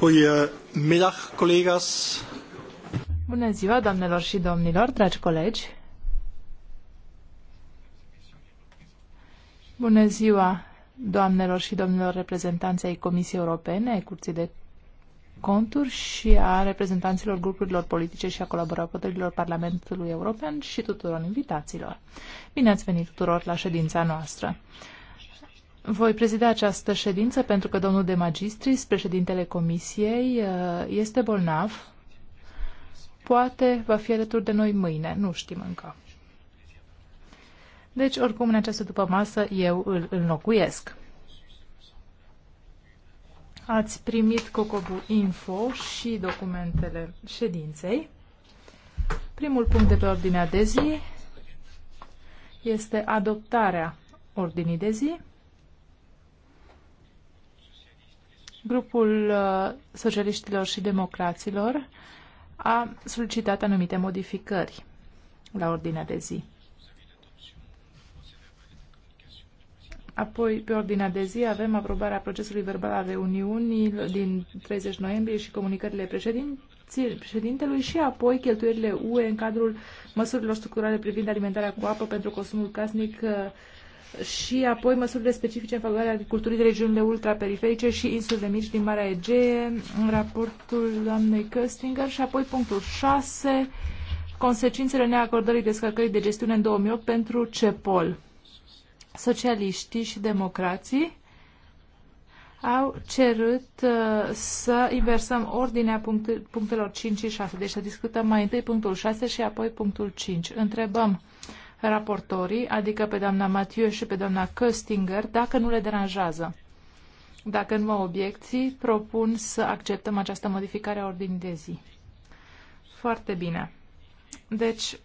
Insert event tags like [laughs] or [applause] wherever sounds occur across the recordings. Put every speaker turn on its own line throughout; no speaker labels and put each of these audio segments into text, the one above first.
Goedemiddag, collega's.
Bună ziua, doamnelor și domnilor, dragi colegi. Bună ziua, doamnelor și domnilor reprezentanți ai Comisiei Europene, ai Curții de Conturi și a reprezentanților grupurilor politice și a colaboratorilor Parlamentului European și tuturor invitaților. Bine ați venit tuturor la ședința noastră. Voi prezida această ședință pentru că domnul de magistris, președintele comisiei, uh, este bolnav. Poate va fi alături de noi mâine, nu știm încă. Deci, oricum, în această după masă, eu îl înlocuiesc. Ați primit Cocobu Info și documentele ședinței. Primul punct de pe ordinea de zi este adoptarea ordinii de zi. Grupul uh, Socialiștilor și Democraților a solicitat anumite modificări la ordinea de zi. Apoi, pe ordinea de zi, avem aprobarea procesului verbal al reuniunii din 30 noiembrie și comunicările președintelui și apoi cheltuierile UE în cadrul măsurilor structurale privind alimentarea cu apă pentru consumul casnic uh, și apoi măsurile specifice în favoarea agriculturii de regiunile ultraperiferice și insulele mici din Marea Egee, în raportul doamnei Köstinger și apoi punctul 6, consecințele neacordării descărcării de gestiune în 2008 pentru CEPOL. Socialiștii și democrații au cerut uh, să inversăm ordinea punctelor 5 și 6. Deci să discutăm mai întâi punctul 6 și apoi punctul 5. Întrebăm raportorii, adică pe doamna Mathieu și pe doamna Köstinger, dacă nu le deranjează. Dacă nu au obiecții, propun să acceptăm această modificare a ordinii de zi. Foarte bine. Deci,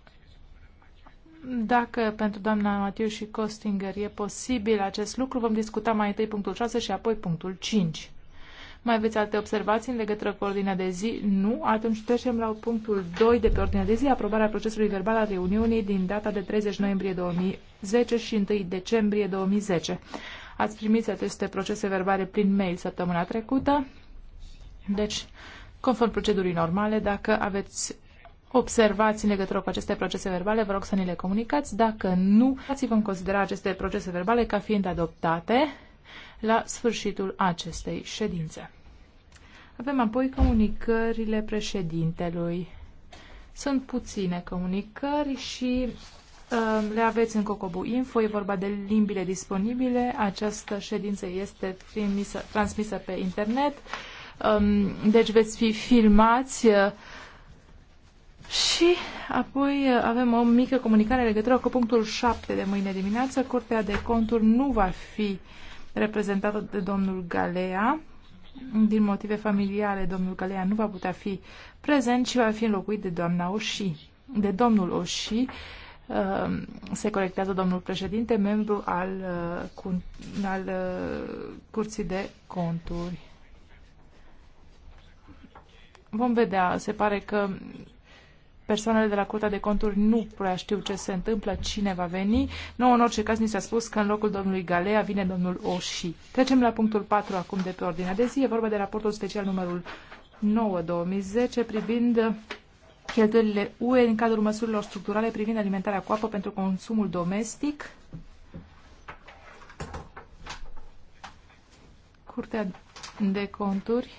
dacă pentru doamna Matiu și Costinger e posibil acest lucru, vom discuta mai întâi punctul 6 și apoi punctul 5. Mai aveți alte observații în legătură cu ordinea de zi? Nu? Atunci trecem la punctul 2 de pe ordinea de zi, aprobarea procesului verbal al reuniunii din data de 30 noiembrie 2010 și 1 decembrie 2010. Ați primit aceste procese verbale prin mail săptămâna trecută. Deci, conform procedurii normale, dacă aveți observați în legătură cu aceste procese verbale, vă rog să ni le comunicați. Dacă nu, ați vom considera aceste procese verbale ca fiind adoptate la sfârșitul acestei ședințe. Avem apoi comunicările președintelui. Sunt puține comunicări și uh, le aveți în Cocobu Info. E vorba de limbile disponibile. Această ședință este trimisă, transmisă pe internet. Um, deci veți fi filmați uh, și apoi uh, avem o mică comunicare în legătură cu punctul 7 de mâine dimineață. Curtea de conturi nu va fi uh, reprezentată de domnul Galea. Din motive familiale, domnul Galea nu va putea fi prezent și va fi înlocuit de doamna Oși, de domnul Oși, uh, se corectează domnul președinte, membru al, uh, al uh, Curții de Conturi. Vom vedea, se pare că persoanele de la Curtea de Conturi nu prea știu ce se întâmplă, cine va veni. Nu, în orice caz, ni s-a spus că în locul domnului Galea vine domnul Oși. Trecem la punctul 4 acum de pe ordinea de zi. E vorba de raportul special numărul 9-2010 privind cheltuielile UE în cadrul măsurilor structurale privind alimentarea cu apă pentru consumul domestic. Curtea de Conturi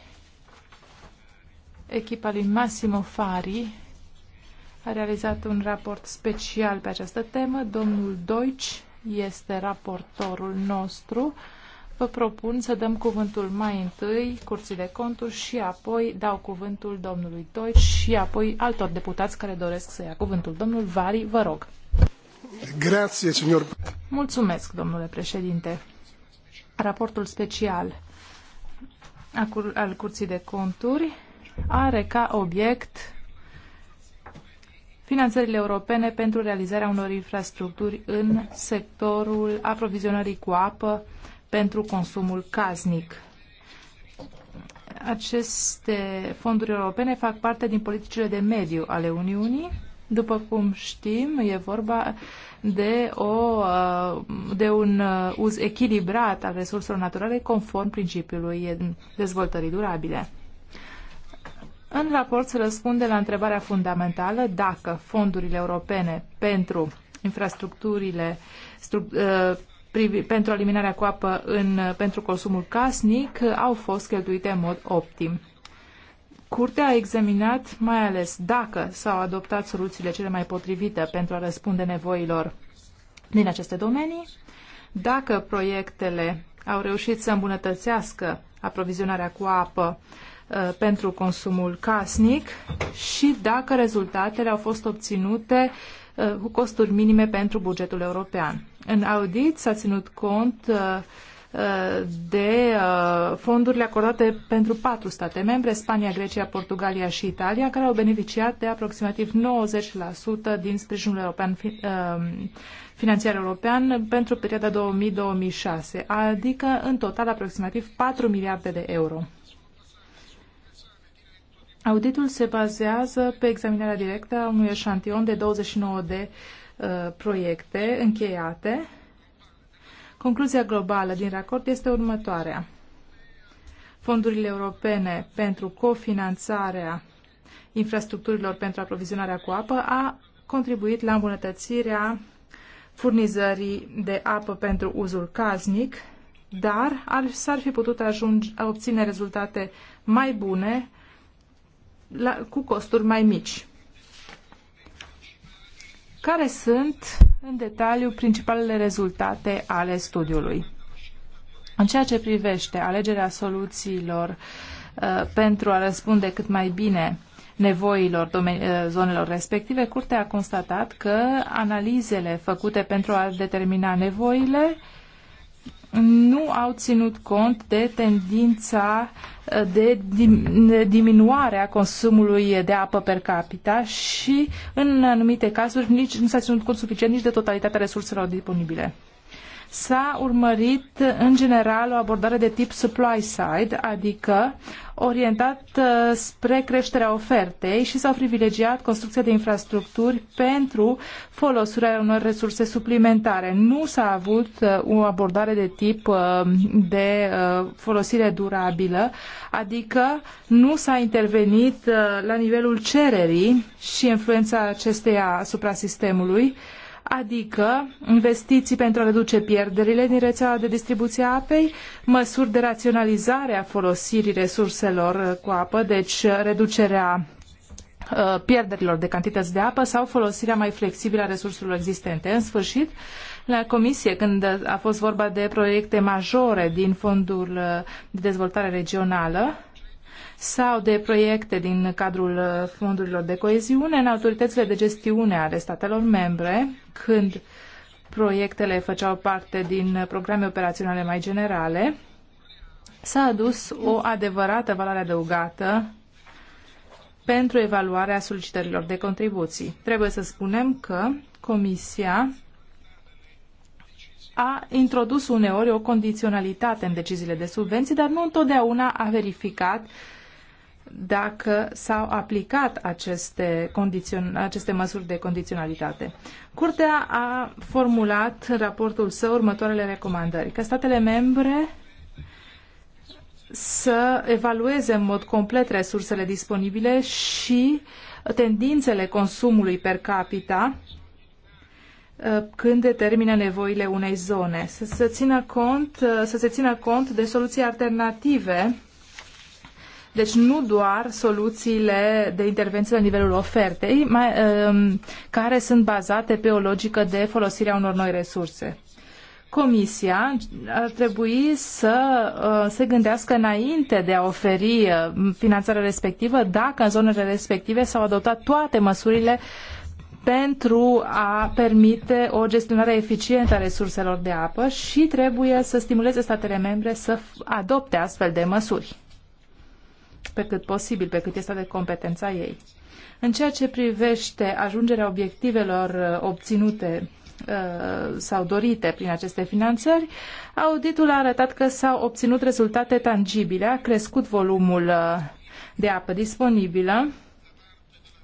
echipa lui Massimo Fari a realizat un raport special pe această temă. Domnul Deutsch este raportorul nostru. Vă propun să dăm cuvântul mai întâi Curții de Conturi și apoi dau cuvântul domnului Deutsch și apoi altor deputați care doresc să ia cuvântul. Domnul Vari, vă rog.
Grazie, signor.
Mulțumesc, domnule președinte. Raportul special al Curții de Conturi are ca obiect finanțările europene pentru realizarea unor infrastructuri în sectorul aprovizionării cu apă pentru consumul casnic. Aceste fonduri europene fac parte din politicile de mediu ale Uniunii. După cum știm, e vorba de, o, uh, de un uh, uz echilibrat al resurselor naturale conform principiului dezvoltării durabile. În raport se răspunde la întrebarea fundamentală dacă fondurile europene pentru infrastructurile stru, uh, pentru eliminarea cu apă în, pentru consumul casnic au fost cheltuite în mod optim. Curtea a examinat mai ales dacă s-au adoptat soluțiile cele mai potrivite pentru a răspunde nevoilor din aceste domenii, dacă proiectele au reușit să îmbunătățească aprovizionarea cu apă Uh, pentru consumul casnic și dacă rezultatele au fost obținute uh, cu costuri minime pentru bugetul european. În audit s-a ținut cont uh, de fondurile acordate pentru patru state membre, Spania, Grecia, Portugalia și Italia, care au beneficiat de aproximativ 90% din sprijinul european financiar european pentru perioada 2000-2006, adică în total aproximativ 4 miliarde de euro. Auditul se bazează pe examinarea directă a unui eșantion de 29 de uh, proiecte încheiate. Concluzia globală din raport este următoarea. Fondurile europene pentru cofinanțarea infrastructurilor pentru aprovizionarea cu apă a contribuit la îmbunătățirea furnizării de apă pentru uzul casnic, dar s-ar fi putut ajunge, obține rezultate mai bune la, cu costuri mai mici. Care sunt, în detaliu, principalele rezultate ale studiului? În ceea ce privește alegerea soluțiilor uh, pentru a răspunde cât mai bine nevoilor uh, zonelor respective, Curtea a constatat că analizele făcute pentru a determina nevoile uh, nu au ținut cont de tendința uh, de diminuare a consumului de apă per capita și, în anumite cazuri, nici nu s-a ținut cont suficient nici de totalitatea resurselor disponibile s-a urmărit în general o abordare de tip supply-side, adică orientat uh, spre creșterea ofertei și s-au privilegiat construcția de infrastructuri pentru folosirea unor resurse suplimentare. Nu s-a avut uh, o abordare de tip uh, de folosire durabilă, adică nu s-a intervenit la nivelul cererii și influența acesteia asupra sistemului, adică investiții pentru a reduce pierderile din rețeaua de distribuție a apei, măsuri de raționalizare a folosirii resurselor uh, cu apă, deci uh, reducerea uh, pierderilor de cantități de apă sau folosirea mai flexibilă a resurselor existente. În sfârșit, la comisie, când a fost vorba de proiecte majore din fondul de dezvoltare regională, sau de proiecte din cadrul uh, fondurilor de coeziune în autoritățile de gestiune ale statelor membre, când proiectele făceau parte din uh, programe operaționale mai generale, s-a adus o adevărată valoare adăugată pentru evaluarea solicitărilor de contribuții. Trebuie să spunem că Comisia a introdus uneori o condiționalitate în deciziile de subvenții, dar nu întotdeauna a verificat dacă s-au aplicat aceste, aceste măsuri de condiționalitate. Curtea a formulat în raportul său următoarele recomandări. Că statele membre să evalueze în mod complet resursele disponibile și tendințele consumului per capita uh, când determină nevoile unei zone. Să se țină cont, uh, să se țină cont de soluții alternative deci nu doar soluțiile de intervenție la nivelul ofertei, mai, ehm, care sunt bazate pe o logică de folosire a unor noi resurse. Comisia ar trebui să eh, se gândească înainte de a oferi eh, finanțarea respectivă dacă în zonele respective s-au adoptat toate măsurile pentru a permite o gestionare eficientă a resurselor de apă și trebuie să stimuleze statele membre să adopte astfel de măsuri pe cât posibil, pe cât este de competența ei. În ceea ce privește ajungerea obiectivelor uh, obținute uh, sau dorite prin aceste finanțări, auditul a arătat că s-au obținut rezultate tangibile, a crescut volumul uh, de apă disponibilă,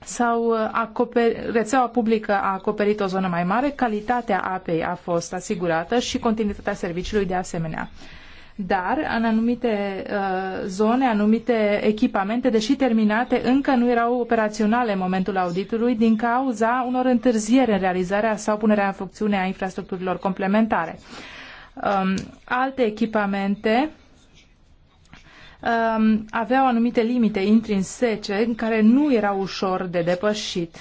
sau acoperi, rețeaua publică a acoperit o zonă mai mare, calitatea apei a fost asigurată și continuitatea serviciului de asemenea dar în anumite uh, zone, anumite echipamente, deși terminate, încă nu erau operaționale în momentul auditului din cauza unor întârzieri în realizarea sau punerea în funcțiune a infrastructurilor complementare. Um, alte echipamente um, aveau anumite limite intrinsece care nu erau ușor de depășit.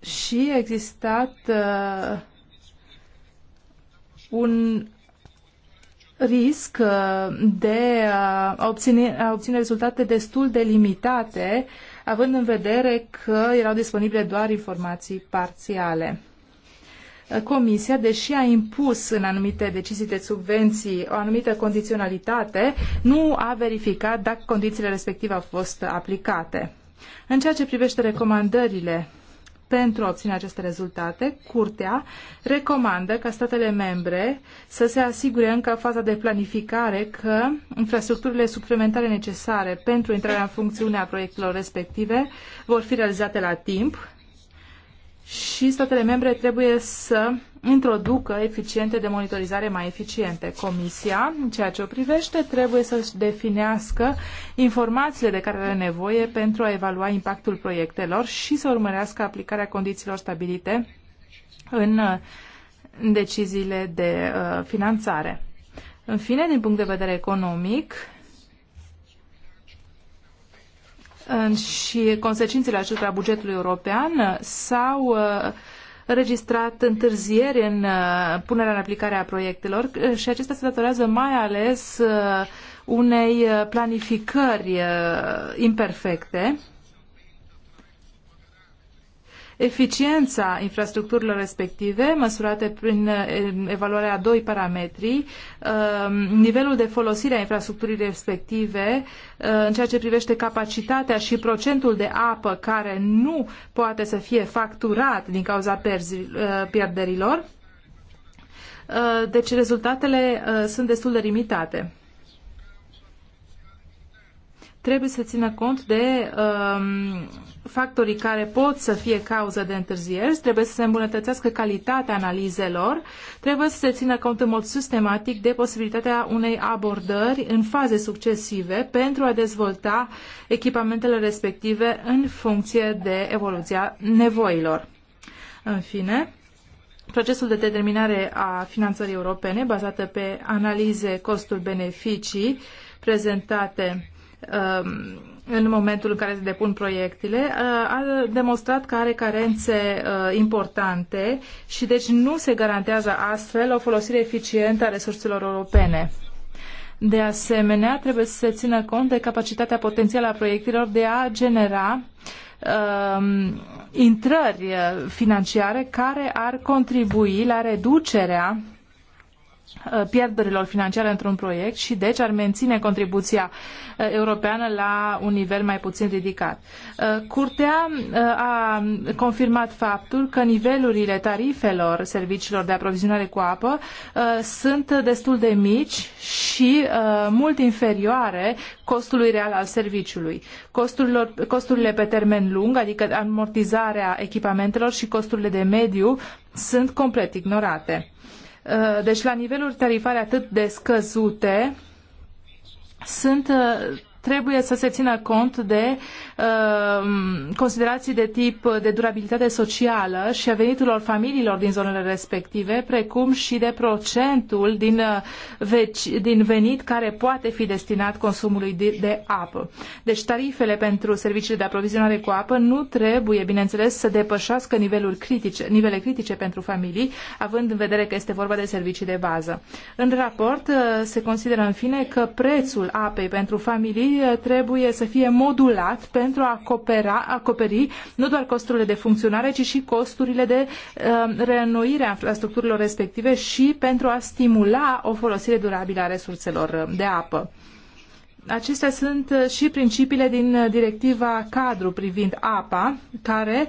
Și existat uh, un risc uh, de a obține, a obține rezultate destul de limitate, având în vedere că erau disponibile doar informații parțiale. Uh, Comisia, deși a impus în anumite decizii de subvenții o anumită condiționalitate, nu a verificat dacă condițiile respective au fost aplicate. În ceea ce privește recomandările pentru a obține aceste rezultate, Curtea recomandă ca statele membre să se asigure încă faza de planificare că infrastructurile suplimentare necesare pentru intrarea în funcțiune a proiectelor respective vor fi realizate la timp și statele membre trebuie să introducă eficiente de monitorizare mai eficiente. Comisia, în ceea ce o privește, trebuie să-și definească informațiile de care are nevoie pentru a evalua impactul proiectelor și să urmărească aplicarea condițiilor stabilite în deciziile de uh, finanțare. În fine, din punct de vedere economic, și consecințele asupra bugetului european s-au uh, registrat întârzieri în uh, punerea în aplicare a proiectelor uh, și acesta se datorează mai ales uh, unei planificări imperfecte eficiența infrastructurilor respective, măsurate prin evaluarea a doi parametri, um, nivelul de folosire a infrastructurii respective uh, în ceea ce privește capacitatea și procentul de apă care nu poate să fie facturat din cauza uh, pierderilor. Uh, deci rezultatele sunt destul de limitate trebuie să țină cont de um, factorii care pot să fie cauză de întârzieri, trebuie să se îmbunătățească calitatea analizelor, trebuie să se țină cont în mod sistematic de posibilitatea unei abordări în faze succesive pentru a dezvolta echipamentele respective în funcție de evoluția nevoilor. În fine, Procesul de determinare a finanțării europene, bazată pe analize costul-beneficii prezentate Um, în momentul în care se depun proiectele, uh, a demonstrat că are carențe uh, importante și deci nu se garantează astfel o folosire eficientă a resurselor europene. De asemenea, trebuie să se țină cont de capacitatea potențială a proiectelor de a genera um, uh, intrări financiare care ar contribui la reducerea Uh, pierderilor financiare într-un proiect și deci ar menține contribuția uh, europeană la un nivel mai puțin ridicat. Uh, curtea a confirmat faptul că nivelurile tarifelor serviciilor de aprovizionare cu apă sunt destul de mici și mult inferioare costului real al serviciului. costurile pe termen lung, adică amortizarea echipamentelor și costurile de mediu sunt complet ignorate deci la niveluri tarifare atât de scăzute, sunt trebuie să se țină cont de uh, considerații de tip de durabilitate socială și a veniturilor familiilor din zonele respective, precum și de procentul din, uh, veci, din venit care poate fi destinat consumului de, de apă. Deci tarifele pentru serviciile de aprovizionare cu apă nu trebuie, bineînțeles, să depășească niveluri critice, nivele critice pentru familii, având în vedere că este vorba de servicii de bază. În raport uh, se consideră în fine că prețul apei pentru familii ei trebuie să fie modulat pentru a acopera, acoperi nu doar costurile de funcționare, ci și costurile de uh, reînnoire a infrastructurilor respective și pentru a stimula o folosire durabilă a resurselor uh, de apă. Acestea sunt uh, și principiile din uh, directiva cadru privind apa, care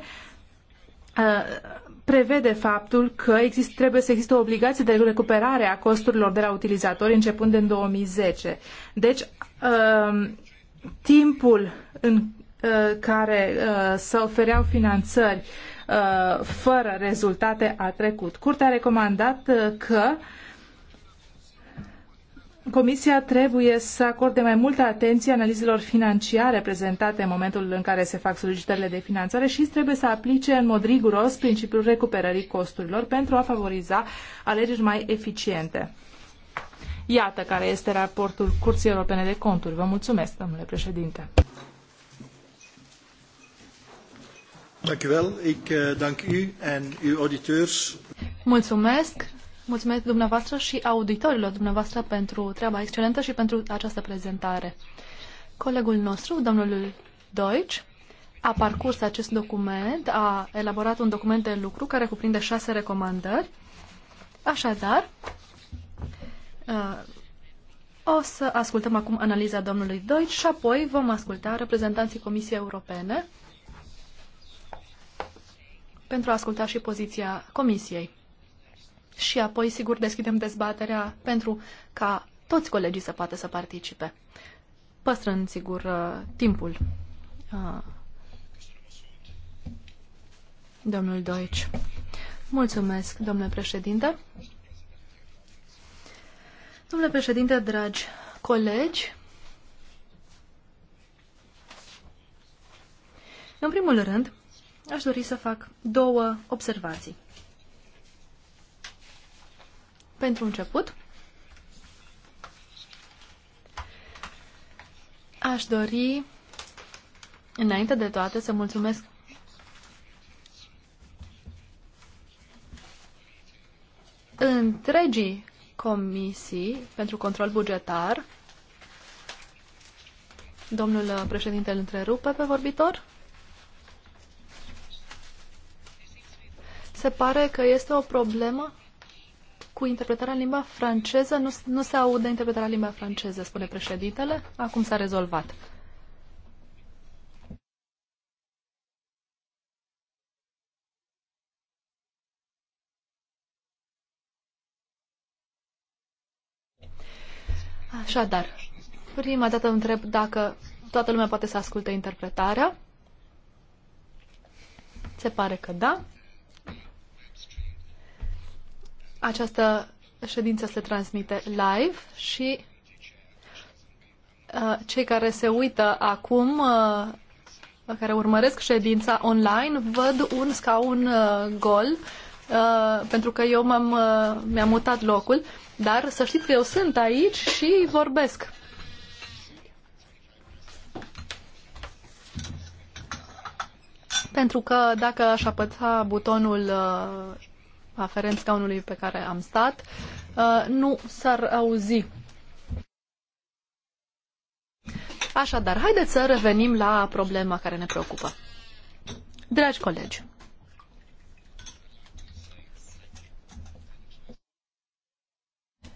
uh, prevede faptul că exist, trebuie să existe o obligație de recuperare a costurilor de la utilizatori începând în 2010. Deci, um, timpul în uh, care uh, se ofereau finanțări uh, fără rezultate a trecut. Curtea a recomandat că Comisia trebuie să acorde mai multă atenție analizelor financiare prezentate în momentul în care se fac solicitările de finanțare și trebuie să aplice în mod riguros principiul recuperării costurilor pentru a favoriza alegeri mai eficiente. Iată care este raportul Curții Europene de Conturi. Vă mulțumesc, domnule președinte.
Eh,
mulțumesc Mulțumesc dumneavoastră și auditorilor dumneavoastră pentru treaba excelentă și pentru această prezentare. Colegul nostru, domnul Deutsch, a parcurs acest document, a elaborat un document de lucru care cuprinde șase recomandări. Așadar, uh, o să ascultăm acum analiza domnului Deutsch și apoi vom asculta reprezentanții Comisiei Europene pentru a asculta și poziția Comisiei și apoi, sigur, deschidem dezbaterea pentru ca toți colegii să poată să participe, păstrând, sigur, uh, timpul. Uh, domnul Deutsch. Mulțumesc, domnule președinte. Domnule președinte, dragi colegi, în primul rând, aș dori să fac două observații pentru început. Aș dori, înainte de toate, să mulțumesc întregii comisii pentru control bugetar. Domnul președinte îl întrerupe pe vorbitor. Se pare că este o problemă cu interpretarea în limba franceză. Nu, nu se aude interpretarea în limba franceză, spune președintele. Acum s-a rezolvat. Așadar, prima dată întreb dacă toată lumea poate să asculte interpretarea. Se pare că da. Această ședință se transmite live și uh, cei care se uită acum, uh, care urmăresc ședința online, văd un scaun uh, gol, pentru că eu m-am, mi-am mutat locul, dar să știți că eu sunt aici și vorbesc. Pentru că dacă aș apăța butonul aferent scaunului pe care am stat, uh, nu s-ar auzi. Așadar, haideți să revenim la problema care ne preocupă. Dragi colegi,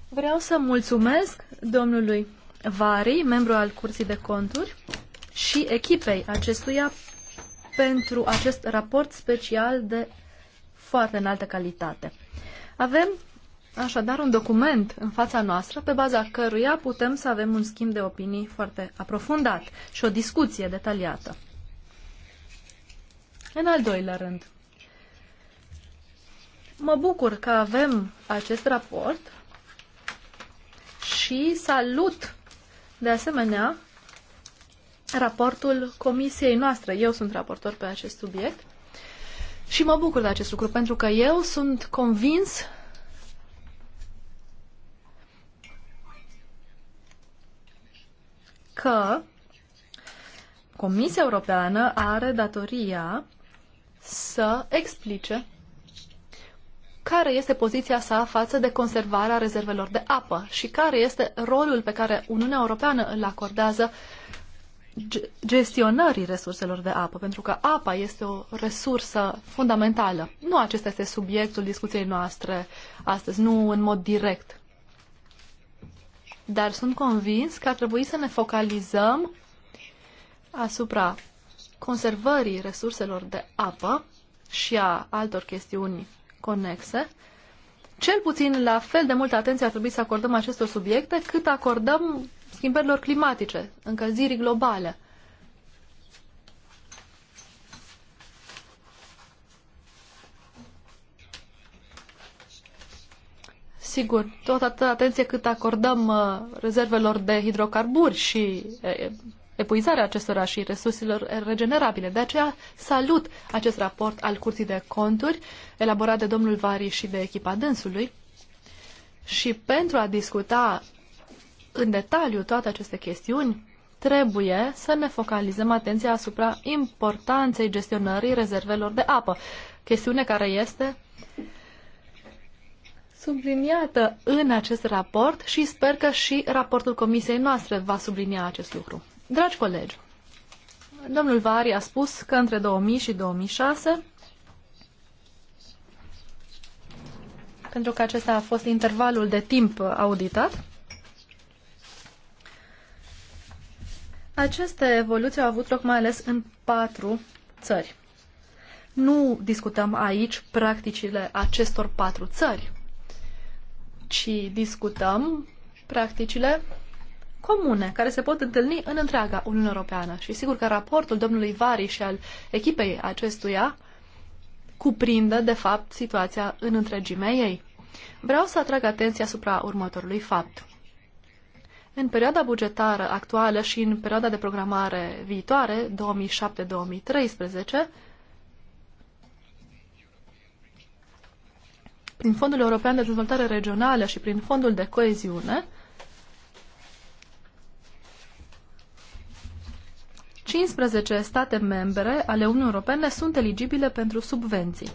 vreau să mulțumesc domnului Vari, membru al Curții de Conturi, și echipei acestuia pentru acest raport special de foarte înaltă calitate. Avem așadar un document în fața noastră pe baza căruia putem să avem un schimb de opinii foarte aprofundat și o discuție detaliată. În al doilea rând, mă bucur că avem acest raport și salut de asemenea raportul comisiei noastre. Eu sunt raportor pe acest subiect și mă bucur de acest lucru, pentru că eu sunt convins că Comisia Europeană are datoria să explice care este poziția sa față de conservarea rezervelor de apă și care este rolul pe care Uniunea Europeană îl acordează uh, gestionării resurselor de apă, pentru că apa este o resursă fundamentală. Nu acesta este subiectul discuției noastre astăzi, nu în mod direct. Dar sunt convins că ar trebui să ne focalizăm asupra conservării resurselor de apă și a altor chestiuni conexe, cel puțin la fel de multă atenție ar trebui să acordăm acestor subiecte cât acordăm schimbărilor climatice, încălzirii globale. Sigur, tot atâta atenție cât acordăm uh, rezervelor de hidrocarburi și uh, epuizarea acestora și resurselor regenerabile. De aceea salut acest raport al Curții de Conturi, elaborat de domnul Vari și de echipa dânsului. Și pentru a discuta în detaliu toate aceste chestiuni, trebuie să ne focalizăm atenția asupra importanței gestionării rezervelor de apă, chestiune care este subliniată în acest raport și sper că și raportul comisiei noastre va sublinia acest lucru. Dragi colegi, domnul Vari a spus că între 2000 și 2006 pentru că acesta a fost intervalul de timp auditat, Aceste evoluții au avut loc mai ales în patru țări. Nu discutăm aici practicile acestor patru țări, ci discutăm practicile comune care se pot întâlni în întreaga Uniune Europeană. Și sigur că raportul domnului Vari și al echipei acestuia cuprinde, de fapt, situația în întregimea ei. Vreau să atrag atenția asupra următorului fapt. În perioada bugetară actuală și în perioada de programare viitoare, 2007-2013, prin Fondul European de Dezvoltare Regională și prin Fondul de Coeziune, 15 state membre ale Uniunii Europene sunt eligibile pentru subvenții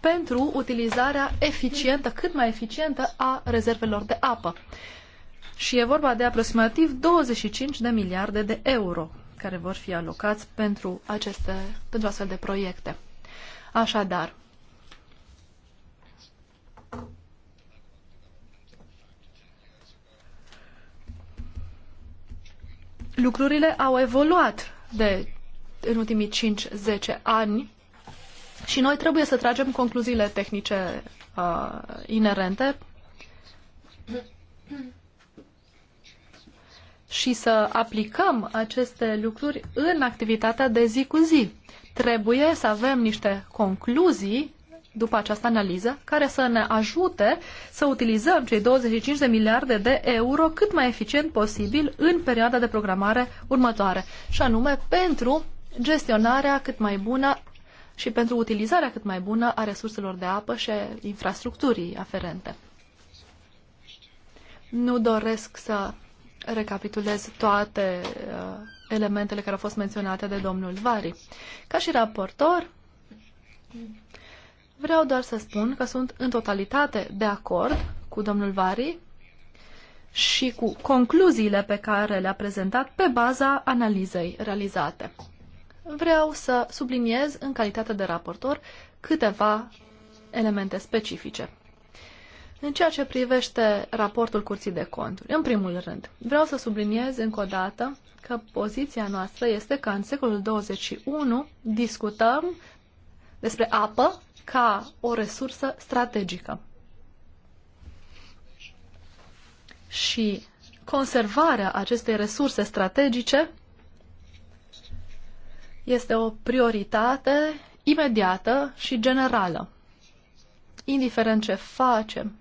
pentru utilizarea eficientă, cât mai eficientă a rezervelor de apă. Și e vorba de aproximativ 25 de miliarde de euro care vor fi alocați pentru, aceste, pentru astfel de proiecte. Așadar, lucrurile au evoluat de în ultimii 5-10 ani și noi trebuie să tragem concluziile tehnice uh, inerente și să aplicăm aceste lucruri în activitatea de zi cu zi. Trebuie să avem niște concluzii după această analiză care să ne ajute să utilizăm cei 25 de miliarde de euro cât mai eficient posibil în perioada de programare următoare, și anume pentru gestionarea cât mai bună și pentru utilizarea cât mai bună a resurselor de apă și infrastructurii aferente. Nu doresc să recapitulez toate uh, elementele care au fost menționate de domnul Vari. Ca și raportor, vreau doar să spun că sunt în totalitate de acord cu domnul Vari și cu concluziile pe care le-a prezentat pe baza analizei realizate vreau să subliniez în calitate de raportor câteva elemente specifice. În ceea ce privește raportul Curții de Conturi, în primul rând, vreau să subliniez încă o dată că poziția noastră este că în secolul 21 discutăm despre apă ca o resursă strategică. Și conservarea acestei resurse strategice este o prioritate imediată și generală. Indiferent ce facem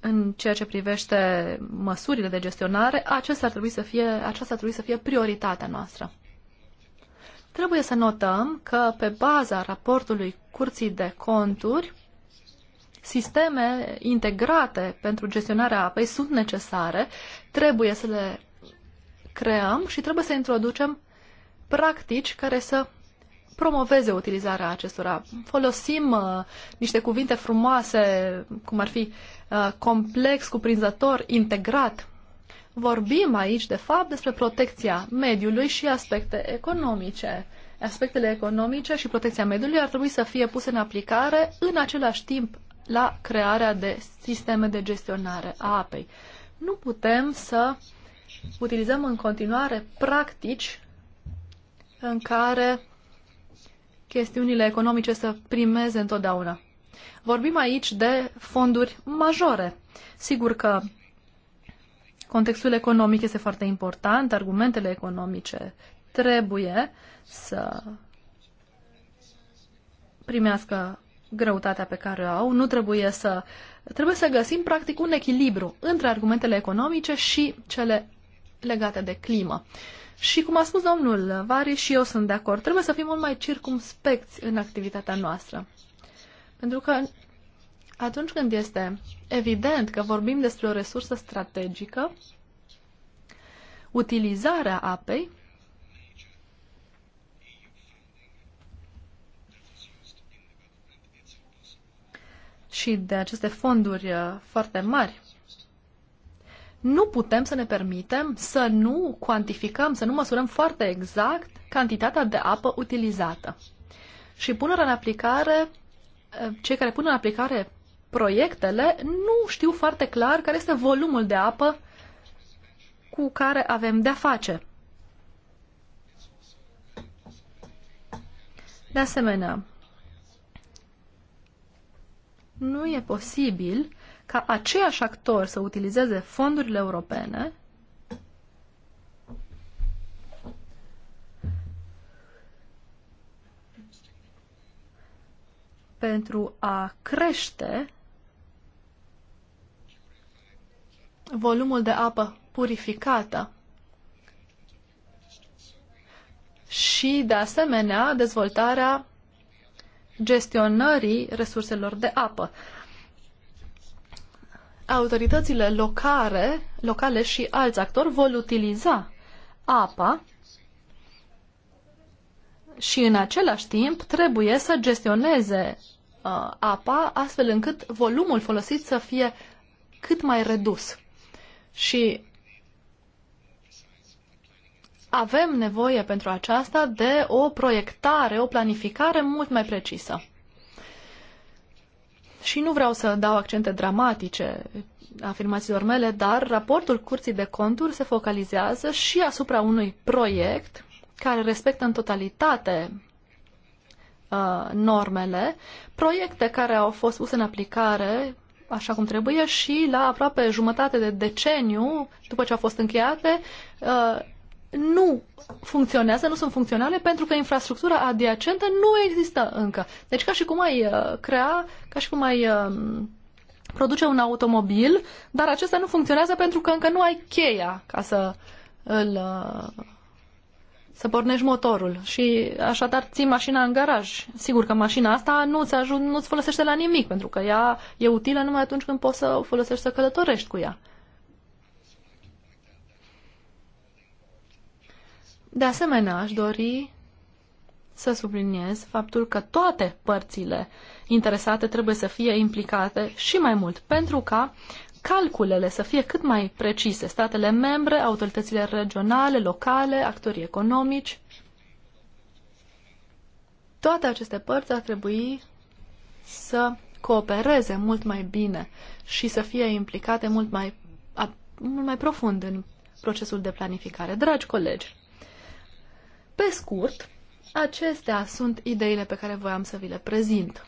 în ceea ce privește măsurile de gestionare, aceasta ar trebui să fie, aceasta ar trebui să fie prioritatea noastră. Trebuie să notăm că pe baza raportului Curții de Conturi, sisteme integrate pentru gestionarea apei sunt necesare, trebuie să le creăm și trebuie să introducem practici care să promoveze utilizarea acestora. Folosim uh, niște cuvinte frumoase, cum ar fi uh, complex, cuprinzător, integrat. Vorbim aici, de fapt, despre protecția mediului și aspecte economice. Aspectele economice și protecția mediului ar trebui să fie puse în aplicare în același timp la crearea de sisteme de gestionare a apei. Nu putem să uh, utilizăm în continuare practici în care chestiunile economice să primeze întotdeauna. Vorbim aici de fonduri majore. Sigur că contextul economic este foarte important, argumentele economice trebuie să primească greutatea pe care o au, nu trebuie să trebuie să găsim practic un echilibru între argumentele economice și cele legate de climă. Și cum a spus domnul Vari, și eu sunt de acord, trebuie să fim mult mai circumspecți în activitatea noastră. Pentru că atunci când este evident că vorbim despre o resursă strategică, utilizarea apei și de aceste fonduri uh, foarte mari nu putem să ne permitem să nu cuantificăm, să nu măsurăm foarte exact cantitatea de apă utilizată. Și punerea în aplicare, cei care pun în aplicare proiectele nu știu foarte clar care este volumul de apă cu care avem de-a face. De asemenea, nu e posibil ca aceiași actori să utilizeze fondurile europene pentru a crește volumul de apă purificată și, de asemenea, dezvoltarea gestionării resurselor de apă autoritățile locale, locale și alți actori vor utiliza apa și în același timp trebuie să gestioneze uh, apa astfel încât volumul folosit să fie cât mai redus. Și avem nevoie pentru aceasta de o proiectare, o planificare mult mai precisă. Și nu vreau să dau accente dramatice afirmațiilor mele, dar raportul Curții de Conturi se focalizează și asupra unui proiect care respectă în totalitate uh, normele, proiecte care au fost puse în aplicare așa cum trebuie și la aproape jumătate de deceniu, după ce au fost încheiate, uh, nu funcționează, nu sunt funcționale pentru că infrastructura adiacentă nu există încă. Deci ca și cum ai uh, crea, ca și cum ai um, produce un automobil, dar acesta nu funcționează pentru că încă nu ai cheia ca să îl uh, să pornești motorul și așadar ții mașina în garaj. Sigur că mașina asta nu-ți ajut, nu-ți folosește la nimic, pentru că ea e utilă numai atunci când poți să o folosești să călătorești cu ea. De asemenea, aș dori să subliniez faptul că toate părțile interesate trebuie să fie implicate și mai mult, pentru ca calculele să fie cât mai precise. Statele membre, autoritățile regionale, locale, actorii economici. Toate aceste părți ar trebui să coopereze mult mai bine și să fie implicate mult mai, mult mai profund în procesul de planificare. Dragi colegi, pe scurt, acestea sunt ideile pe care voiam să vi le prezint.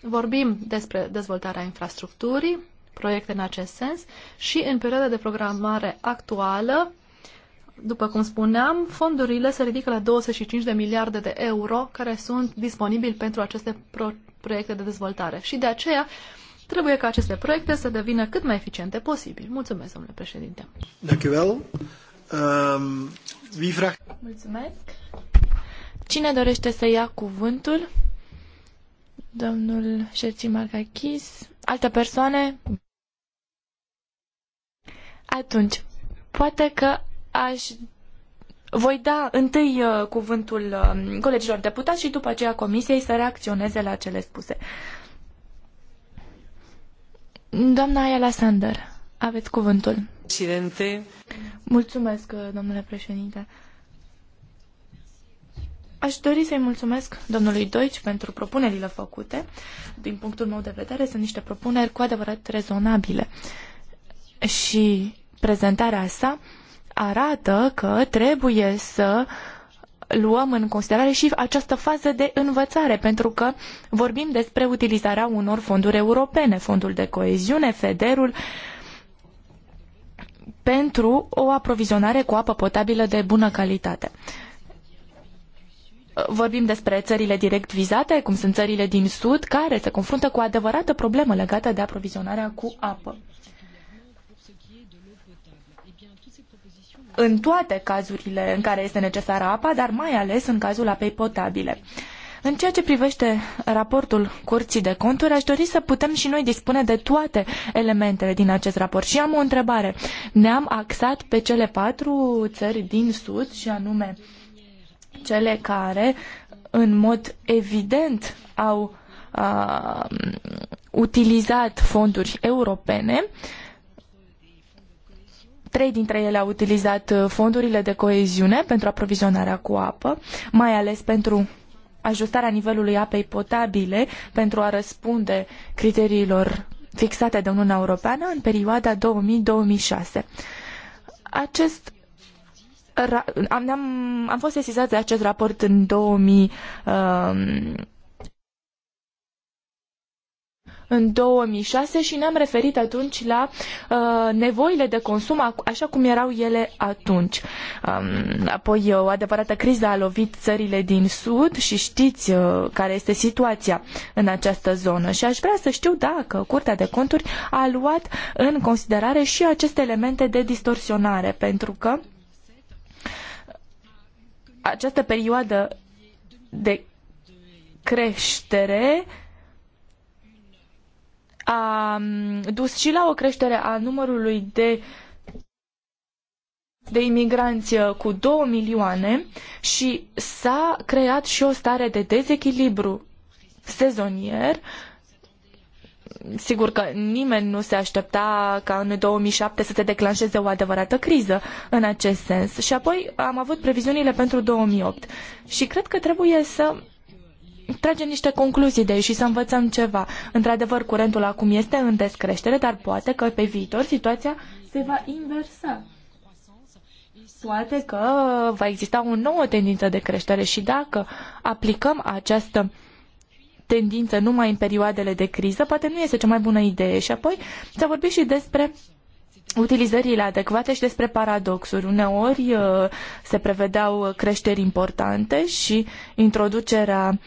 Vorbim despre dezvoltarea infrastructurii, proiecte în acest sens și în perioada de programare actuală, după cum spuneam, fondurile se ridică la 25 de miliarde de euro care sunt disponibili pentru aceste pro- proiecte de dezvoltare. Și de aceea trebuie ca aceste proiecte să devină cât mai eficiente posibil. Mulțumesc, domnule președinte.
Ehm,
Mulțumesc. Cine dorește să ia cuvântul? Domnul Șerții Margachis. Alte persoane? Atunci, poate că aș voi da întâi uh, cuvântul uh, colegilor deputați și după aceea comisiei să reacționeze la cele spuse. Doamna Ayala Sander, aveți cuvântul.
Presidente.
Mulțumesc, uh, domnule președinte. Aș dori să-i mulțumesc domnului Deutsch pentru propunerile făcute. Din punctul meu de vedere, sunt niște propuneri cu adevărat rezonabile. Și prezentarea sa arată că trebuie să luăm în considerare și această fază de învățare, pentru că vorbim despre utilizarea unor fonduri europene, fondul de coeziune, federul, pentru o aprovizionare cu apă potabilă de bună calitate vorbim despre țările direct vizate, cum sunt țările din Sud, care se confruntă cu o adevărată problemă legată de aprovizionarea cu apă. În toate cazurile în care este necesară apa, dar mai ales în cazul apei potabile. În ceea ce privește raportul Curții de Conturi, aș dori să putem și noi dispune de toate elementele din acest raport. Și am o întrebare. Ne-am axat pe cele patru țări din Sud, și anume uh, cele care, în mod evident, au uh, utilizat fonduri europene. Trei dintre ele au utilizat uh, fondurile de coeziune pentru aprovizionarea cu apă, mai ales pentru ajustarea nivelului apei potabile pentru a răspunde criteriilor fixate de Uniunea Europeană în perioada 2000-2006. Acest am, am, am fost sesizat de acest raport în 2000 um, în 2006 și ne-am referit atunci la uh, nevoile de consum așa cum erau ele atunci. Um, apoi uh, o adevărată criză a lovit țările din sud și știți uh, care este situația în această zonă și aș vrea să știu dacă Curtea de Conturi a luat în considerare și aceste elemente de distorsionare pentru că această perioadă de creștere a mm, dus și la o creștere a numărului de de imigranți uh, cu 2 milioane și s-a creat și o stare de dezechilibru sezonier uh, sigur că nimeni nu se aștepta ca în 2007 să se declanșeze o adevărată criză în acest sens. Și apoi am avut previziunile pentru 2008 și cred că trebuie să tragem niște concluzii de aici și să învățăm ceva. Într-adevăr, curentul acum este în descreștere, dar poate că pe viitor situația se va inversa. Poate că va exista o nouă tendință de creștere și dacă aplicăm această uh, tendință numai în perioadele de criză, poate nu este cea mai bună idee. Și apoi s-a vorbit și despre utilizările adecvate și despre paradoxuri. Uneori uh, se prevedeau creșteri importante și introducerea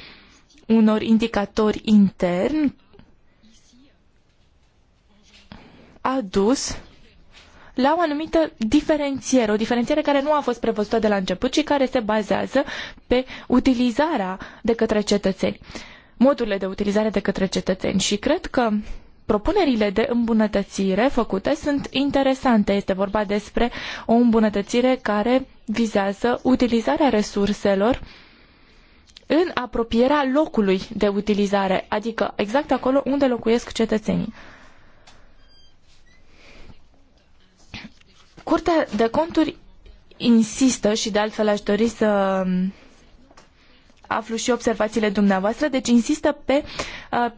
unor indicatori interni a dus la o anumită diferențiere, o diferențiere care nu a fost prevăzută de la început, ci care se bazează pe utilizarea de către cetățeni. Uh, modurile de utilizare de către cetățeni și cred că propunerile de îmbunătățire făcute sunt interesante. Este vorba despre o îmbunătățire care vizează utilizarea resurselor în apropierea locului de utilizare, adică exact acolo unde locuiesc cetățenii. Curtea de conturi insistă și de altfel aș dori să aflu și observațiile dumneavoastră, deci insistă pe uh,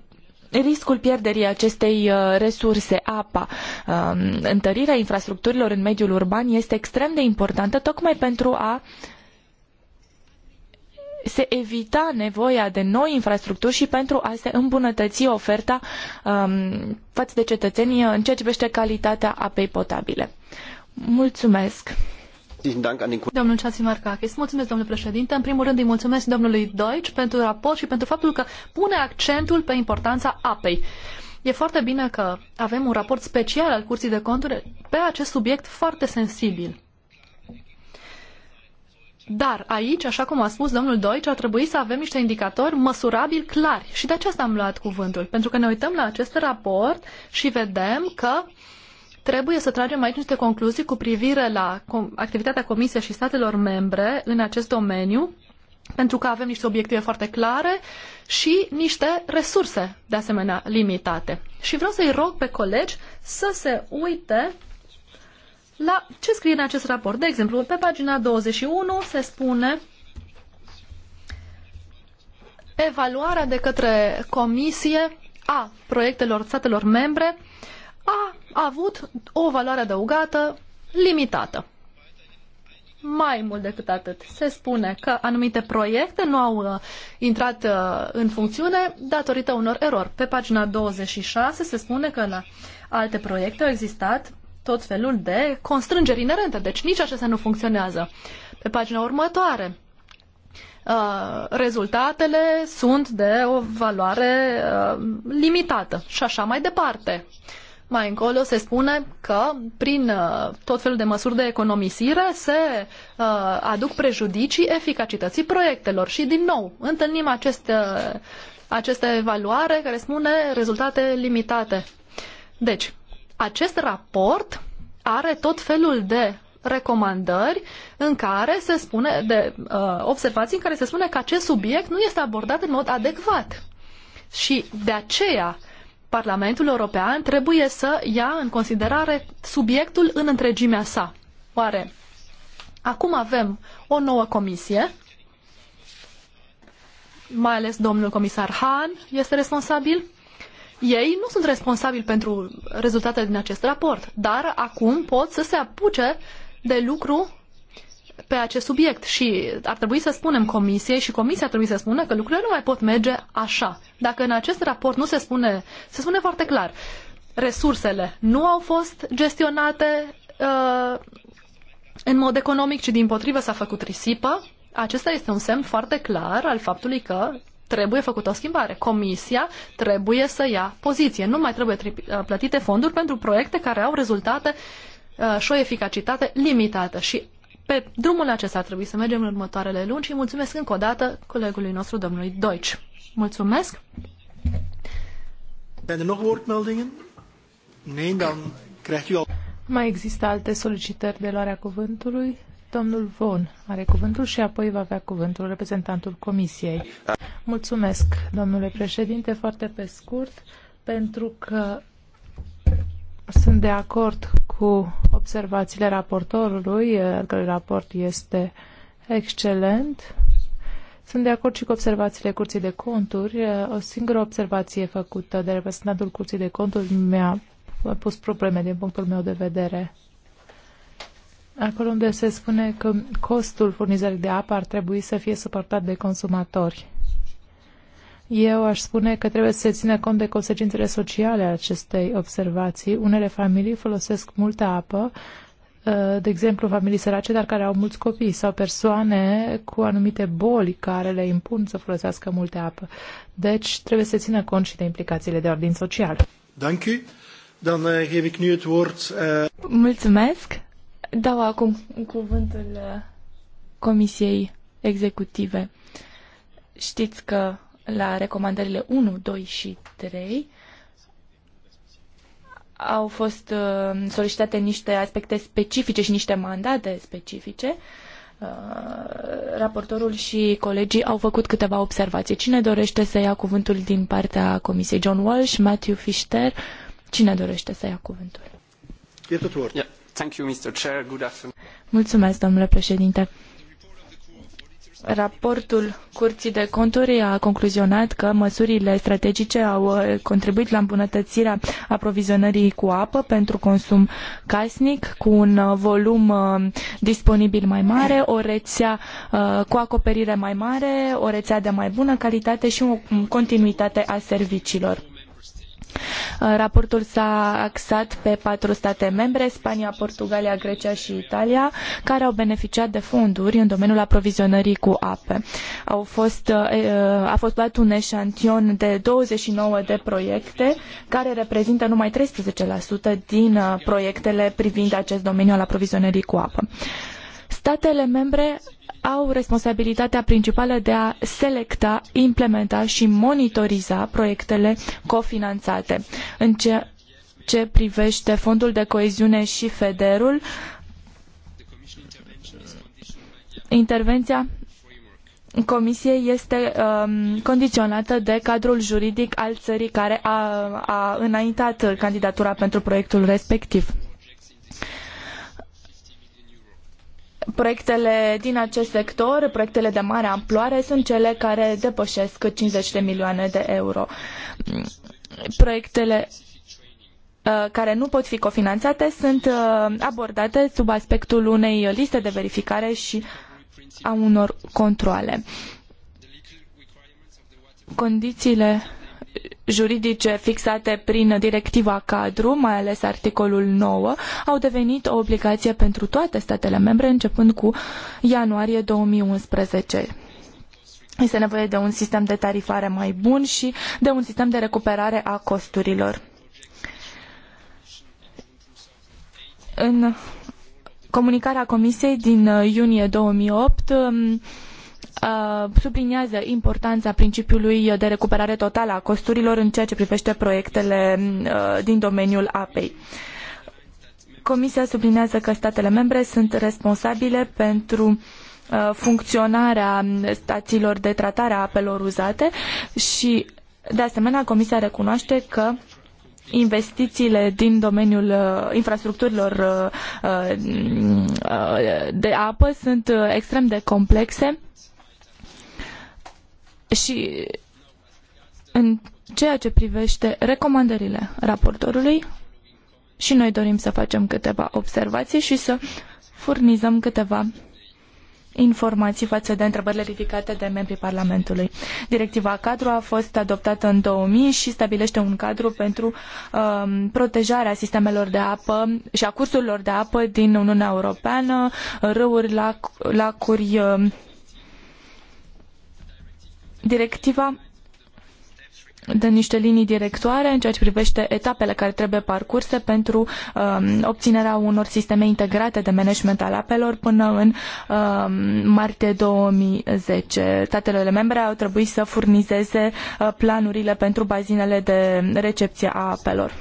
riscul pierderii acestei uh, resurse, apa. Um, întărirea infrastructurilor în mediul urban este extrem de importantă tocmai pentru a se evita nevoia de noi infrastructuri și pentru a se îmbunătăți oferta um, față de cetățenii în ceea ce privește
calitatea apei potabile. Mulțumesc! Domnul Ceațimarcachis, mulțumesc, domnule președinte. În primul rând îi mulțumesc domnului Deutsch pentru raport și pentru faptul că pune accentul pe importanța apei. E foarte bine că avem un raport special al Curții de Conturi pe acest subiect foarte sensibil. Dar aici, așa cum a spus domnul Deutsch, ar trebui să avem niște indicatori măsurabili clari. Și de aceasta am luat cuvântul, pentru că ne uităm la acest raport și vedem că uh, Trebuie să tragem aici niște concluzii cu privire la activitatea Comisiei și statelor membre în acest domeniu, pentru că avem niște obiective foarte clare și niște resurse, de asemenea, limitate. Și vreau să-i rog pe colegi să se uite la ce scrie în acest raport. De exemplu, pe pagina 21 se spune evaluarea de către comisie a proiectelor statelor membre a avut o valoare adăugată limitată. Mai mult decât atât, se spune că anumite proiecte nu au uh, intrat uh, în funcțiune datorită unor erori. Pe pagina 26 se spune că la alte proiecte au existat tot felul de constrângeri inerente, deci nici acestea nu funcționează. Pe pagina următoare, uh, rezultatele sunt de o valoare limitată și așa mai departe. Mai încolo se spune că prin uh, tot felul de măsuri de economisire se uh, aduc prejudicii eficacității proiectelor. Și din nou întâlnim aceste, uh, aceste evaluare care spune rezultate limitate. Deci, acest raport are tot felul de recomandări în care se spune, de uh, observații în care se spune că acest subiect nu este abordat în mod adecvat. Și de aceea Parlamentul European trebuie să ia în considerare subiectul în întregimea sa. Oare acum avem o nouă comisie, mai ales domnul comisar Han este responsabil. Ei nu sunt responsabili pentru rezultatele din acest raport, dar acum pot să se apuce de lucru pe acest subiect și ar trebui să spunem comisiei și comisia ar trebui să spună că lucrurile nu mai pot merge așa. Dacă în acest raport nu se spune, se spune foarte clar, resursele nu au fost gestionate uh, în mod economic, ci din potrivă s-a făcut risipă, acesta este un semn foarte clar al faptului că trebuie făcută o schimbare. Comisia trebuie să ia poziție. Nu mai trebuie uh, plătite fonduri pentru proiecte care au rezultate uh, și o eficacitate limitată. Și pe drumul acesta trebuie să mergem în următoarele luni și mulțumesc încă o dată colegului nostru, domnului Deutsch. Mulțumesc!
Er nee, dan
Mai există alte solicitări de luarea cuvântului? Domnul Von are cuvântul și apoi va avea cuvântul reprezentantul Comisiei. Mulțumesc, domnule președinte, foarte pe scurt, pentru că sunt de acord cu observațiile raportorului, eh, al cărui raport este excelent. Sunt de acord și cu observațiile Curții de Conturi. Eh, o singură observație făcută de reprezentantul Curții de Conturi mi-a pus probleme din punctul meu de vedere. Acolo unde se spune că costul furnizării de apă ar trebui să fie suportat de consumatori. Eu aș spune că trebuie să se țină cont de consecințele sociale ale acestei observații. Unele familii folosesc multă apă, ă, de exemplu familii sărace, dar care au mulți copii sau persoane cu anumite boli care le impun să folosească multă apă. Deci trebuie să se țină cont și de implicațiile de ordin social.
Dank Dan eh, geef ik nu het woord. Eh,
Mulțumesc. Dau acum cuvântul eh,
Comisiei Executive. Știți că la recomandările 1, 2 și 3 au fost uh, solicitate niște aspecte specifice și niște mandate specifice. Uh, raportorul și colegii au făcut câteva observații. Cine dorește să ia cuvântul din partea comisiei? John Walsh, Matthew Fischer? Cine dorește să ia cuvântul? Mulțumesc, domnule președinte.
Raportul
Curții de Conturi a concluzionat că măsurile strategice au uh, contribuit la îmbunătățirea aprovizionării cu apă pentru consum casnic, cu un uh, volum uh, disponibil mai mare, o rețea cu acoperire mai mare, o rețea de mai bună calitate și o um, continuitate a serviciilor. Uh, raportul s-a axat pe patru state membre, Spania, Portugalia, Grecia și Italia, care au beneficiat de fonduri în domeniul aprovizionării cu ape. Au fost, uh, uh, a fost luat un eșantion de 29 de proiecte, care reprezintă numai 13% din proiectele privind acest domeniu al aprovizionării cu apă statele membre au responsabilitatea principală de a selecta, implementa și monitoriza proiectele cofinanțate. În ce, ce privește Fondul de Coeziune și Federul, intervenția Comisie este um, condiționată de cadrul juridic al țării care a, a înaintat candidatura pentru proiectul respectiv. Proiectele din acest sector, proiectele de mare amploare, sunt cele care depășesc 50 de milioane de euro. Proiectele uh, care nu pot fi cofinanțate sunt uh, abordate sub aspectul unei liste de verificare și a unor controle. Condițiile juridice fixate prin directiva cadru, mai ales articolul 9, au devenit o obligație pentru toate statele membre începând cu ianuarie 2011. Este nevoie de un sistem de tarifare mai bun și de un sistem de recuperare a costurilor. În comunicarea Comisiei din iunie 2008, Uh, subliniază importanța principiului de recuperare totală a costurilor în ceea ce privește proiectele uh, din domeniul apei. Comisia subliniază că statele membre sunt responsabile pentru uh, funcționarea stațiilor de tratare a apelor uzate și, de asemenea, Comisia recunoaște că investițiile din domeniul infrastructurilor de apă sunt extrem de complexe și în ceea ce privește recomandările raportorului, și noi dorim să facem câteva observații și să furnizăm câteva informații față de întrebările ridicate de membrii Parlamentului. Directiva cadru a fost adoptată în 2000 și stabilește un cadru pentru um, protejarea sistemelor de apă și a cursurilor de apă din Uniunea Europeană, râuri, lac, lacuri, um, directiva dă niște linii directoare în ceea ce privește etapele care trebuie parcurse pentru um, obținerea unor sisteme integrate de management al apelor până în um, martie 2010. Statele membre au trebuit să furnizeze uh, planurile pentru bazinele de recepție a apelor.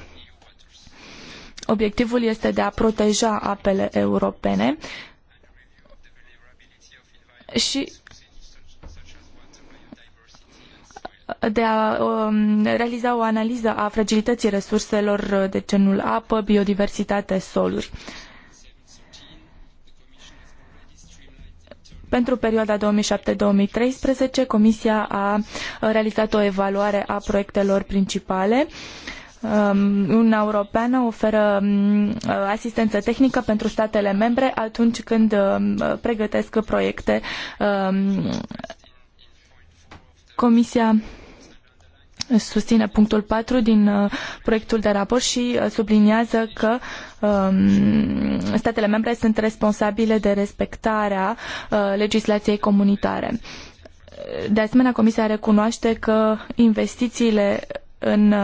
Obiectivul este de a proteja apele europene și de a um, realiza o analiză a fragilității resurselor de genul apă, biodiversitate, soluri. Pentru perioada 2007-2013, Comisia a realizat o evaluare a proiectelor principale. Um, Uniunea Europeană oferă um, asistență tehnică pentru statele membre atunci când pregătesc proiecte. Comisia susține punctul patru din uh, proiectul de raport și uh, subliniază că um, statele membre sunt responsabile de respectarea uh, legislației comunitare. De asemenea, Comisia recunoaște că investițiile în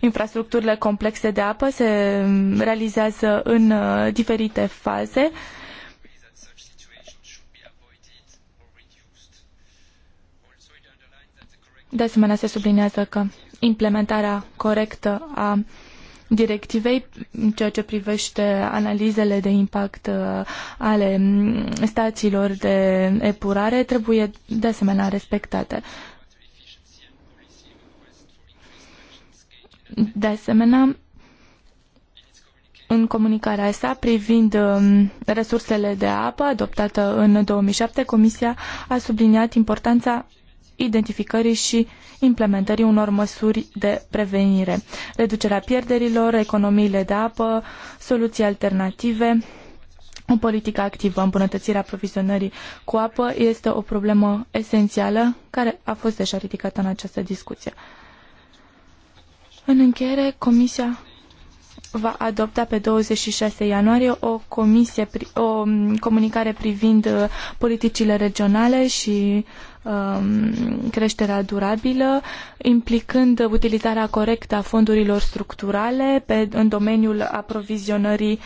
infrastructurile complexe de apă se um, realizează în diferite faze uh, De asemenea, se subliniază că implementarea corectă a directivei în ceea ce privește analizele de impact uh, ale mm, stațiilor de epurare trebuie de asemenea respectate. De asemenea, în comunicarea sa privind um, resursele de apă adoptată în 2007, Comisia a subliniat importanța identificării și implementării unor măsuri de prevenire, reducerea pierderilor, economiile de apă, soluții alternative. O politică activă, îmbunătățirea aprovizionării cu apă este o problemă esențială care a fost deja ridicată în această discuție. În încheiere, Comisia va adopta pe 26 ianuarie o, comisie, o mm, comunicare privind uh, politicile regionale și Um, creșterea durabilă, implicând utilizarea corectă a fondurilor structurale pe, în domeniul aprovizionării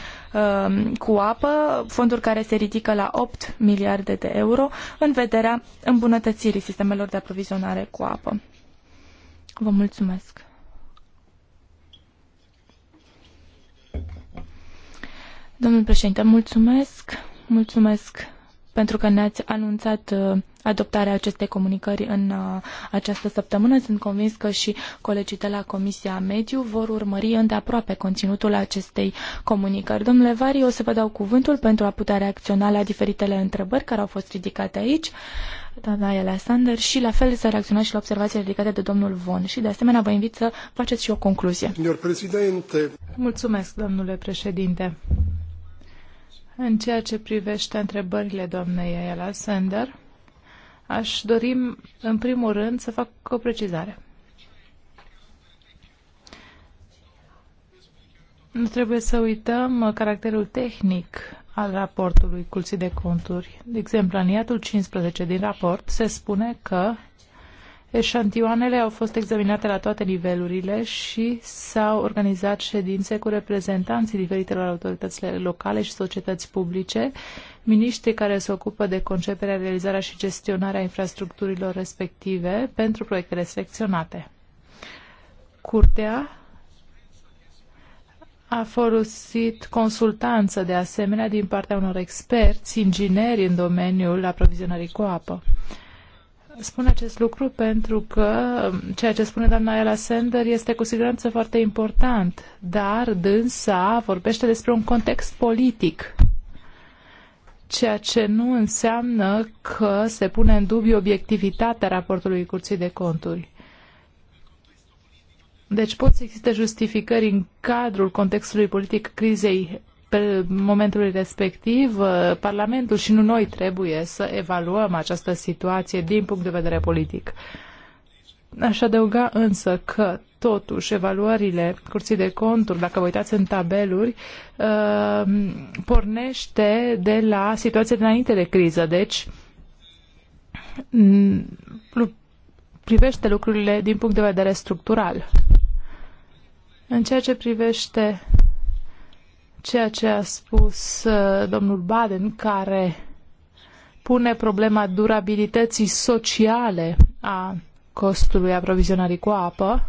um, cu apă, fonduri care se ridică la 8 miliarde de euro, în vederea îmbunătățirii sistemelor de aprovizionare cu apă. Vă mulțumesc! Domnul președinte, mulțumesc, mulțumesc pentru că ne-ați anunțat uh, adoptarea acestei comunicări în uh, această săptămână. Sunt convins că și colegii de la Comisia Mediu vor urmări îndeaproape conținutul acestei comunicări. Domnule Vari, o să vă dau cuvântul pentru a putea reacționa la diferitele întrebări care au fost ridicate aici, doamna Elea Sander, și la fel să reacționați și la observațiile ridicate de domnul Von. Și de asemenea
vă invit să faceți
și o concluzie.
Mulțumesc, domnule președinte. În ceea ce privește întrebările doamnei Ayala Sender, aș dori în primul rând să fac o precizare. Nu trebuie să uităm caracterul tehnic al raportului Curții de Conturi. De exemplu, în iatul 15 din raport se spune că Eșantioanele au fost examinate la toate nivelurile și s-au organizat ședințe cu reprezentanții diferitelor autorităților locale și societăți publice, miniștri care se ocupă de conceperea, realizarea și gestionarea infrastructurilor respective pentru proiectele selecționate. Curtea a folosit consultanță de asemenea din partea unor experți, ingineri în domeniul aprovizionării cu apă spun acest lucru pentru că ceea ce spune doamna Ela Sender este cu siguranță foarte important, dar dânsa vorbește despre un context politic, ceea ce nu înseamnă că se pune în dubiu obiectivitatea raportului Curții de Conturi. Deci pot să existe justificări în cadrul contextului politic crizei pe momentul respectiv, uh, Parlamentul și nu noi trebuie să evaluăm această situație din punct de vedere politic. Aș adăuga însă că, totuși, evaluările Curții de Conturi, dacă vă uitați în tabeluri, uh, pornește de la situația dinainte de criză. Deci, mm, privește lucrurile din punct de vedere structural. În ceea ce privește ceea ce a spus uh, domnul Baden, care pune problema durabilității sociale a costului aprovizionării cu apă,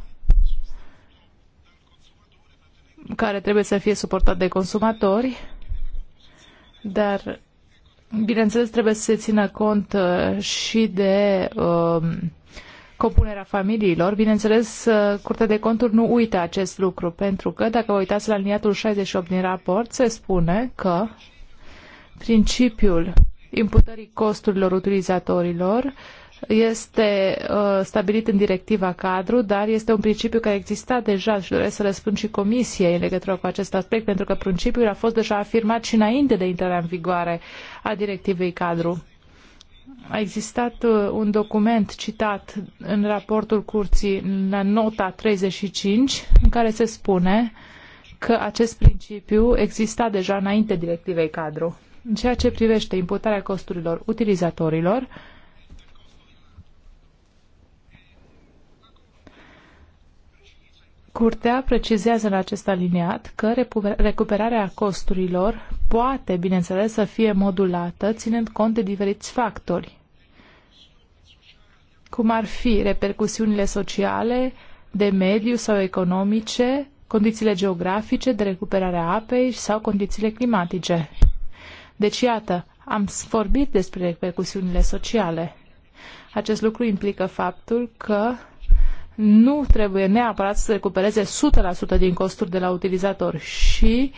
care trebuie să fie suportat de consumatori, dar bineînțeles trebuie să se țină cont uh, și de uh, compunerea familiilor. Bineînțeles, uh, Curtea de Conturi nu uită acest lucru, pentru că, dacă vă uitați la liniatul 68 din raport, se spune că principiul imputării costurilor utilizatorilor este uh, stabilit în directiva cadru, dar este un principiu care exista deja și doresc să răspund și comisiei în legătură cu acest aspect, pentru că principiul a fost deja afirmat și înainte de intrarea în vigoare a directivei cadru. A existat uh, un document citat în raportul curții la nota 35 în care se spune că acest principiu exista deja înainte directivei cadru. În ceea ce privește imputarea costurilor utilizatorilor, Curtea precizează în acest aliniat că recuperarea costurilor poate, bineînțeles, să fie modulată, ținând cont de diferiți factori, cum ar fi repercusiunile sociale, de mediu sau economice, condițiile geografice de recuperare a apei sau condițiile climatice. Deci, iată, am vorbit despre repercusiunile sociale. Acest lucru implică faptul că nu trebuie neapărat să recupereze 100% din costuri de la utilizator și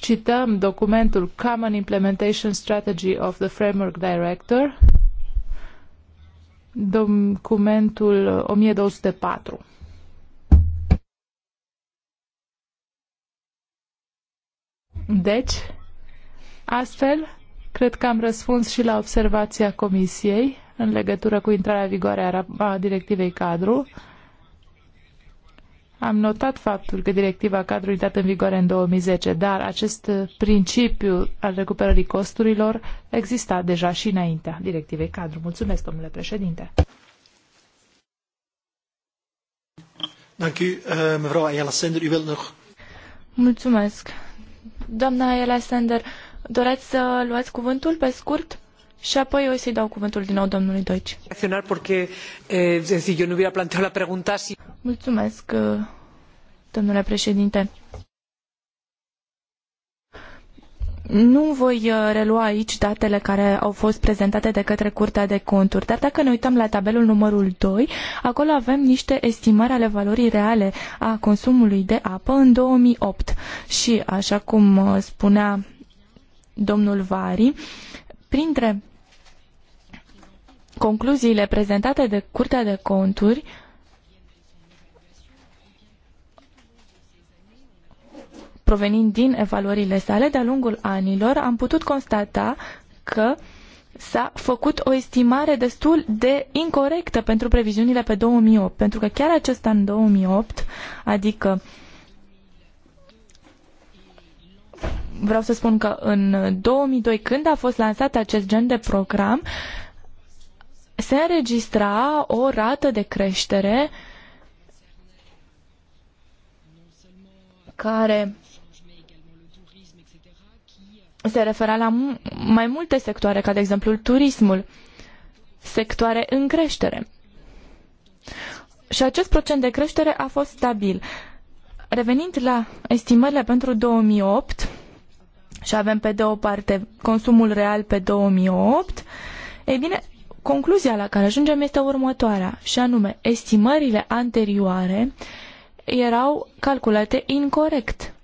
cităm documentul Common Implementation Strategy of the Framework Director, documentul 1204. Deci, astfel, cred că am răspuns și la observația Comisiei în legătură cu intrarea vigoare a directivei cadru. Am notat faptul că directiva cadrului dat în vigoare în 2010, dar acest principiu al recuperării costurilor exista deja și înaintea directivei cadru. Mulțumesc, domnule președinte.
Eh,
Mulțumesc. Doamna
Ayala Sender, doreți să luați cuvântul pe scurt? Și apoi eu să-i dau cuvântul din nou domnului Deutsch.
Eh, Mulțumesc.
Eh, domnule președinte. Nu voi uh, relua aici datele care au fost prezentate de către Curtea de Conturi, dar dacă ne uităm la tabelul numărul 2, acolo avem niște estimări ale valorii reale a consumului de apă în 2008. Și, așa cum uh, spunea domnul Vari, printre concluziile prezentate de Curtea de Conturi, provenind din evaluările sale, de-a lungul anilor am putut constata că s-a făcut o estimare destul de incorrectă pentru previziunile pe 2008, pentru că chiar acest an 2008, adică vreau să spun că în 2002, când a fost lansat acest gen de program, se înregistra o rată de creștere care se referea la mai multe sectoare, ca de exemplu turismul, sectoare în creștere. Și acest procent de creștere a fost stabil. Revenind la estimările pentru 2008, și avem pe de o parte consumul real pe 2008, ei bine, concluzia la care ajungem este următoarea, și anume, estimările anterioare erau calculate incorrect.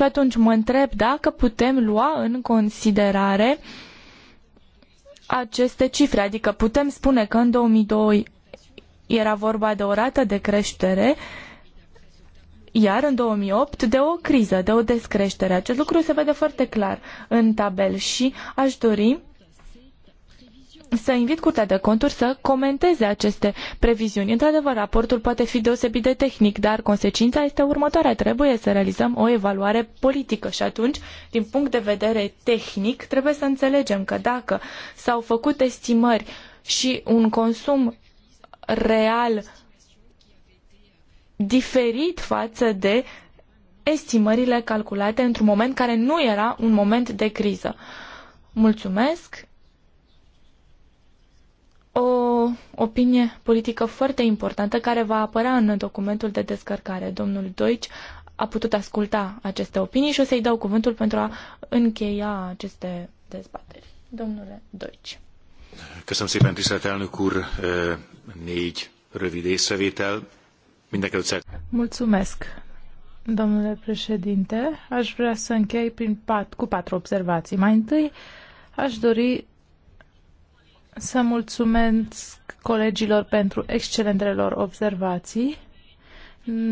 Și atunci mă întreb dacă putem lua în considerare aceste cifre, adică putem spune că în 2002 era vorba de o rată de creștere iar în 2008 de o criză, de o descreștere. Acest lucru se vede foarte clar în tabel și aș dori să invit Curtea de Conturi să comenteze aceste previziuni. Într-adevăr, raportul poate fi deosebit de tehnic, dar consecința este următoarea. Trebuie să realizăm o evaluare politică și atunci, din punct de vedere tehnic, trebuie să înțelegem că dacă s-au făcut estimări și un consum real diferit față de estimările calculate într-un moment care nu era un moment de criză. Mulțumesc! o opinie politică foarte importantă care va apărea în documentul de descărcare. Domnul Deutsch a putut asculta aceste opinii și o să-i dau cuvântul pentru a încheia aceste dezbateri. Domnule Deutsch.
Köszönöm
szépen, tisztelt elnök úr! Eh, négy rövid észrevétel. Mindenkelőtt
Mulțumesc, domnule președinte. Aș vrea să închei prin pat, cu patru observații. Mai întâi, aș dori să mulțumesc colegilor pentru excelentele lor observații.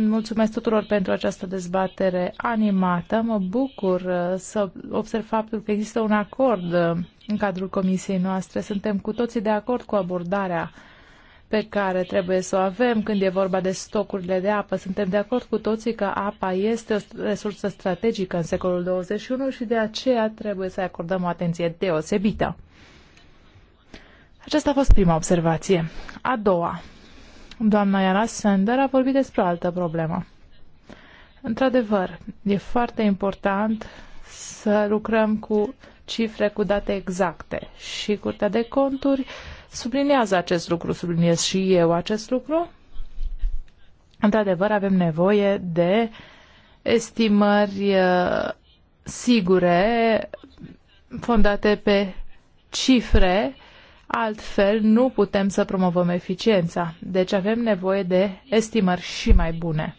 Mulțumesc tuturor pentru această dezbatere animată. Mă bucur uh, să observ faptul că există un acord uh, în cadrul comisiei noastre. Suntem cu toții de acord cu abordarea pe care trebuie să o avem când e vorba de stocurile de apă. Suntem de acord cu toții că apa este o resursă strategică în secolul 21 și de aceea trebuie să acordăm o atenție deosebită. Aceasta a fost prima observație. A doua. Doamna Iara Sender a vorbit despre o altă problemă. Într-adevăr, e foarte important să lucrăm cu cifre, cu date exacte. Și Curtea de Conturi subliniază acest lucru, subliniez și eu acest lucru. Într-adevăr, avem nevoie de estimări uh, sigure, fondate pe cifre Altfel, nu putem să promovăm eficiența. Deci avem nevoie de estimări și mai bune.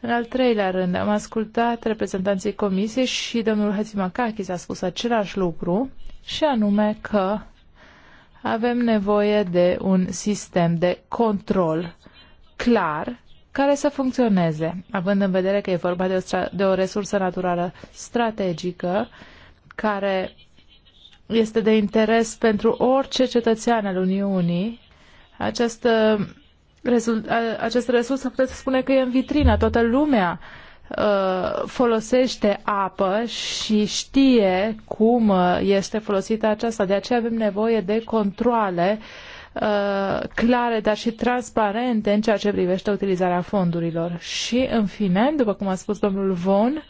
În al treilea rând, am ascultat reprezentanții comisiei și domnul Hatzimakakis a spus același lucru, și anume că avem nevoie de un sistem de control clar care să funcționeze, având în vedere că e vorba de o, de o resursă naturală strategică care este de interes pentru orice cetățean al Uniunii. Această, această resursă puteți spune că e în vitrina toată lumea uh, folosește apă și știe cum uh, este folosită aceasta. De aceea avem nevoie de controle uh, clare, dar și transparente în ceea ce privește utilizarea fondurilor. Și, în fine, după cum a spus domnul Von,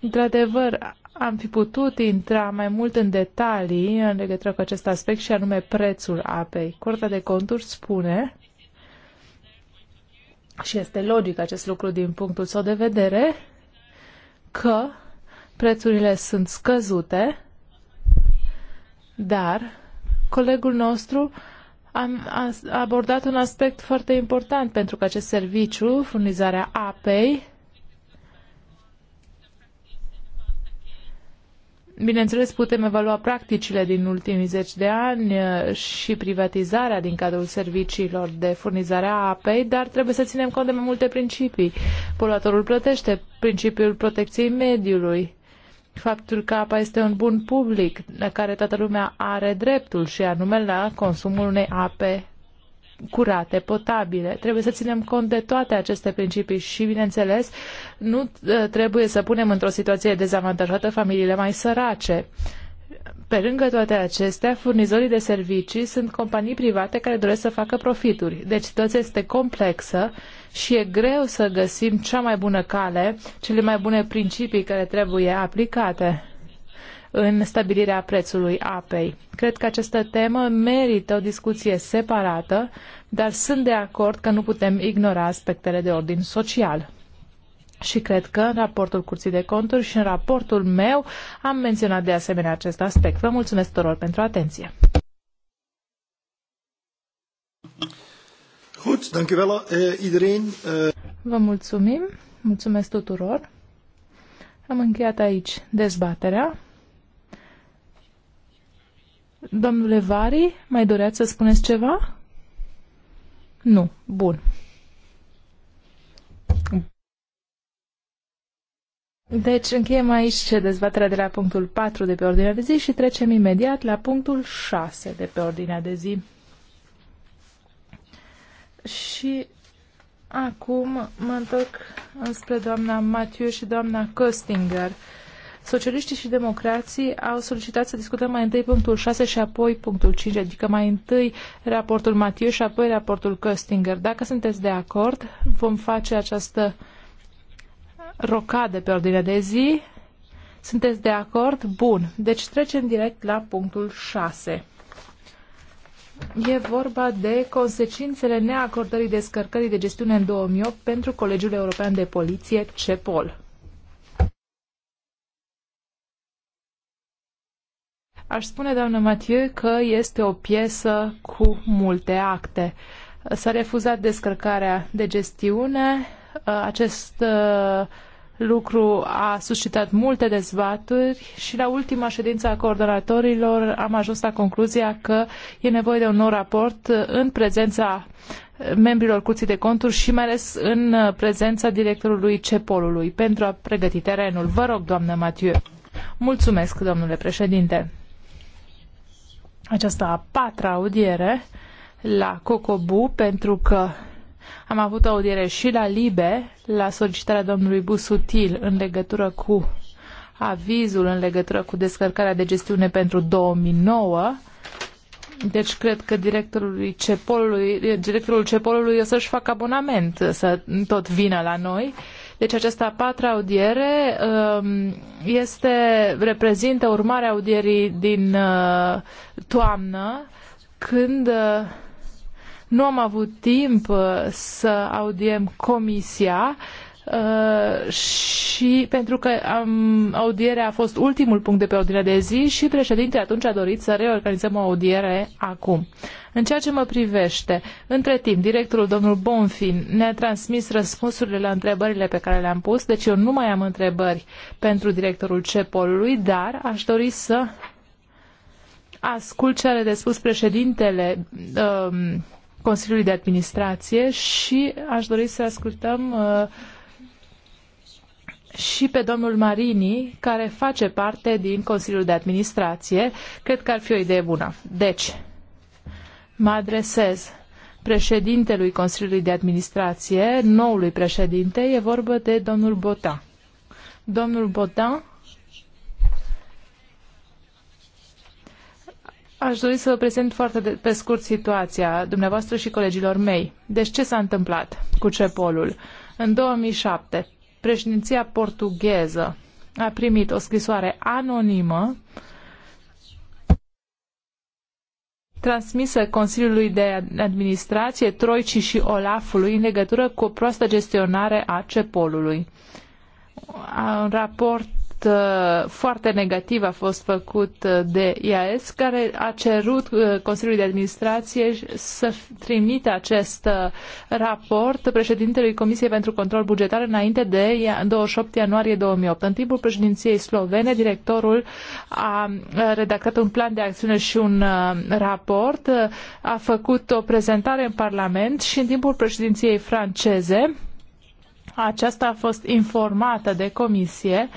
într-adevăr, am fi putut intra mai mult în detalii în legătură cu acest aspect și anume prețul apei. Curtea de conturi spune, și este logic acest lucru din punctul său de vedere, că prețurile sunt scăzute, dar colegul nostru a abordat un aspect foarte important pentru că acest serviciu, furnizarea apei, Bineînțeles, putem evalua practicile din ultimii zeci de ani eh, și privatizarea din cadrul serviciilor de furnizare a apei, dar trebuie să ținem cont de mai multe principii. Poluatorul plătește, principiul protecției mediului, faptul că apa este un bun public la care toată lumea are dreptul și anume la consumul unei ape curate, potabile. Trebuie să ținem cont de toate aceste principii și, bineînțeles, nu ă, trebuie să punem într-o situație dezavantajată familiile mai sărace. Pe lângă toate acestea, furnizorii de servicii sunt companii private care doresc să facă profituri. Deci situația este complexă și e greu să găsim cea mai bună cale, cele mai bune principii care trebuie aplicate în stabilirea prețului apei. Cred că această temă merită o discuție separată, dar sunt de acord că nu putem ignora aspectele de ordin social. Și cred că în raportul Curții de Conturi și în raportul meu am menționat de asemenea acest aspect. Vă mulțumesc tuturor pentru atenție.
Eh, eh.
Vă mulțumim, mulțumesc tuturor. Am încheiat aici dezbaterea. Domnule Vari, mai doreați să spuneți ceva? Nu. Bun. Deci încheiem aici dezbaterea de la punctul 4 de pe ordinea de zi și trecem imediat la punctul 6 de pe ordinea de zi. Și acum mă întorc înspre doamna Matiu și doamna Köstinger. Socialiștii și democrații au solicitat să discutăm mai întâi punctul 6 și apoi punctul 5, adică mai întâi raportul Matiu și apoi raportul Köstinger. Dacă sunteți de acord, vom face această rocadă pe ordinea de zi. Sunteți de acord? Bun. Deci trecem direct la punctul 6. E vorba de consecințele neacordării descărcării de gestiune în 2008 pentru Colegiul European de Poliție, CEPOL. Aș spune, doamnă Mathieu, că este o piesă cu multe acte. S-a refuzat descărcarea de gestiune. Acest uh, lucru a suscitat multe dezbaturi și la ultima ședință a coordonatorilor am ajuns la concluzia că e nevoie de un nou raport în prezența membrilor Curții de Conturi și mai ales în prezența directorului Cepolului pentru a pregăti terenul. Vă rog, doamnă Mathieu. Mulțumesc, domnule președinte această a patra audiere la Cocobu pentru că am avut o audiere și la Libe la solicitarea domnului Busutil în legătură cu avizul în legătură cu descărcarea de gestiune pentru 2009. Deci cred că directorului Cepolului, directorul Cepolului o să-și facă abonament să tot vină la noi. Uh, deci această a patra audiere um, este, reprezintă urmarea audierii din uh, toamnă, când uh, nu am avut timp uh, să audiem comisia, uh, și pentru că am, audierea a fost ultimul punct de pe ordinea de zi și președintele atunci a dorit să reorganizăm o audiere acum. În ceea ce mă privește, între timp, directorul domnul Bonfin ne-a transmis răspunsurile la întrebările pe care le-am pus, deci eu nu mai am întrebări pentru directorul CEPOL-ului, dar aș dori să ascult ce are de spus președintele uh, Consiliului de Administrație și aș dori să ascultăm uh, și pe domnul Marini, care face parte din Consiliul de Administrație. Cred că ar fi o idee bună. Deci, mă adresez președintelui Consiliului de Administrație, noului președinte, e vorba de domnul Botan. Domnul Botan, aș dori să vă prezint foarte de, pe scurt situația dumneavoastră și colegilor mei. Deci ce s-a întâmplat cu CEPOL-ul? În 2007, președinția portugheză a primit o scrisoare anonimă transmisă Consiliului de Administrație, Troicii și Olafului în legătură cu o proastă gestionare a CEPOL-ului. Un raport Uh, foarte negativ a fost făcut uh, de IAS, care a cerut uh, Consiliului de Administrație să trimite acest raport președintelui Comisiei pentru Control Bugetar înainte de 28 ianuarie 2008. În timpul președinției slovene, directorul a redactat un plan de acțiune și un raport, a făcut o prezentare în Parlament și în timpul președinției franceze, aceasta a fost informată de comisie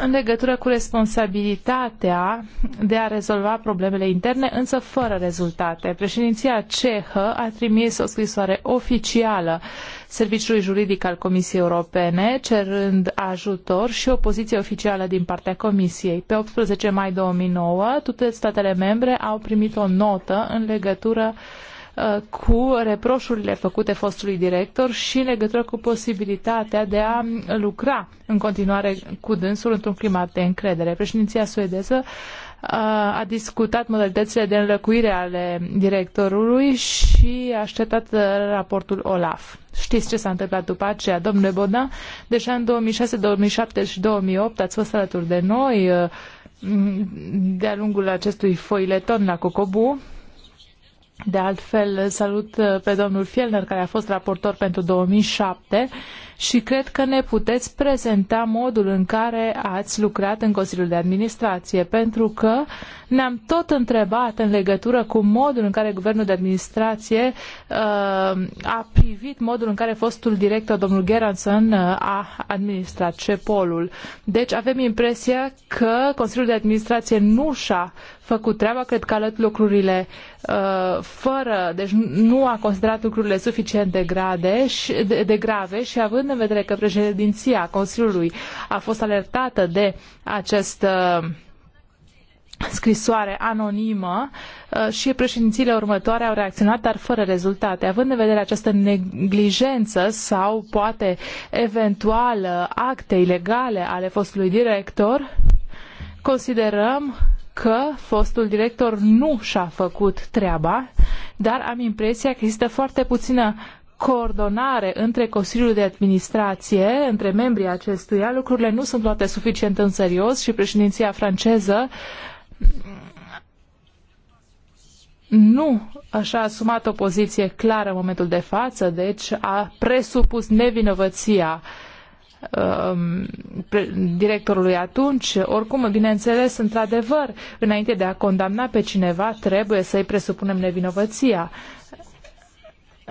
în legătură cu responsabilitatea de a rezolva problemele interne, însă fără rezultate. Președinția cehă a trimis o scrisoare oficială Serviciului Juridic al Comisiei Europene, cerând ajutor și o poziție oficială din partea Comisiei. Pe 18 mai 2009, toate statele membre au primit o notă în legătură uh, cu reproșurile făcute fostului director și în legătură cu posibilitatea de a lucra în continuare cu dânsul într-un climat de încredere. Președinția suedeză a discutat modalitățile de înlăcuire ale directorului și a așteptat uh, raportul OLAF. Știți ce s-a întâmplat după aceea, domnule Bona, Deja în 2006, 2007 și 2008 ați fost alături de noi uh, de-a lungul acestui foileton la Cocobu de altfel, salut eh, pe domnul Fielner, care a fost raportor pentru 2007 și cred că ne puteți prezenta modul în care ați lucrat în Consiliul de Administrație, pentru că ne-am tot întrebat în legătură cu modul în care Guvernul de Administrație uh, a privit modul în care fostul director, domnul Geranson, uh, a administrat CEPOL-ul. Deci avem impresia că Consiliul de Administrație nu și-a făcut treaba, cred că alăt lucrurile uh, fără, deci nu a considerat lucrurile suficient de, grade, de grave și având având în vedere că președinția Consiliului a fost alertată de această scrisoare anonimă uh, și președințiile următoare au reacționat, dar fără rezultate. Având în vedere această neglijență sau poate eventual uh, acte ilegale ale fostului director, considerăm că fostul director nu și-a făcut treaba, dar am impresia că există foarte puțină coordonare între Consiliul de Administrație, între membrii acestuia, lucrurile nu sunt luate suficient în serios și președinția franceză nu așa a asumat o poziție clară în momentul de față, deci a presupus nevinovăția um, directorului atunci. Oricum, bineînțeles, într-adevăr, înainte de a condamna pe cineva, trebuie să-i presupunem nevinovăția.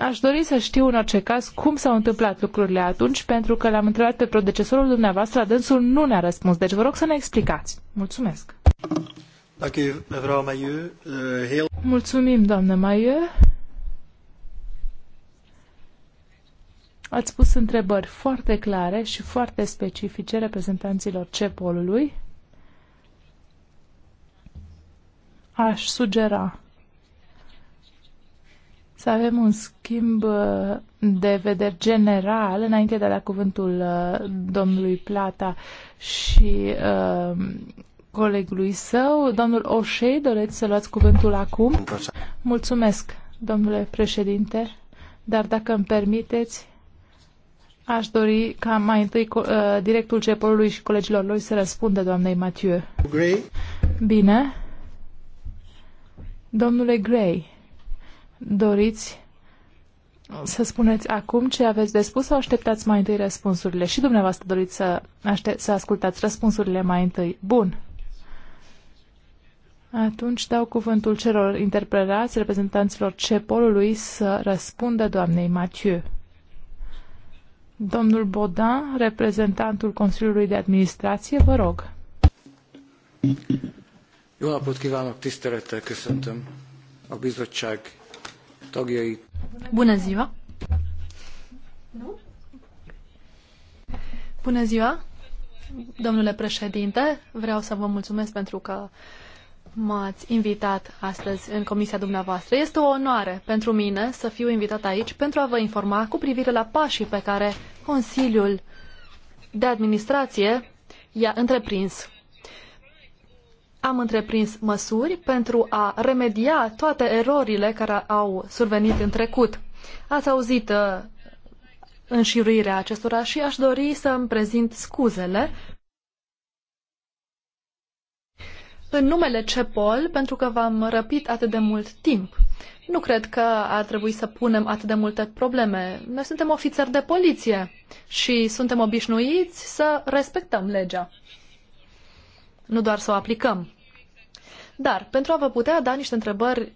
Aș dori să știu în orice caz cum s-au întâmplat lucrurile atunci, pentru că l-am întrebat pe predecesorul dumneavoastră, dânsul nu ne-a răspuns. Deci vă rog să ne explicați. Mulțumesc. Eh, Mulțumim, doamnă Maiu. Ați pus întrebări foarte clare și foarte specifice reprezentanților CEPOL-ului. Aș sugera să avem un schimb uh, de vedere general înainte de a da cuvântul uh, domnului Plata și uh, colegului său. Domnul Oșei, doreți să luați cuvântul acum? Mulțumesc, domnule președinte, dar dacă îmi permiteți, aș dori ca mai întâi directul CEPOL-ului și colegilor lui să răspundă doamnei Mathieu. Gray. Bine. Domnule Gray, Doriți să spuneți acum ce aveți de spus sau așteptați mai întâi răspunsurile? Și dumneavoastră doriți să, aștept, să ascultați răspunsurile mai întâi. Bun. Atunci dau cuvântul celor interpelați, reprezentanților CEPOL-ului, să răspundă doamnei Mathieu. Domnul Bodin, reprezentantul Consiliului de Administrație, vă rog.
Jó napot kívánok, tisztelettel köszöntöm a bizottság tagjait.
Bună ziua! Bună ziua! Domnule președinte, vreau să vă mulțumesc pentru că m-ați invitat astăzi în comisia dumneavoastră. Este o onoare pentru mine să fiu invitat aici pentru a vă informa cu privire la pașii pe care Consiliul de Administrație i-a întreprins am întreprins măsuri pentru a remedia toate erorile care au survenit în trecut. Ați auzit uh, înșiruirea acestora și aș dori să îmi prezint scuzele în numele CEPOL pentru că v-am răpit atât de mult timp. Nu cred că ar trebui să punem atât de multe probleme. Noi suntem ofițeri de poliție și suntem obișnuiți să respectăm legea nu doar să o aplicăm. Dar, pentru a vă putea da niște întrebări,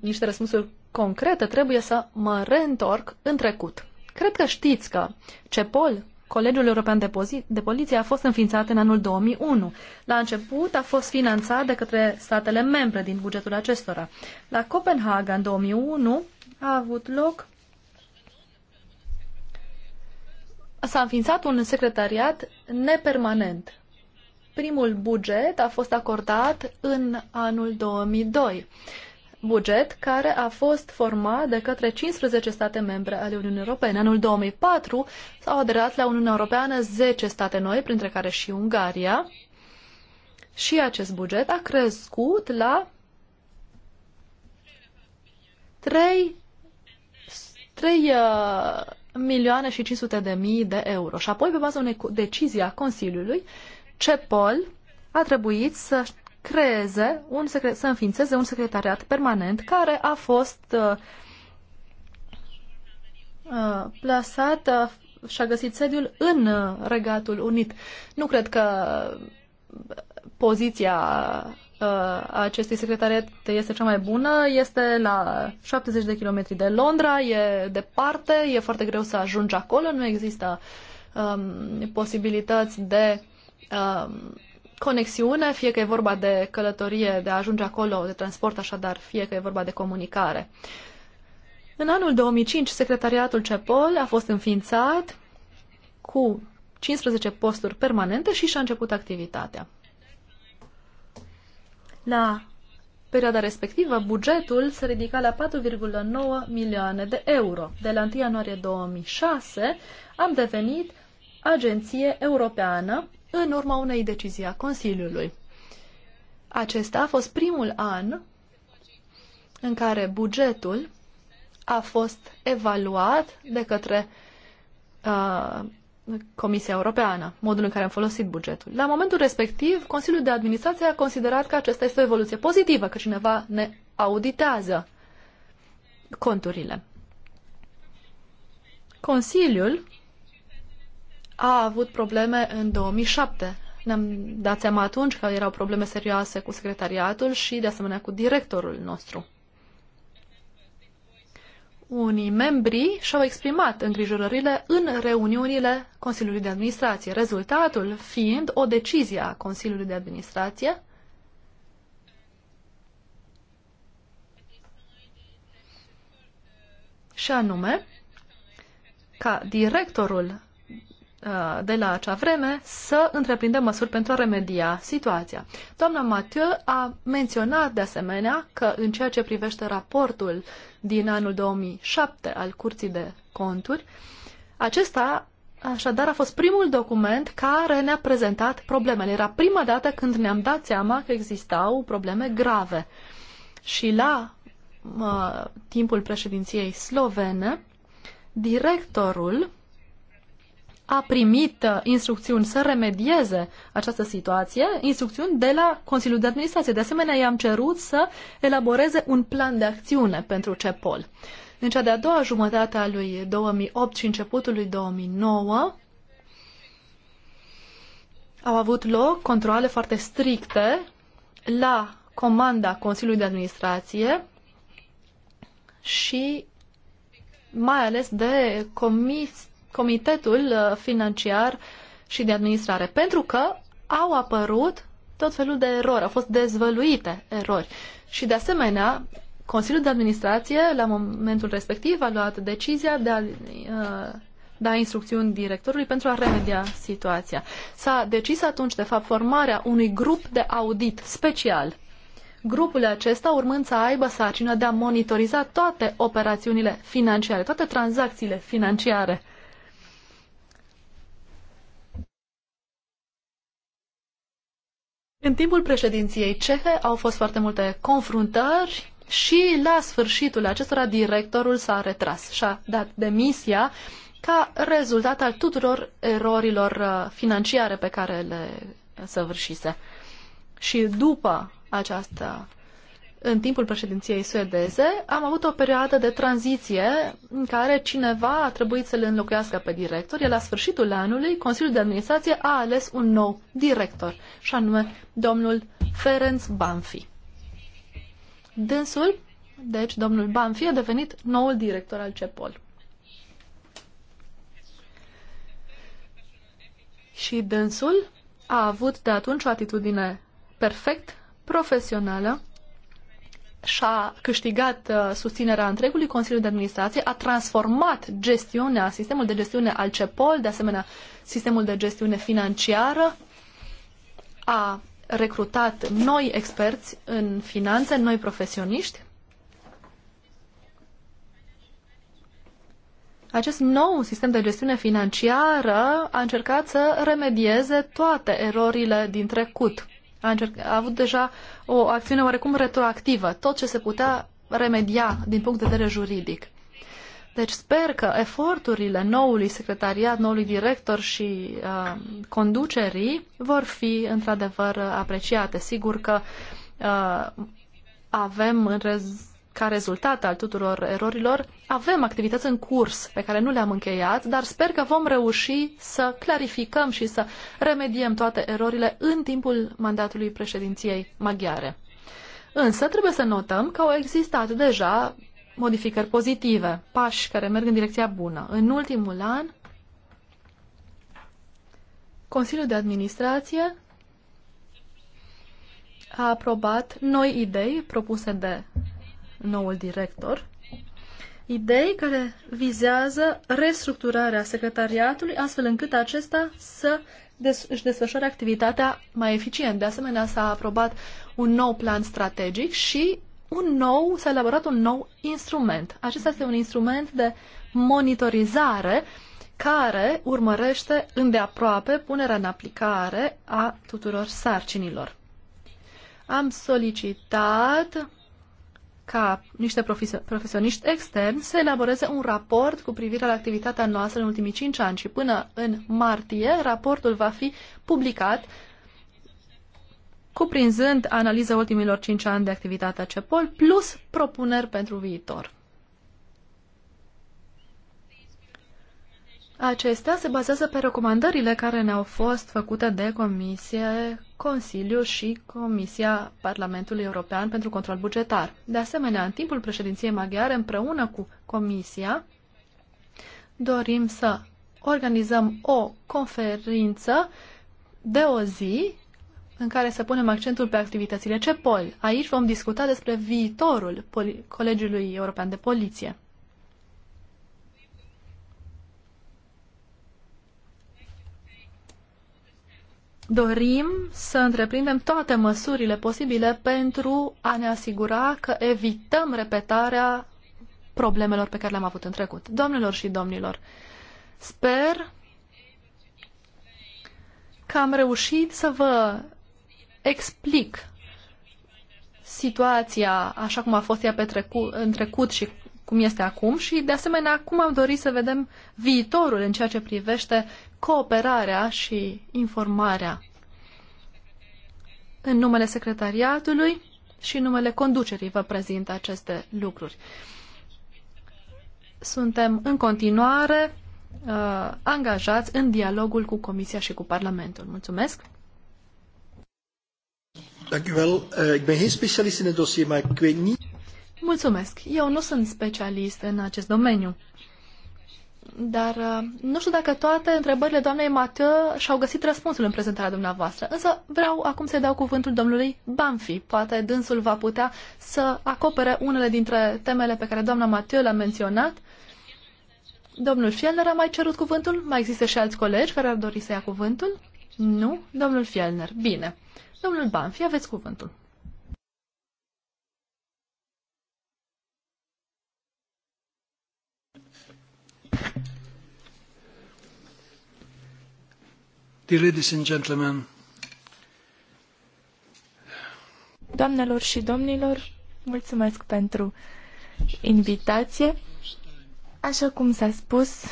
niște răspunsuri concrete, trebuie să mă reîntorc în trecut. Cred că știți că CEPOL, Colegiul European de, Pozi- de Poliție, a fost înființat în anul 2001. La început a fost finanțat de către statele membre din bugetul acestora. La Copenhaga, în 2001, a avut loc s-a înființat un secretariat nepermanent Primul buget a fost acordat în anul 2002 buget care a fost format de către 15 state membre ale Uniunii Europene. În anul 2004 s-au aderat la Uniunea Europeană 10 state noi, printre care și Ungaria. Și acest buget a crescut la 3, 3 uh, milioane și 500 de mii de euro. Și apoi, pe baza unei decizii a Consiliului, uh, ce pol a trebuit să creeze, un secret, să înființeze un secretariat permanent care a fost uh, uh plasat uh, și-a găsit sediul în uh, Regatul Unit. Nu cred că poziția uh, acestui secretariat este cea mai bună. Este la 70 de kilometri de Londra, e departe, e foarte greu să ajungi acolo, nu există um, posibilități de Um, conexiune, fie că e vorba de călătorie, de a ajunge acolo, de transport așadar, fie că e vorba de comunicare. În anul 2005, secretariatul CEPOL a fost înființat cu 15 posturi permanente și și-a început activitatea. La perioada respectivă, bugetul se ridica la 4,9 milioane de euro. De la 1 ianuarie 2006 am devenit Agenție Europeană în urma unei decizii a Consiliului. Acesta a fost primul an în care bugetul a fost evaluat de către uh, Comisia Europeană, modul în care am folosit bugetul. La momentul respectiv, Consiliul de Administrație a considerat că aceasta este o evoluție pozitivă, că cineva ne auditează conturile. Consiliul a avut probleme în 2007. Ne-am dat seama atunci că erau probleme serioase cu secretariatul și, de asemenea, cu directorul nostru. Unii membri și-au exprimat îngrijorările în reuniunile Consiliului de Administrație, rezultatul fiind o decizie a Consiliului de Administrație și anume ca directorul Uh, de la acea vreme să întreprindem măsuri pentru a remedia situația. Doamna Mathieu a menționat de asemenea că în ceea ce privește raportul din anul 2007 al Curții de Conturi, acesta așadar a fost primul document care ne-a prezentat problemele. Era prima dată când ne-am dat seama că existau probleme grave. Și la uh, timpul președinției slovene, directorul a primit uh, instrucțiuni să remedieze această situație, instrucțiuni de la Consiliul de Administrație. De asemenea, i-am cerut să elaboreze un plan de acțiune pentru CEPOL. În cea de-a doua jumătate a lui 2008 și începutul lui 2009 au avut loc controle foarte stricte la comanda Consiliului de Administrație și mai ales de comis, Comitetul uh, Financiar și de Administrare, pentru că au apărut tot felul de erori, au fost dezvăluite erori. Și de asemenea, Consiliul de Administrație, la momentul respectiv, a luat decizia de a uh, da instrucțiuni directorului pentru a remedia situația. S-a decis atunci, de fapt, formarea unui grup de audit special. Grupul acesta urmând să aibă sarcina de a monitoriza toate operațiunile financiare, toate tranzacțiile financiare. În timpul președinției cehe au fost foarte multe confruntări și la sfârșitul acestora directorul s-a retras și a dat demisia ca rezultat al tuturor erorilor uh, financiare pe care le săvârșise. Și după această în timpul președinției suedeze, am avut o perioadă de tranziție în care cineva a trebuit să le înlocuiască pe director, iar la sfârșitul anului Consiliul de Administrație a ales un nou director, și anume domnul Ferenc Banfi. Dânsul, deci domnul Banfi, a devenit noul director al CEPOL. Și dânsul a avut de atunci o atitudine perfect profesională și-a câștigat uh, susținerea întregului Consiliu de Administrație, a transformat gestiunea, sistemul de gestiune al CEPOL, de asemenea sistemul de gestiune financiară, a recrutat noi experți în finanțe, noi profesioniști. Acest nou sistem de gestiune financiară a încercat să remedieze toate erorile din trecut a, încerc, a avut deja o acțiune oarecum retroactivă, tot ce se putea remedia din punct de vedere juridic. Deci sper că eforturile noului secretariat, noului director și uh, conducerii vor fi într-adevăr apreciate. Sigur că uh, avem în rez- ca rezultat al tuturor erorilor, avem activități în curs pe care nu le-am încheiat, dar sper că vom reuși să clarificăm și să remediem toate erorile în timpul mandatului președinției maghiare. Însă trebuie să notăm că au existat deja modificări pozitive, pași care merg în direcția bună. În ultimul an, Consiliul de Administrație a aprobat noi idei propuse de noul director, idei care vizează restructurarea secretariatului astfel încât acesta să des- își desfășoare activitatea mai eficient. De asemenea, s-a aprobat un nou plan strategic și un nou, s-a elaborat un nou instrument. Acesta este un instrument de monitorizare care urmărește îndeaproape punerea în aplicare a tuturor sarcinilor. Am solicitat ca niște profesioniști externi să elaboreze un raport cu privire la activitatea noastră în ultimii 5 ani și până în martie raportul va fi publicat cuprinzând analiza ultimilor 5 ani de activitate a CEPOL plus propuneri pentru viitor. Acestea se bazează pe recomandările care ne-au fost făcute de Comisie, Consiliu și Comisia Parlamentului European pentru Control Bugetar. De asemenea, în timpul președinției maghiare, împreună cu Comisia, dorim să organizăm o conferință de o zi în care să punem accentul pe activitățile CEPOL. Aici vom discuta despre viitorul Colegiului European de Poliție. dorim să întreprindem toate măsurile posibile pentru a ne asigura că evităm repetarea problemelor pe care le-am avut în trecut. Domnilor și domnilor, sper că am reușit să vă explic situația așa cum a fost ea pe trecut, în trecut și cum este acum și, de asemenea, cum am dorit să vedem viitorul în ceea ce privește cooperarea și informarea. În numele secretariatului și în numele conducerii vă prezint aceste lucruri. Suntem în continuare uh, angajați în dialogul cu Comisia și cu Parlamentul. Mulțumesc! Eh, Mulțumesc! Eu nu sunt specialist în acest domeniu. Dar uh, nu știu dacă toate întrebările doamnei Mateu și-au găsit răspunsul în prezentarea dumneavoastră. Însă vreau acum să-i dau cuvântul domnului Banfi. Poate dânsul va putea să acopere unele dintre temele pe care doamna Mateu le-a menționat. Domnul Fielner a mai cerut cuvântul? Mai există și alți colegi care ar dori să ia cuvântul? Nu? Domnul Fielner. Bine. Domnul Banfi, aveți cuvântul.
Dear ladies and gentlemen,
Doamnelor și domnilor, mulțumesc pentru invitație. Așa cum s-a spus,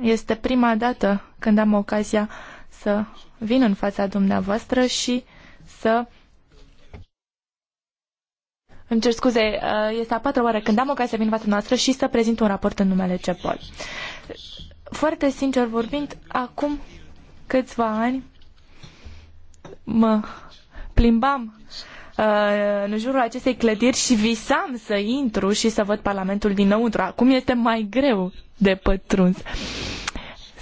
este prima dată când am ocazia să vin în fața dumneavoastră și să îmi cer scuze, uh, este a patra oară când am ocazia să vin în fața noastră și să prezint un raport în numele CEPOL. Foarte sincer vorbind, acum câțiva ani mă plimbam uh, în jurul acestei clădiri și visam să intru și să văd Parlamentul dinăuntru. Acum este mai greu de pătruns.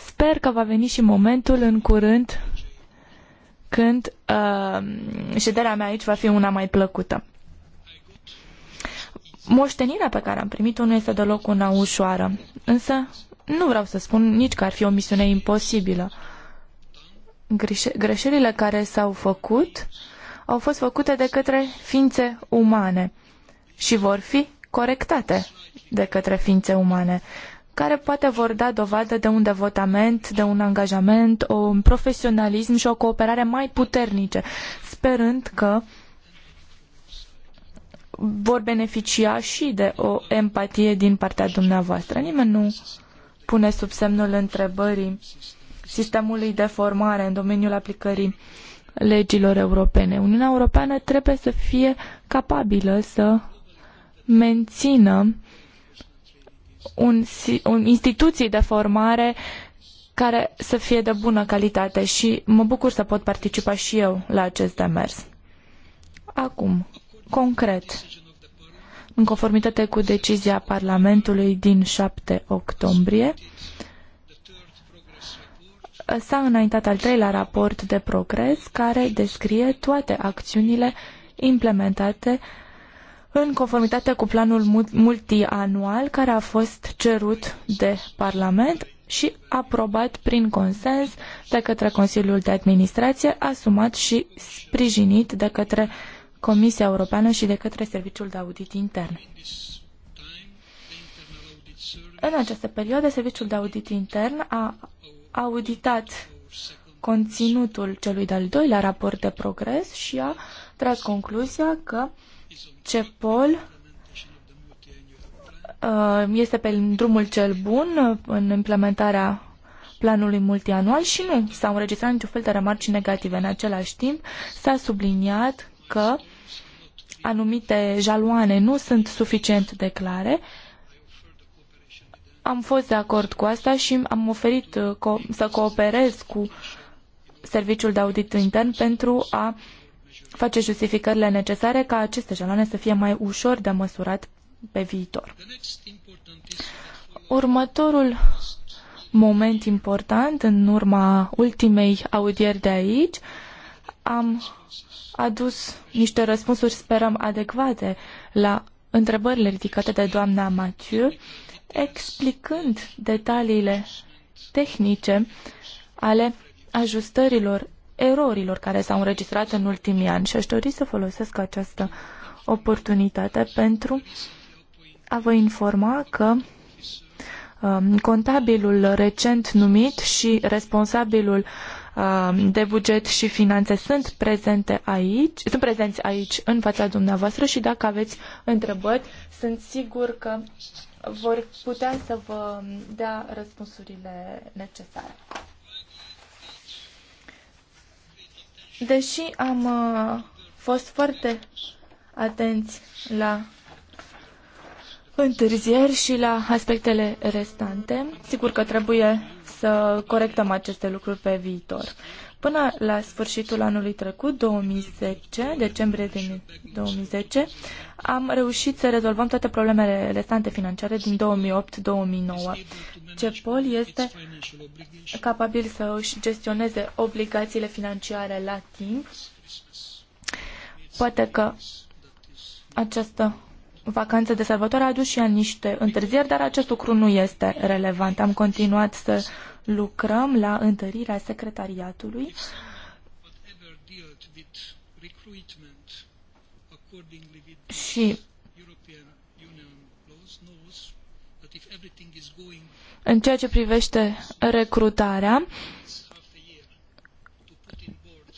Sper că va veni și momentul în curând când uh, șederea mea aici va fi una mai plăcută. Moștenirea pe care am primit-o nu este deloc una ușoară, însă nu vreau să spun nici că ar fi o misiune imposibilă. Uh, greșelile care s-au făcut au fost făcute de către ființe umane și vor fi corectate de către ființe umane, care poate vor da dovadă de un devotament, de un angajament, un profesionalism și o cooperare mai puternice, sperând că vor beneficia și de o empatie din partea dumneavoastră. Nimeni nu pune sub semnul întrebării sistemului de formare în domeniul aplicării legilor europene. Uniunea Europeană trebuie să fie capabilă să mențină un, un instituții de formare care să fie de bună calitate și mă bucur să pot participa și eu la acest demers. Acum, concret, în conformitate cu decizia Parlamentului din 7 octombrie, s-a înaintat al treilea raport de progres care descrie toate acțiunile implementate în conformitate cu planul multianual care a fost cerut de Parlament și aprobat prin consens de către Consiliul de Administrație, asumat și sprijinit de către Comisia Europeană și de către Serviciul de Audit Intern. În această perioadă, Serviciul de Audit Intern a auditat conținutul celui de-al doilea raport de progres și a tras concluzia că CEPOL uh, este pe drumul cel bun în implementarea planului multianual și nu s-au înregistrat niciun fel de remarci negative. În același timp, s-a subliniat că anumite jaloane nu sunt suficient de clare am fost de acord cu asta și am oferit uh, să cooperez cu Serviciul de Audit Intern pentru a face justificările necesare ca aceste jaloane să fie mai ușor de măsurat pe viitor. Următorul moment important în urma ultimei audieri de aici am adus niște răspunsuri, sperăm, adecvate la întrebările ridicate de doamna Mathieu explicând detaliile tehnice ale ajustărilor erorilor care s-au înregistrat în ultimii ani și aș dori să folosesc această oportunitate pentru a vă informa că um, contabilul recent numit și responsabilul um, de buget și finanțe sunt prezente aici, sunt prezenți aici în fața dumneavoastră și dacă aveți întrebări, sunt sigur că vor putea să vă dea răspunsurile necesare. Deși am uh, fost foarte atenți la întârzieri și la aspectele restante, sigur că trebuie să corectăm aceste lucruri pe viitor. Până la sfârșitul anului trecut, 2010, decembrie 2010, am reușit să rezolvăm toate problemele restante financiare din 2008-2009. CEPOL este capabil să își gestioneze obligațiile financiare la timp. Poate că această vacanță de sărbătoare a adus și ea niște întârzieri, dar acest lucru nu este relevant. Am continuat să lucrăm la întărirea secretariatului.
Uh, Și
în ceea ce privește recrutarea,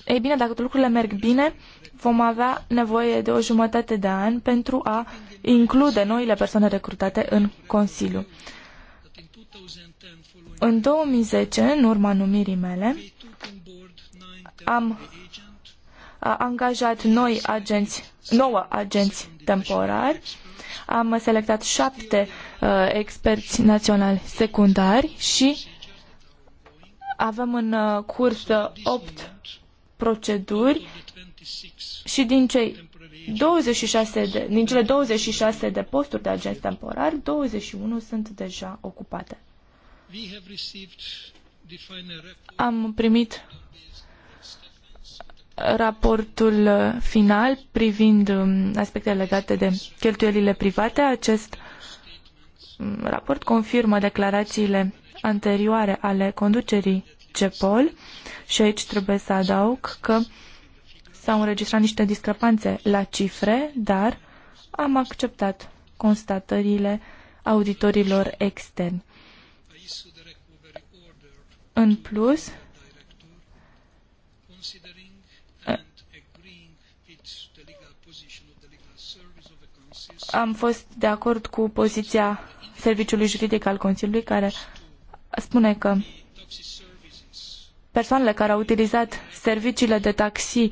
ei bine, dacă lucrurile merg bine, vom avea nevoie de o jumătate de an pentru a include noile persoane recrutate în Consiliu. În 2010, în urma numirii mele, am angajat noi agenți nouă agenți temporari. Am selectat șapte uh, experți naționali secundari și avem în uh, curs uh, opt proceduri și din cei 26 de, din cele 26 de posturi de agenți temporari, 21 sunt deja ocupate. Am primit raportul uh, final privind um, aspectele legate de cheltuielile private. Acest um, raport confirmă declarațiile anterioare ale conducerii CEPOL și aici trebuie să adaug că s-au înregistrat niște discrepanțe la cifre, dar am acceptat constatările auditorilor externi. În plus, am fost de acord cu poziția Serviciului Juridic al Consiliului, care spune că persoanele care au utilizat serviciile de taxi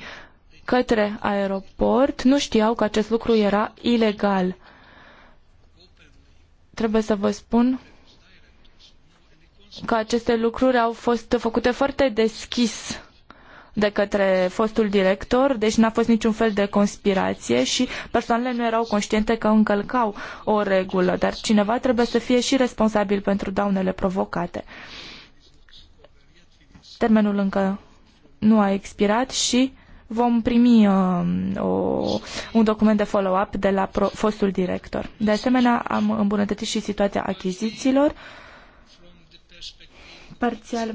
către aeroport nu știau că acest lucru era ilegal. Trebuie să vă spun că aceste lucruri au fost făcute foarte deschis de către fostul director, deci n-a fost niciun fel de conspirație și persoanele nu erau conștiente că încălcau o regulă, dar cineva trebuie să fie și responsabil pentru daunele provocate. Termenul încă nu a expirat și vom primi uh, o, un document de follow-up de la pro, fostul director. De asemenea, am îmbunătățit și situația achizițiilor parțial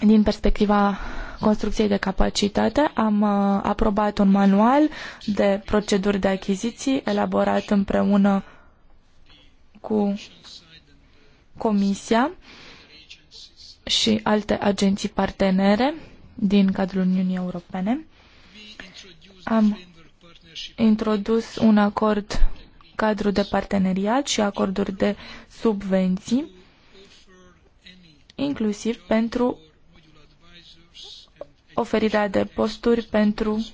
din perspectiva construcției de capacitate, am uh, aprobat un manual de proceduri de achiziții elaborat împreună cu Comisia și alte agenții partenere din cadrul Uniunii Europene. Am introdus un acord cadru de parteneriat și acorduri de subvenții, inclusiv pentru oferirea de posturi pentru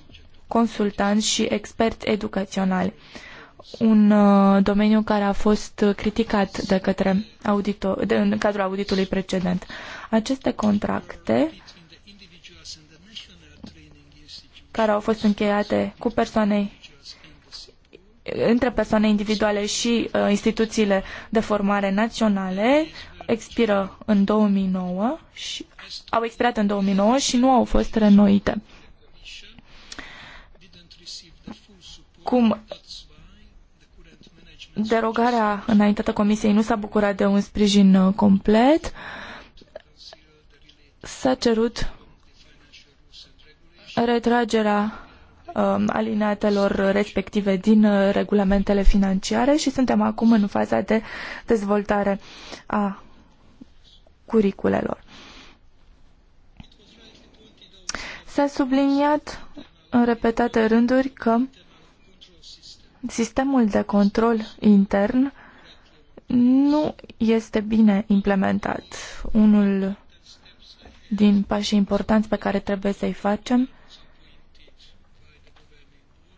consultanți și experți educaționali, un uh, domeniu care a fost criticat de către auditor, de, în cadrul auditului precedent. Aceste contracte care au fost încheiate cu persoane între persoane individuale și uh, instituțiile de formare naționale expiră în 2009 și au expirat în 2009 și nu au fost renoite. Cum derogarea înaintată Comisiei nu s-a bucurat de un sprijin uh, complet, s-a cerut retragerea um, alineatelor respective din uh, regulamentele financiare și suntem acum în faza de dezvoltare a curiculelor. S-a subliniat în repetate rânduri că sistemul de control intern nu este bine implementat. Unul din pașii importanți pe care trebuie să-i facem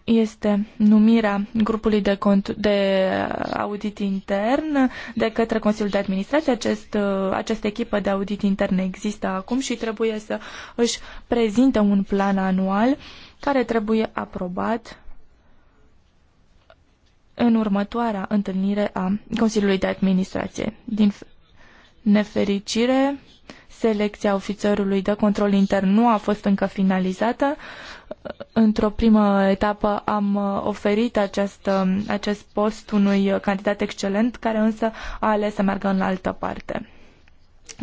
este numirea grupului de, cont, de audit intern de către Consiliul de Administrație. Acest, această echipă de audit intern există acum și trebuie să își prezinte un plan anual care trebuie aprobat în următoarea întâlnire a Consiliului de Administrație. Din nefericire, Selecția ofițerului de control intern nu a fost încă finalizată. Într-o primă etapă am uh, oferit acest, um, acest post unui candidat excelent, care însă a ales să meargă în altă parte,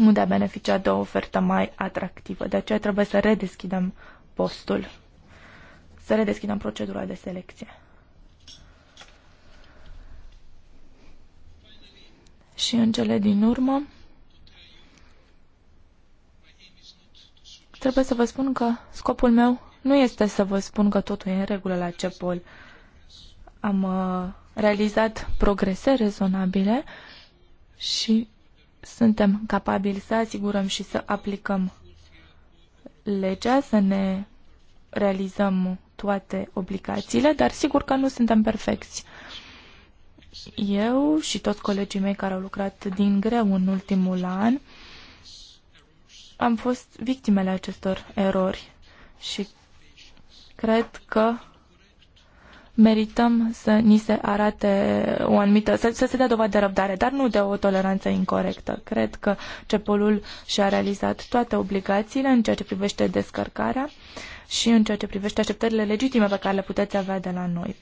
unde a beneficiat de o ofertă mai atractivă. De aceea trebuie să redeschidem postul, să redeschidem procedura de selecție. Și în cele din urmă, Trebuie să vă spun că scopul meu nu este să vă spun că totul e în regulă la CEPOL. Am uh, realizat progrese rezonabile și suntem capabili să asigurăm și să aplicăm legea, să ne realizăm toate obligațiile, dar sigur că nu suntem perfecți. Eu și toți colegii mei care au lucrat din greu în ultimul an am fost victimele acestor erori și cred că merităm să ni se arate o anumită, să, să se dea dovadă de răbdare, dar nu de o toleranță incorrectă. Cred că cepolul și-a realizat toate obligațiile în ceea ce privește descărcarea și în ceea ce privește așteptările legitime pe care le puteți avea de la noi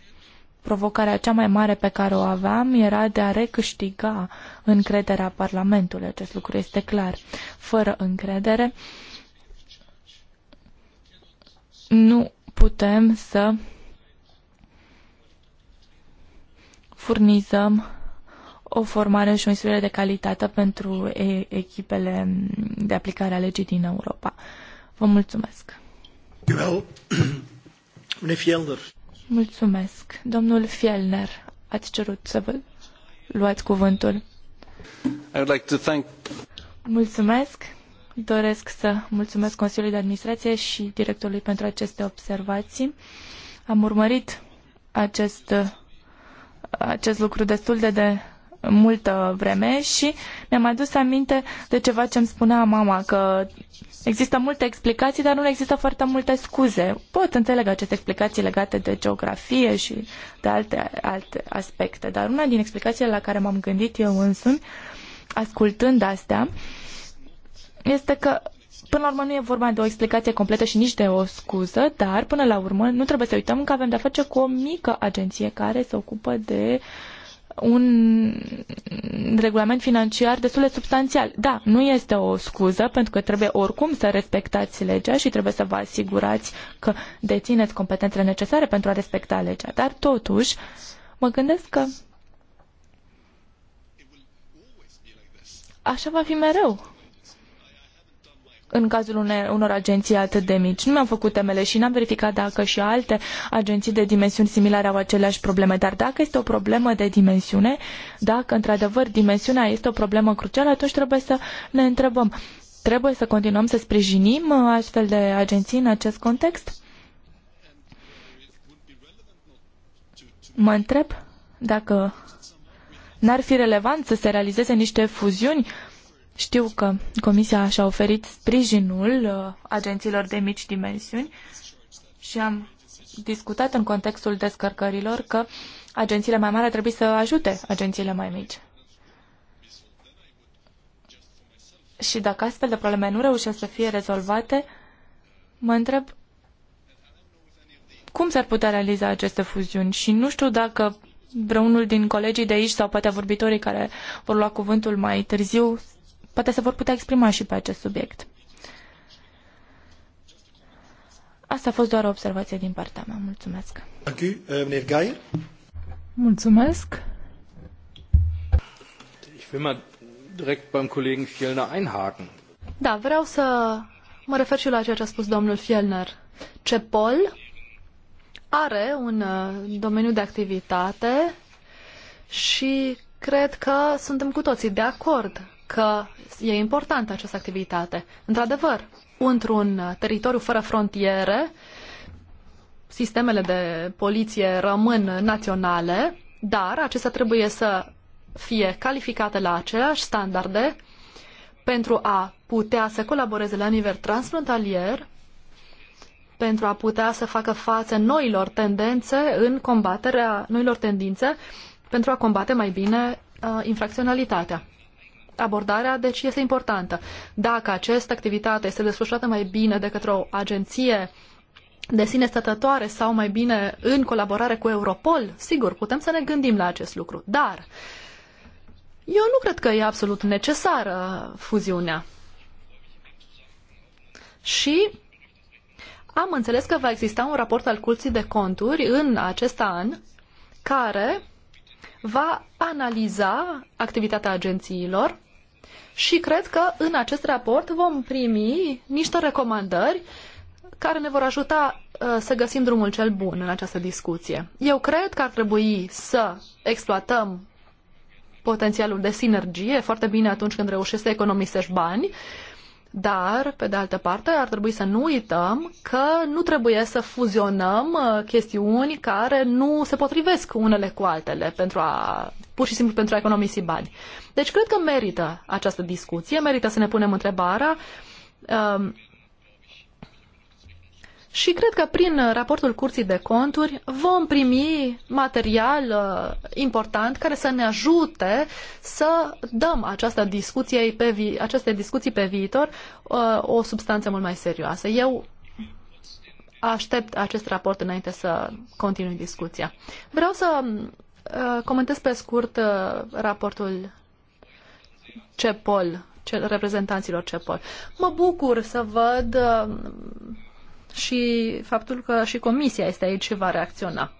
provocarea cea mai mare pe care o aveam era de a recâștiga încrederea Parlamentului. Acest lucru este clar. Fără încredere nu putem să furnizăm o formare și o instruire de calitate pentru echipele de aplicare a legii din Europa. Vă mulțumesc!
Well, [clears throat]
Mulțumesc. Domnul Fielner, ați cerut să vă luați cuvântul. Mulțumesc. Doresc să mulțumesc Consiliului de Administrație și directorului pentru aceste observații. Am urmărit acest, acest lucru destul de de multă vreme și mi-am adus aminte de ceva ce îmi spunea mama, că există multe explicații, dar nu există foarte multe scuze. Pot înțeleg aceste explicații legate de geografie și de alte, alte aspecte, dar una din explicațiile la care m-am gândit eu însumi, ascultând astea, este că Până la urmă nu e vorba de o explicație completă și nici de o scuză, dar până la urmă nu trebuie să uităm că avem de-a face cu o mică agenție care se ocupă de un regulament financiar destul de substanțial. Da, nu este o scuză, pentru că trebuie oricum să respectați legea și trebuie să vă asigurați că dețineți competențele necesare pentru a respecta legea. Dar totuși, mă gândesc că așa va fi mereu în cazul unor agenții atât de mici. Nu mi-am făcut temele și n-am verificat dacă și alte agenții de dimensiuni similare au aceleași probleme, dar dacă este o problemă de dimensiune, dacă într-adevăr dimensiunea este o problemă crucială, atunci trebuie să ne întrebăm. Trebuie să continuăm să sprijinim uh, astfel de agenții în acest context? Mă întreb dacă n-ar fi relevant să se realizeze niște fuziuni știu că Comisia și-a oferit sprijinul uh, agențiilor de mici dimensiuni și am discutat în contextul descărcărilor că agențiile mai mari trebuie să ajute agențiile mai mici. Și dacă astfel de probleme nu reușesc să fie rezolvate, mă întreb cum s-ar putea realiza aceste fuziuni și nu știu dacă vreunul din colegii de aici sau poate vorbitorii care vor lua cuvântul mai târziu poate se vor putea exprima și pe acest subiect. Asta a fost doar o observație din partea mea. Mulțumesc.
Uh,
Mulțumesc. Da, vreau să mă refer și la ceea ce a spus domnul Fielner. CEPOL are un uh, domeniu de activitate și cred că suntem cu toții de acord că e importantă această activitate. Într-adevăr, într-un teritoriu fără frontiere, sistemele de poliție rămân naționale, dar acestea trebuie să fie calificate la aceleași standarde pentru a putea să colaboreze la nivel transfrontalier, pentru a putea să facă față noilor tendințe în combaterea noilor tendințe, pentru a combate mai bine uh, infracționalitatea abordarea, deci este importantă. Dacă această activitate este desfășurată mai bine de către o agenție de sine stătătoare sau mai bine în colaborare cu Europol, sigur, putem să ne gândim la acest lucru. Dar eu nu cred că e absolut necesară fuziunea. Și am înțeles că va exista un raport al Curții de Conturi în acest an care va analiza activitatea agențiilor și cred că în acest raport vom primi niște recomandări care ne vor ajuta uh, să găsim drumul cel bun în această discuție. Eu cred că ar trebui să exploatăm potențialul de sinergie foarte bine atunci când reușești să economisești bani, uh, dar, pe de altă parte, ar trebui să nu uităm că nu trebuie să fuzionăm uh, chestiuni care nu se potrivesc unele cu altele pentru a, pur și simplu pentru a economisi bani. Deci cred că merită această discuție, merită să ne punem întrebarea um, și cred că prin uh, raportul Curții de Conturi vom primi material uh, important care să ne ajute să dăm această discuție pe vi- aceste discuții pe viitor uh, o substanță mult mai serioasă. Eu aștept acest raport înainte să continui discuția. Vreau să comentez pe scurt raportul CEPOL, reprezentanților CEPOL. Mă bucur să văd și faptul că și Comisia este aici și va reacționa.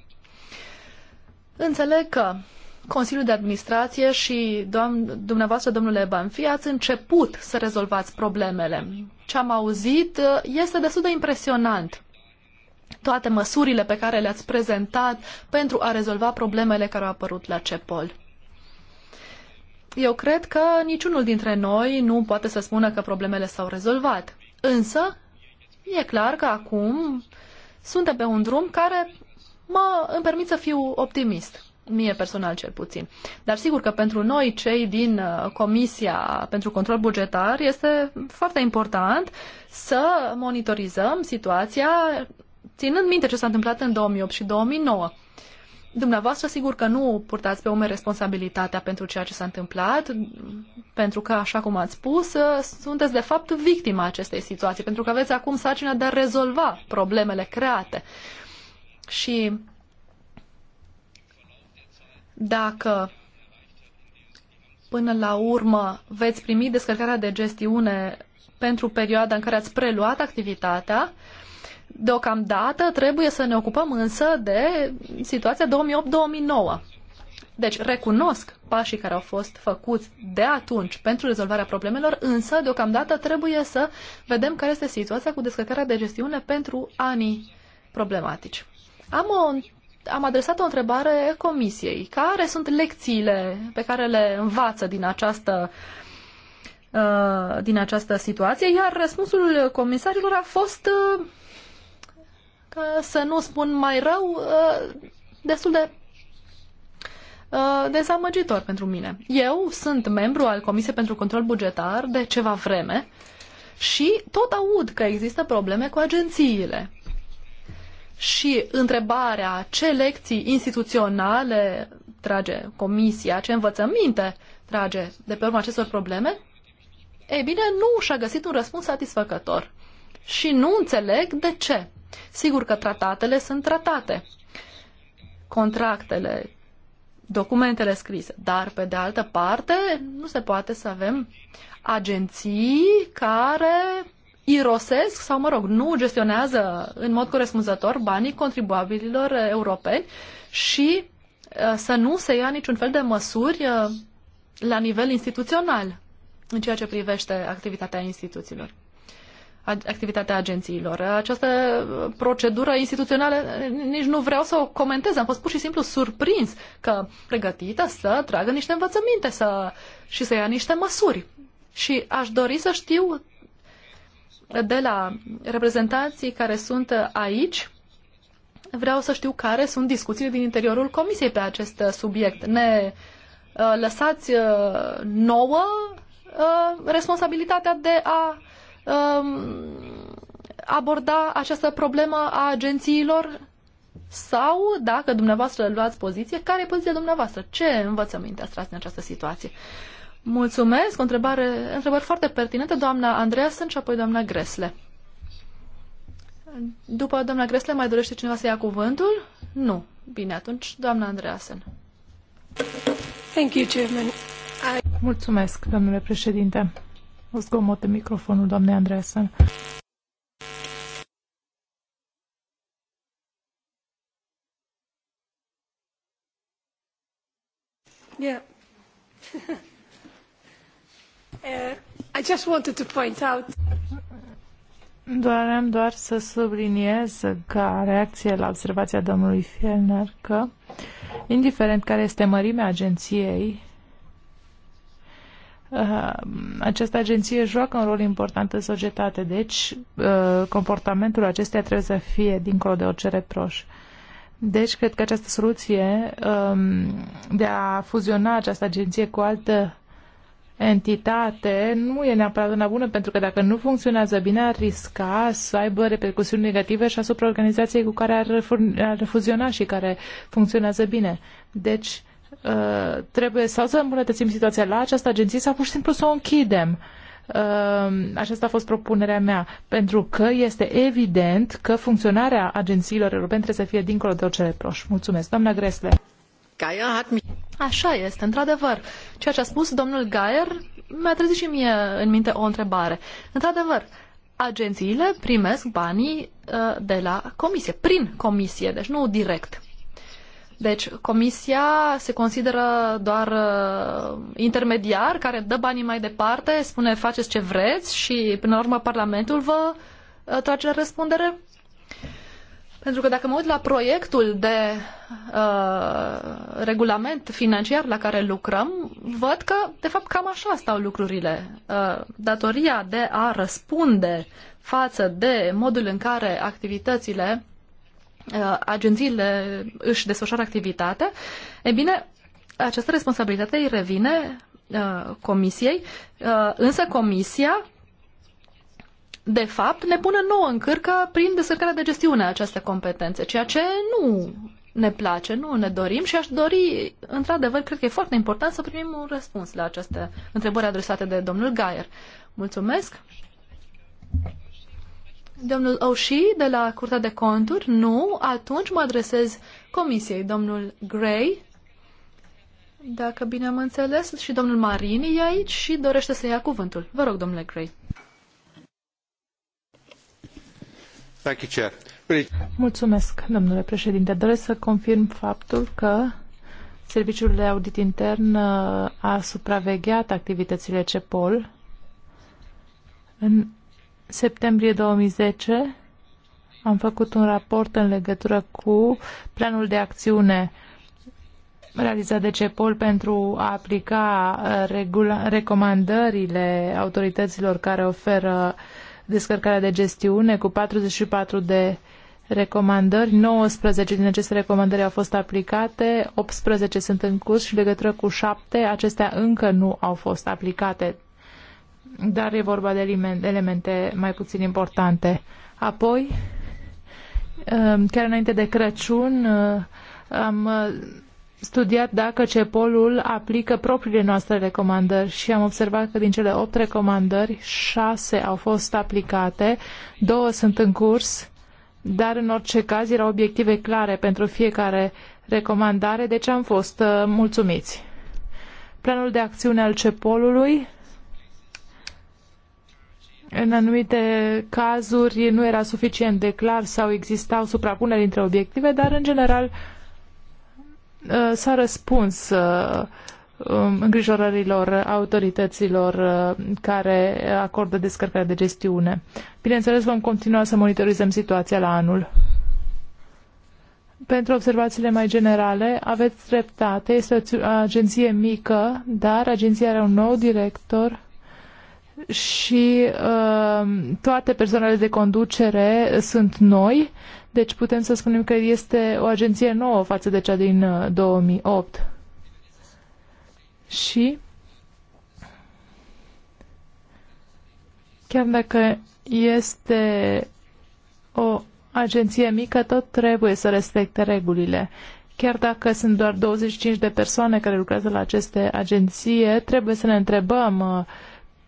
Înțeleg că Consiliul de Administrație și doam- dumneavoastră, domnule Banfi, ați început să rezolvați problemele. Ce am auzit uh, este destul de impresionant. Toate măsurile pe care le-ați prezentat pentru a rezolva problemele care au apărut la CEPOL. Eu cred că niciunul dintre noi nu poate să spună că problemele s-au rezolvat. Însă, E clar că acum suntem pe un drum care mă, îmi permit să fiu optimist mie personal cel puțin. Dar sigur că pentru noi, cei din uh, Comisia pentru Control Bugetar, este foarte important să monitorizăm situația, ținând minte ce s-a întâmplat în 2008 și 2009. Dumneavoastră, sigur că nu purtați pe umeri responsabilitatea pentru ceea ce s-a întâmplat, pentru că, așa cum ați spus, sunteți de fapt victima acestei situații, pentru că aveți acum sarcina de a rezolva problemele create. Și dacă până la urmă veți primi descărcarea de gestiune pentru perioada în care ați preluat activitatea, uh, Deocamdată trebuie să ne ocupăm însă de situația 2008-2009. Deci recunosc pașii care au fost făcuți de atunci pentru rezolvarea problemelor, însă deocamdată trebuie să vedem care este situația cu descărcarea de gestiune pentru anii problematici. Am, o, am adresat o întrebare comisiei. Care sunt lecțiile pe care le învață din această uh, din această situație, iar răspunsul comisarilor a fost uh, ca să nu spun mai rău, uh, destul de uh, dezamăgitor pentru mine. Eu sunt membru al Comisiei pentru Control Bugetar de ceva vreme și tot aud că există probleme cu agențiile. Și întrebarea ce lecții instituționale trage comisia, ce învățăminte trage de pe urma acestor probleme, ei bine, nu și-a găsit un răspuns satisfăcător. Și nu înțeleg de ce. Sigur că tratatele sunt tratate, contractele, documentele scrise, dar pe de altă parte nu se poate să avem agenții care irosesc sau, mă rog, nu gestionează în mod corespunzător banii contribuabililor europeni și uh, să nu se ia niciun fel de măsuri uh, la nivel instituțional în ceea ce privește activitatea instituțiilor activitatea agențiilor. Această procedură instituțională nici nu vreau să o comentez. Am fost pur și simplu surprins că pregătită să tragă niște învățăminte să, și să ia niște măsuri. Și aș dori să știu de la reprezentanții care sunt aici, vreau să știu care sunt discuțiile din interiorul Comisiei pe acest subiect. Ne uh, lăsați uh, nouă uh, responsabilitatea de a Um, aborda această problemă a agențiilor sau, dacă dumneavoastră luați poziție, care e poziția dumneavoastră? Ce învățăminte ați tras din această situație? Mulțumesc! O întrebare, întrebări foarte pertinente, doamna Andreasen și apoi doamna Gresle. După doamna Gresle, mai dorește cineva să ia cuvântul? Nu. Bine, atunci, doamna Andreasen.
Thank you, Chairman. I... Mulțumesc, domnule președinte. O zgomot în microfonul doamnei Andreasen. Yeah. [laughs] uh, I just wanted to point out Doream doar să subliniez ca reacție la observația domnului Fielner că, indiferent care este mărimea agenției, Uh, această agenție joacă un rol important în societate, deci uh, comportamentul acesteia trebuie să fie dincolo de orice reproș. Deci, cred că această soluție um, de a fuziona această agenție cu altă entitate nu e neapărat una bună, pentru că dacă nu funcționează bine, ar risca să aibă repercusiuni negative și asupra organizației cu care ar, ar fuziona și care funcționează bine. Deci, Uh, trebuie sau să îmbunătățim situația la această agenție sau pur și simplu să o închidem. Uh, aceasta a fost propunerea mea, pentru că este evident că funcționarea agențiilor europene trebuie să fie dincolo de orice reproș. Mulțumesc, doamna Gresle.
Așa este, într-adevăr. Ceea ce a spus domnul Gaier mi-a trezit și mie în minte o întrebare. Într-adevăr, agențiile primesc banii uh, de la comisie, prin comisie, deci nu direct. Deci, comisia se consideră doar uh, intermediar care dă banii mai departe, spune faceți ce vreți și, până la urmă, Parlamentul vă uh, trage la răspundere? Pentru că dacă mă uit la proiectul de uh, regulament financiar la care lucrăm, văd că, de fapt, cam așa stau lucrurile. Uh, datoria de a răspunde față de modul în care activitățile Uh, agențiile își desfășoară activitatea. e bine, această responsabilitate îi revine uh, comisiei, uh, însă comisia de fapt, ne pune nouă în cârcă prin descărcarea de gestiune a aceste competențe, ceea ce nu ne place, nu ne dorim și aș dori, într-adevăr, cred că e foarte important să primim un răspuns la aceste întrebări adresate de domnul Gaier. Mulțumesc! Domnul Oshi de la Curtea de Conturi? Nu. Atunci mă adresez Comisiei. Domnul Gray, dacă bine am înțeles, și domnul Marini e aici și dorește să ia cuvântul. Vă rog, domnule Gray.
Mulțumesc, domnule președinte. Doresc să confirm faptul că Serviciul de Audit Intern uh, a supravegheat activitățile CEPOL în septembrie 2010 am făcut un raport în legătură cu planul de acțiune realizat de CEPOL pentru a aplica uh, regula, recomandările autorităților care oferă descărcarea de gestiune cu 44 de recomandări. 19 din aceste recomandări au fost aplicate, 18 sunt în curs și legătură cu 7 acestea încă nu au fost aplicate dar e vorba de elemente mai puțin importante. Apoi, um, chiar înainte de Crăciun, uh, am uh, studiat dacă CEPOL-ul aplică propriile noastre recomandări și am observat că din cele opt recomandări, 6 au fost aplicate, două sunt în curs, dar în orice caz erau obiective clare pentru fiecare recomandare, deci am fost uh, mulțumiți. Planul de acțiune al CEPOL-ului în anumite cazuri nu era suficient de clar sau existau suprapuneri între obiective, dar în general uh, s-a răspuns uh, um, îngrijorărilor autorităților uh, care acordă descărcarea de gestiune. Bineînțeles, vom continua să monitorizăm situația la anul. Pentru observațiile mai generale, aveți dreptate, este o agenție mică, dar agenția are un nou director și uh, toate persoanele de conducere sunt noi, deci putem să spunem că este o agenție nouă față de cea din uh, 2008. Și chiar dacă este o agenție mică, tot trebuie să respecte regulile. Chiar dacă sunt doar 25 de persoane care lucrează la aceste agenție, trebuie să ne întrebăm uh,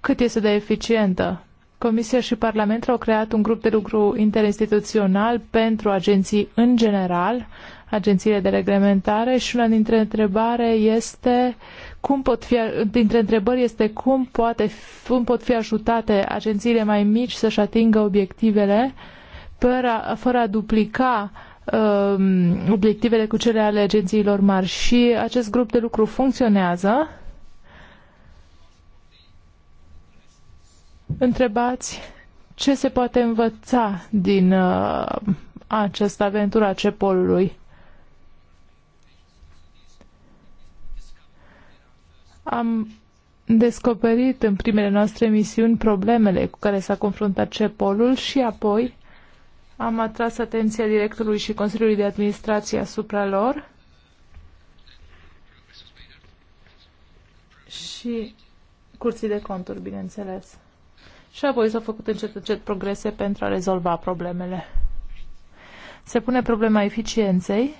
cât este de eficientă. Comisia și Parlamentul au creat un grup de lucru interinstituțional pentru agenții în general, agențiile de reglementare și una dintre întrebare este cum pot fi, dintre întrebări este cum, poate, cum pot fi ajutate agențiile mai mici să-și atingă obiectivele fără, fără a duplica um, obiectivele cu cele ale agențiilor mari și acest grup de lucru funcționează întrebați ce se poate învăța din uh, această aventură a cepolului. Am descoperit în primele noastre misiuni problemele cu care s-a confruntat cepolul și apoi am atras atenția directorului și Consiliului de Administrație asupra lor și curții de conturi, bineînțeles și apoi s-au făcut încet încet progrese pentru a rezolva problemele. Se pune problema eficienței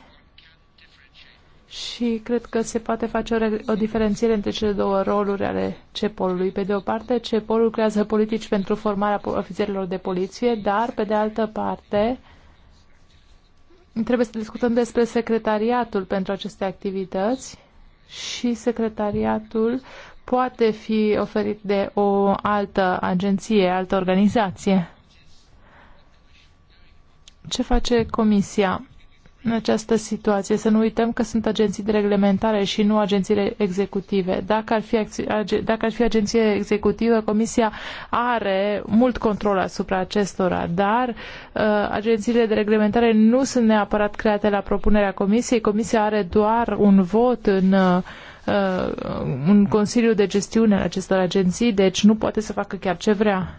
și cred că se poate face o, o diferențiere între cele două roluri ale CEPOL-ului. Pe de o parte, CEPOL-ul creează politici pentru formarea ofițerilor de poliție, dar, pe de altă parte, trebuie să discutăm despre secretariatul pentru aceste activități și secretariatul poate fi oferit de o altă agenție, altă organizație. Ce face Comisia în această situație? Să nu uităm că sunt agenții de reglementare și nu agențiile executive. Dacă ar fi, dacă ar fi agenție executivă, Comisia are mult control asupra acestora, dar uh, agențiile de reglementare nu sunt neapărat create la propunerea Comisiei. Comisia are doar un vot în. Uh, uh, un consiliu de gestiune al acestor agenții, deci nu poate să facă chiar ce vrea.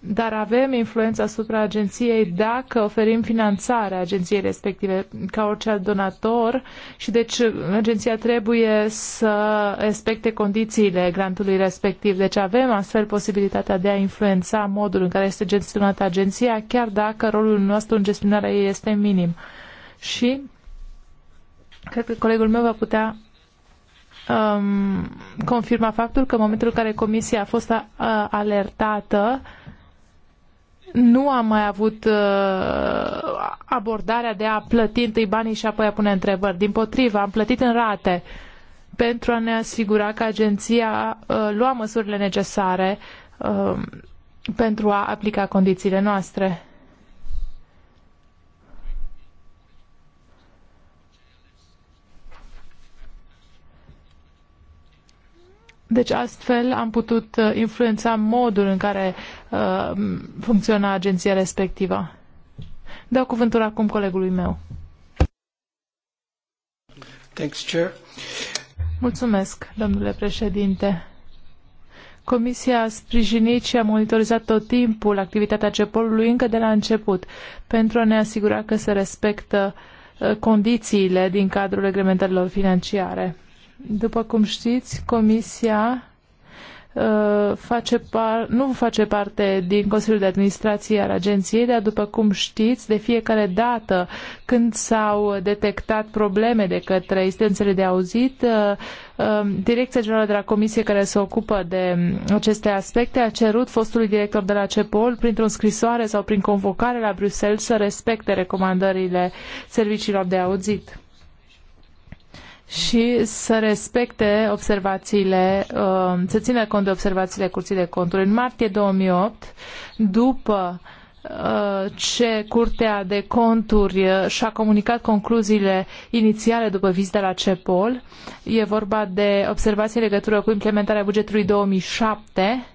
Dar avem influența asupra agenției dacă oferim finanțare agenției respective ca orice alt donator și deci agenția trebuie să respecte condițiile grantului respectiv. Deci avem astfel posibilitatea de a influența modul în care este gestionată agenția, chiar dacă rolul nostru în gestionarea ei este minim. Și Cred că colegul meu va putea um, confirma faptul că în momentul în care comisia a fost a, uh, a, alertată, nu a mai avut uh, abordarea de a plăti întâi banii și apoi a pune întrebări. Din potrivă, am plătit în rate pentru a ne asigura că agenția uh, lua măsurile necesare uh, pentru a aplica condițiile noastre. Deci astfel am putut uh, influența modul în care uh, funcționa agenția respectivă. Dau cuvântul acum colegului meu. Thanks, Chair. Mulțumesc, domnule președinte. Comisia a sprijinit și a monitorizat tot timpul activitatea CEPOL-ului încă de la început, pentru a ne asigura că se respectă uh, condițiile din cadrul reglementărilor financiare. După cum știți, Comisia uh, face par, nu face parte din Consiliul de Administrație al agenției, dar după cum știți, de fiecare dată când s-au detectat probleme de către instanțele de auzit, uh, uh, Direcția Generală de la Comisie care se ocupă de aceste aspecte a cerut fostului director de la CEPOL printr-o scrisoare sau prin convocare la Bruxelles să respecte recomandările serviciilor de auzit și să respecte observațiile, um, să țină cont de observațiile Curții de Conturi. În martie 2008, după uh, ce Curtea de Conturi uh, și-a comunicat concluziile inițiale după vizita la CEPOL. E vorba de observații în legătură cu implementarea bugetului 2007.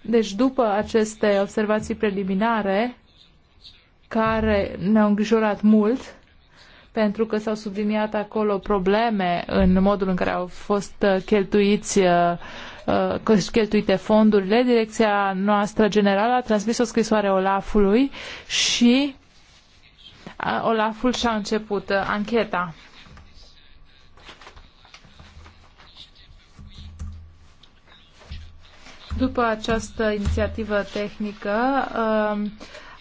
Deci după aceste observații preliminare, care ne-au îngrijorat mult, pentru că s-au subliniat acolo probleme în modul în care au fost uh, cheltuiți uh, uh, cheltuite fondurile. Direcția noastră generală a transmis o scrisoare Olafului și Olaful și-a început ancheta. După această inițiativă tehnică,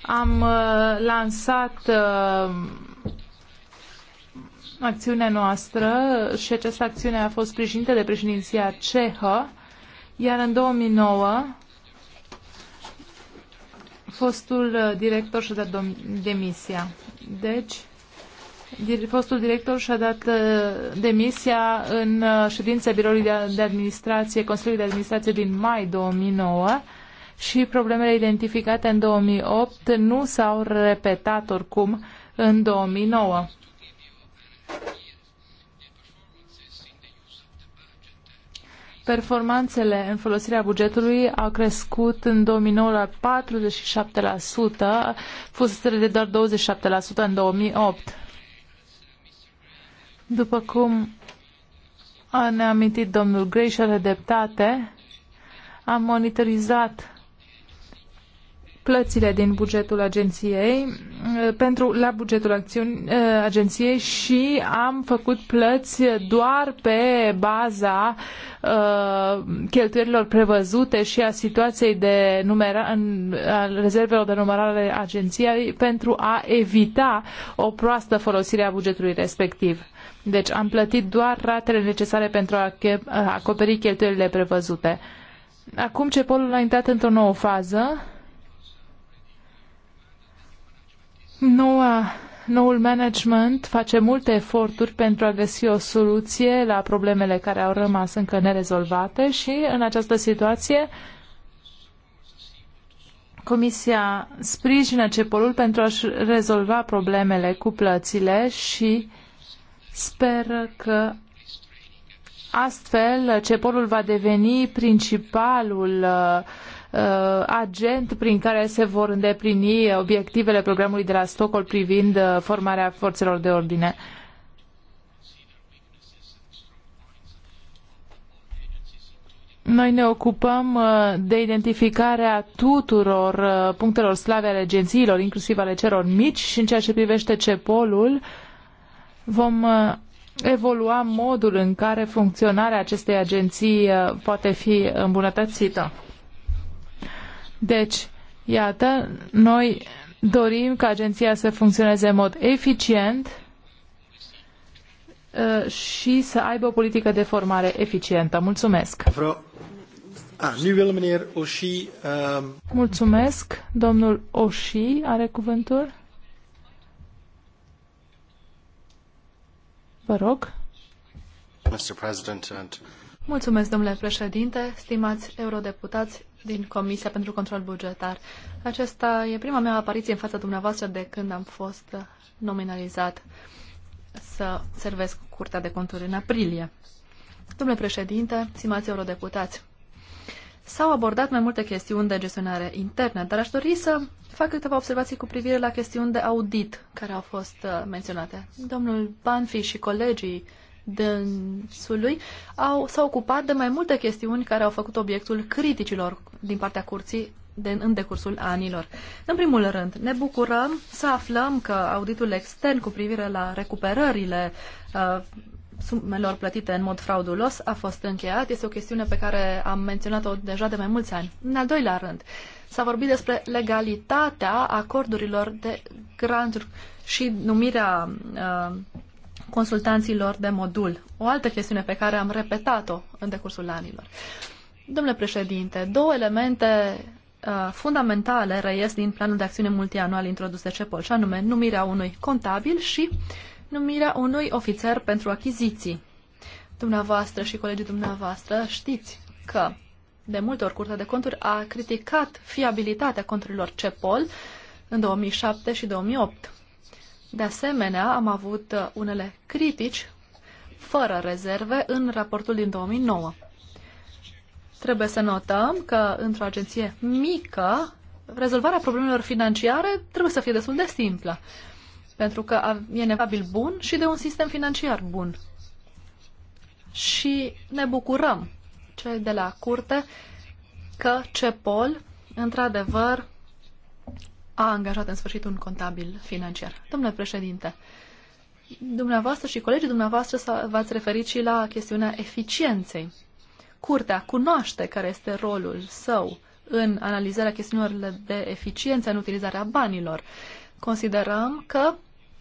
am lansat acțiunea noastră și această acțiune a fost sprijinită de președinția cehă, iar în 2009 fostul director și-a dat demisia. Deci, fostul director și-a dat uh, demisia în uh, ședința biroului de administrație, Consiliului de Administrație din mai 2009 și problemele identificate în 2008 nu s-au repetat oricum în 2009. Performanțele în folosirea bugetului au crescut în 2009 la 47%, fusese de doar 27% în 2008. După cum ne-a amintit domnul Grey și are dreptate, am monitorizat plățile din bugetul agenției uh, pentru la bugetul acțiuni, uh, agenției și am făcut plăți doar pe baza uh, cheltuielilor prevăzute și a situației de numera, în, a rezervelor de numărare agenției pentru a evita o proastă folosire a bugetului respectiv. Deci am plătit doar ratele necesare pentru a acoperi cheltuielile prevăzute. Acum polul a intrat într-o nouă fază Noua, noul management face multe eforturi pentru a găsi o soluție la problemele care au rămas încă nerezolvate și în această situație Comisia sprijină CEPOL-ul pentru a-și rezolva problemele cu plățile și sper că astfel CEPOL-ul va deveni principalul uh, Uh, agent prin care se vor îndeplini obiectivele programului de la Stockholm privind uh, formarea forțelor de ordine. Noi ne ocupăm uh, de identificarea tuturor punctelor slabe ale agențiilor, inclusiv ale celor mici și în ceea ce privește CEPOL-ul vom evolua modul în care funcționarea acestei agenții poate fi îmbunătățită. Deci, iată, noi dorim ca agenția să funcționeze în mod eficient uh, și să aibă o politică de formare eficientă. Mulțumesc!
Ah, uh,
Mulțumesc. Domnul Oshi are cuvântul.
Vă rog.
Mr. President, and
Mulțumesc, domnule președinte, stimați eurodeputați din Comisia pentru Control Bugetar. Aceasta e prima mea apariție în fața dumneavoastră de când am fost nominalizat să servesc Curtea de Conturi în aprilie. Domnule președinte, stimați eurodeputați, s-au abordat mai multe chestiuni de gestionare internă, dar aș dori să fac câteva observații cu privire la chestiuni de audit care au fost uh, menționate. Domnul Banfi și colegii dânsului au, s-au ocupat de mai multe chestiuni care au făcut obiectul criticilor din partea curții de, în decursul anilor. În primul rând, ne bucurăm să aflăm că auditul extern cu privire la recuperările uh, sumelor plătite în mod fraudulos a fost încheiat. Este o chestiune pe care am menționat-o deja de mai mulți ani. În al doilea rând, s-a vorbit despre legalitatea acordurilor de granturi și numirea uh, consultanților de modul. O altă chestiune pe care am repetat-o în decursul anilor. Domnule președinte, două elemente uh, fundamentale reies din planul de acțiune multianual introdus de CEPOL, și anume numirea unui contabil și numirea unui ofițer pentru achiziții. Dumneavoastră și colegii dumneavoastră știți că de multe ori Curtea de Conturi a criticat fiabilitatea conturilor CEPOL în 2007 și 2008. De asemenea, am avut uh, unele critici fără rezerve în raportul din 2009. Trebuie să notăm că într-o agenție mică, rezolvarea problemelor financiare trebuie să fie destul de simplă, pentru că e nevabil bun și de un sistem financiar bun. Și ne bucurăm, cei de la curte, că CEPOL, într-adevăr, a angajat în sfârșit un contabil financiar. Domnule președinte, dumneavoastră și colegii dumneavoastră v-ați referit și la chestiunea eficienței. Curtea cunoaște care este rolul său în analizarea chestiunilor de eficiență în utilizarea banilor. Considerăm că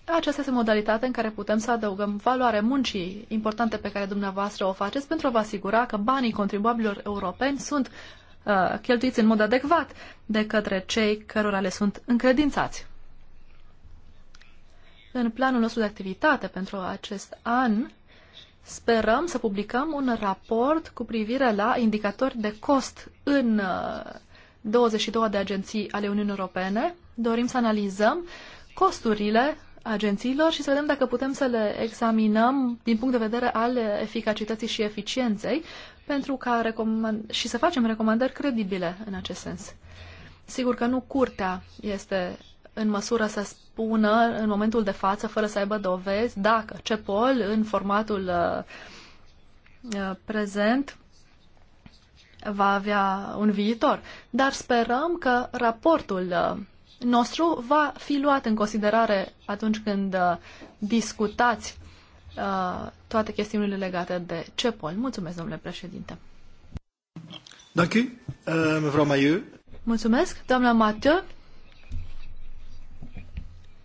aceasta este modalitatea în care putem să adăugăm valoare muncii importante pe care dumneavoastră o faceți pentru a vă asigura că banii contribuabililor europeni sunt Uh, cheltuiți în mod adecvat de către cei cărora le sunt încredințați. În planul nostru de activitate pentru acest an, sperăm să publicăm un raport cu privire la indicatori de cost în 22 uh, de agenții ale Uniunii Europene. Dorim să analizăm costurile agențiilor și să vedem dacă putem să le examinăm din punct de vedere al eficacității și eficienței pentru ca recomand- și să facem recomandări credibile în acest sens. Sigur că nu curtea este în măsură să spună în momentul de față, fără să aibă dovezi, dacă CEPOL, în formatul uh, uh prezent, va avea un viitor. Dar sperăm că raportul uh, nostru va fi luat în considerare atunci când uh, discutați Uh, toate chestiunile legate de CEPOL. Mulțumesc, domnule președinte.
Dank um, mevrouw Mailleu.
Mulțumesc, doamna Mathieu.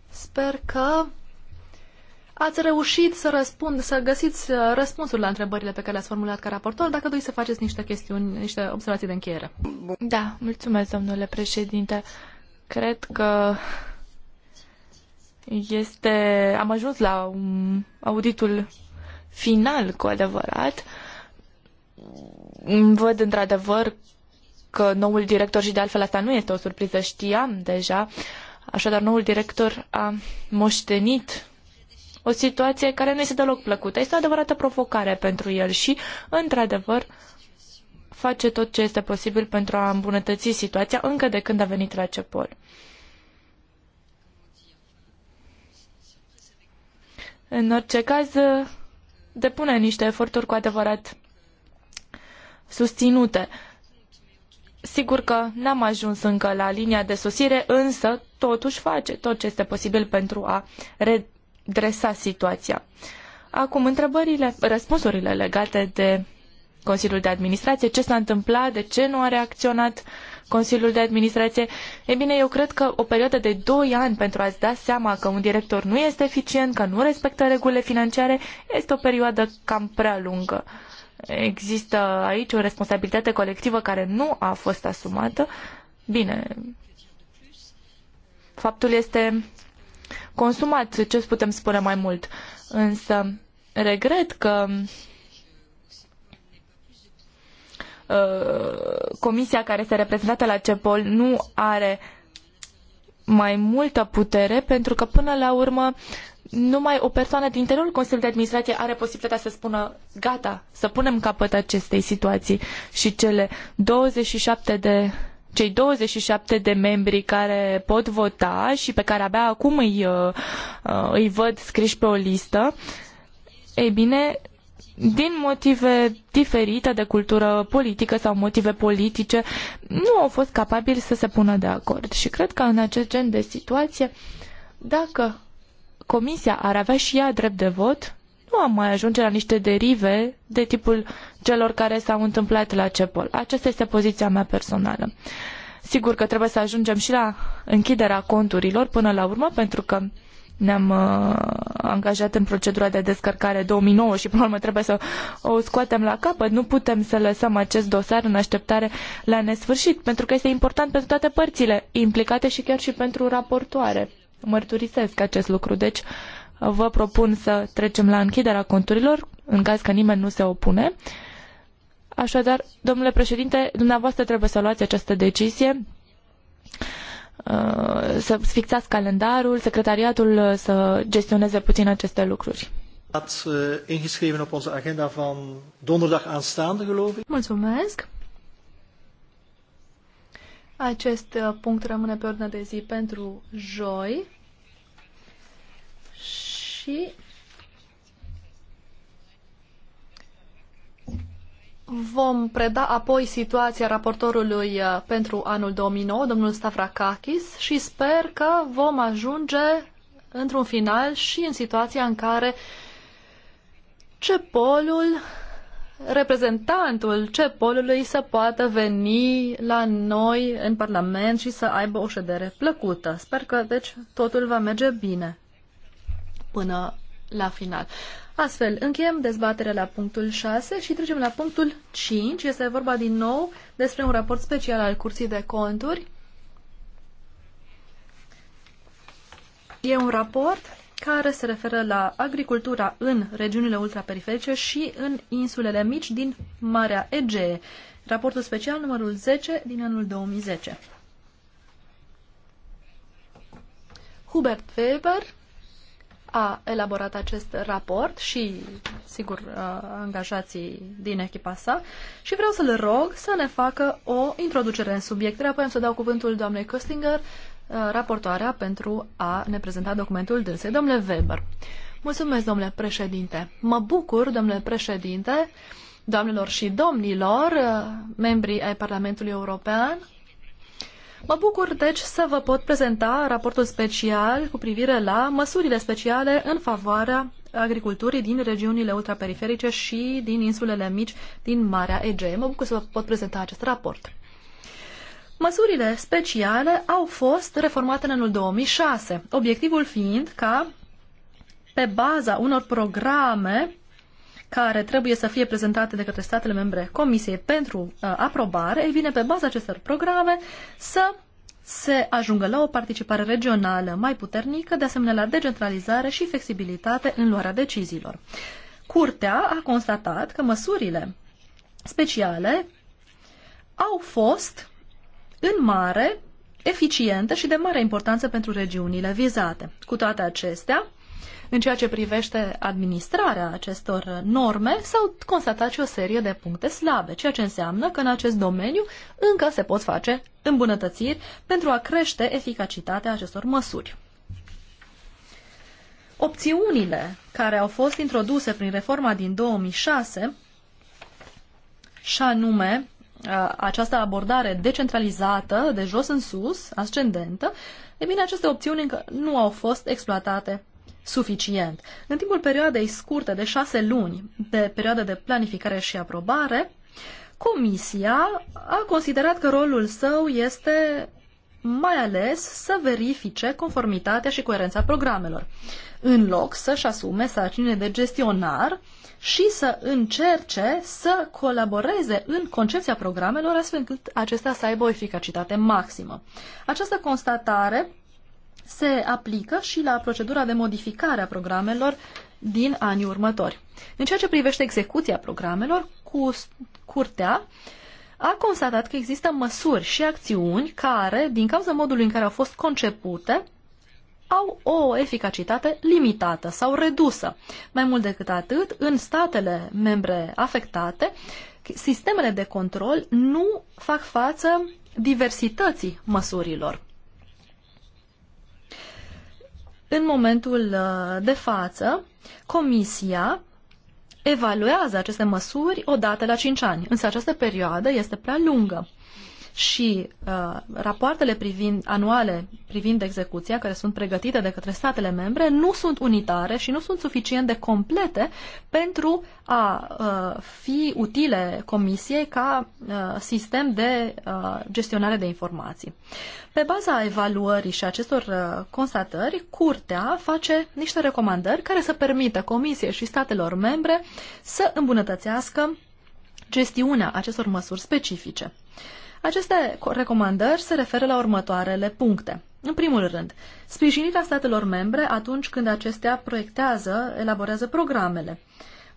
Sper că ați reușit să răspund, să găsiți uh, răspunsul la întrebările pe care le-ați formulat ca raportor, dacă doriți să faceți niște chestiuni, niște observații de încheiere. Da, mulțumesc, domnule președinte. Cred
că este, am ajuns la un auditul final cu adevărat. Văd într-adevăr că noul director și de altfel asta nu este o surpriză, știam deja. Așadar, noul director a moștenit o situație care nu este deloc plăcută. Este o adevărată provocare pentru el și, într-adevăr, face tot ce este posibil pentru a îmbunătăți situația încă de când a venit la CEPOL. în orice caz, depune niște eforturi cu adevărat susținute. Sigur că n-am ajuns încă la linia de sosire, însă totuși face tot ce este posibil pentru a redresa situația. Acum, întrebările, răspunsurile legate de Consiliul de Administrație, ce s-a întâmplat, de ce nu a reacționat Consiliul de Administrație. E bine, eu cred că o perioadă de 2 ani pentru a-ți da seama că un director nu este eficient, că nu respectă regulile financiare, este o perioadă cam prea lungă. Există aici o responsabilitate colectivă care nu a fost asumată. Bine, faptul este consumat, ce putem spune mai mult. Însă, regret că Uh, comisia care este reprezentată la CEPOL nu are mai multă putere, pentru că până la urmă numai o persoană din interiorul Consiliului de Administrație are posibilitatea să spună gata, să punem capăt acestei situații și cele 27 de cei 27 de membri care pot vota și pe care abia acum îi, uh, uh, îi văd scriși pe o listă, ei bine, din motive diferite de cultură politică sau motive politice, nu au fost capabili să se pună de acord. Și cred că în acest gen de situație, dacă Comisia ar avea și ea drept de vot, nu am mai ajunge la niște derive de tipul celor care s-au întâmplat la CEPOL. Aceasta este poziția mea personală. Sigur că trebuie să ajungem și la închiderea conturilor până la urmă, pentru că ne-am uh, angajat în procedura de descărcare 2009 și până la urmă trebuie să o scoatem la capăt. Nu putem să lăsăm acest dosar în așteptare la nesfârșit, pentru că este important pentru toate părțile implicate și chiar și pentru raportoare. Mărturisesc acest lucru. Deci vă propun să trecem la închiderea conturilor, în caz că nimeni nu se opune. Așadar, domnule președinte, dumneavoastră trebuie să luați această decizie Uh, să sfixați calendarul, secretariatul uh, să gestioneze puțin aceste lucruri.
Ați uh, ingeschreven op onze agenda van donderdag aanstaande, geloof ik. Mulțumesc.
Acest punct rămâne pe ordinea de zi pentru joi. Și Vom preda apoi situația raportorului uh, pentru anul 2009, domnul Stavrakakis, și sper că vom ajunge într-un final și în situația în care CEPOL-ul, reprezentantul CEPOL-ului să poată veni la noi în Parlament și să aibă o ședere plăcută. Sper că, deci, totul va merge bine până la final. Astfel, încheiem dezbaterea la punctul 6 și trecem la punctul 5. Este vorba din nou despre un raport special al Curții de Conturi. E un raport care se referă la agricultura în regiunile ultraperiferice și în insulele mici din Marea Egee. Raportul special numărul 10 din anul 2010. Hubert Weber a elaborat acest raport și, sigur, uh, angajații din echipa sa și vreau să-l rog să ne facă o introducere în subiect. Apoi am să dau cuvântul doamnei Köstinger, uh, raportoarea, pentru a ne prezenta documentul dânsei. Domnule Weber, mulțumesc, domnule președinte. Mă bucur, domnule președinte, doamnelor și domnilor, uh, membrii ai Parlamentului European, Mă bucur, deci, să vă pot prezenta raportul special cu privire la măsurile speciale în favoarea agriculturii din regiunile ultraperiferice și din insulele mici din Marea Egee. Mă bucur să vă pot prezenta acest raport. Măsurile speciale au fost reformate în anul 2006, obiectivul fiind ca, pe baza unor programe care trebuie să fie prezentate de către statele membre Comisiei pentru uh, aprobare, ei bine, pe baza acestor programe să se ajungă la o participare regională mai puternică, de asemenea la decentralizare și flexibilitate în luarea deciziilor. Curtea a constatat că măsurile speciale au fost, în mare, eficiente și de mare importanță pentru regiunile vizate. Cu toate acestea, în ceea ce privește administrarea acestor norme, s-au constatat și o serie de puncte slabe, ceea ce înseamnă că în acest domeniu încă se pot face îmbunătățiri pentru a crește eficacitatea acestor măsuri. Opțiunile care au fost introduse prin reforma din 2006, și anume această abordare decentralizată, de jos în sus, ascendentă, e bine, aceste opțiuni încă nu au fost exploatate suficient. În timpul perioadei scurte de șase luni de perioadă de planificare și aprobare, Comisia a considerat că rolul său este mai ales să verifice conformitatea și coerența programelor, în loc să-și asume sarcinile de gestionar și să încerce să colaboreze în concepția programelor astfel încât acestea să aibă o eficacitate maximă. Această constatare se aplică și la procedura de modificare a programelor din anii următori. În ceea ce privește execuția programelor, cu curtea a constatat că există măsuri și acțiuni care, din cauza modului în care au fost concepute, au o eficacitate limitată sau redusă. Mai mult decât atât, în statele membre afectate, sistemele de control nu fac față diversității măsurilor. În momentul uh, de față, Comisia evaluează aceste măsuri odată la 5 ani, însă această perioadă este prea lungă și uh, rapoartele privind, anuale privind execuția, care sunt pregătite de către statele membre, nu sunt unitare și nu sunt suficient de complete pentru a uh, fi utile Comisiei ca uh, sistem de uh, gestionare de informații. Pe baza evaluării și acestor uh, constatări, Curtea face niște recomandări care să permită Comisiei și statelor membre să îmbunătățească gestiunea acestor măsuri specifice. Uh, aceste recomandări se referă la următoarele puncte. În primul rând, sprijinirea statelor membre atunci când acestea proiectează, elaborează programele.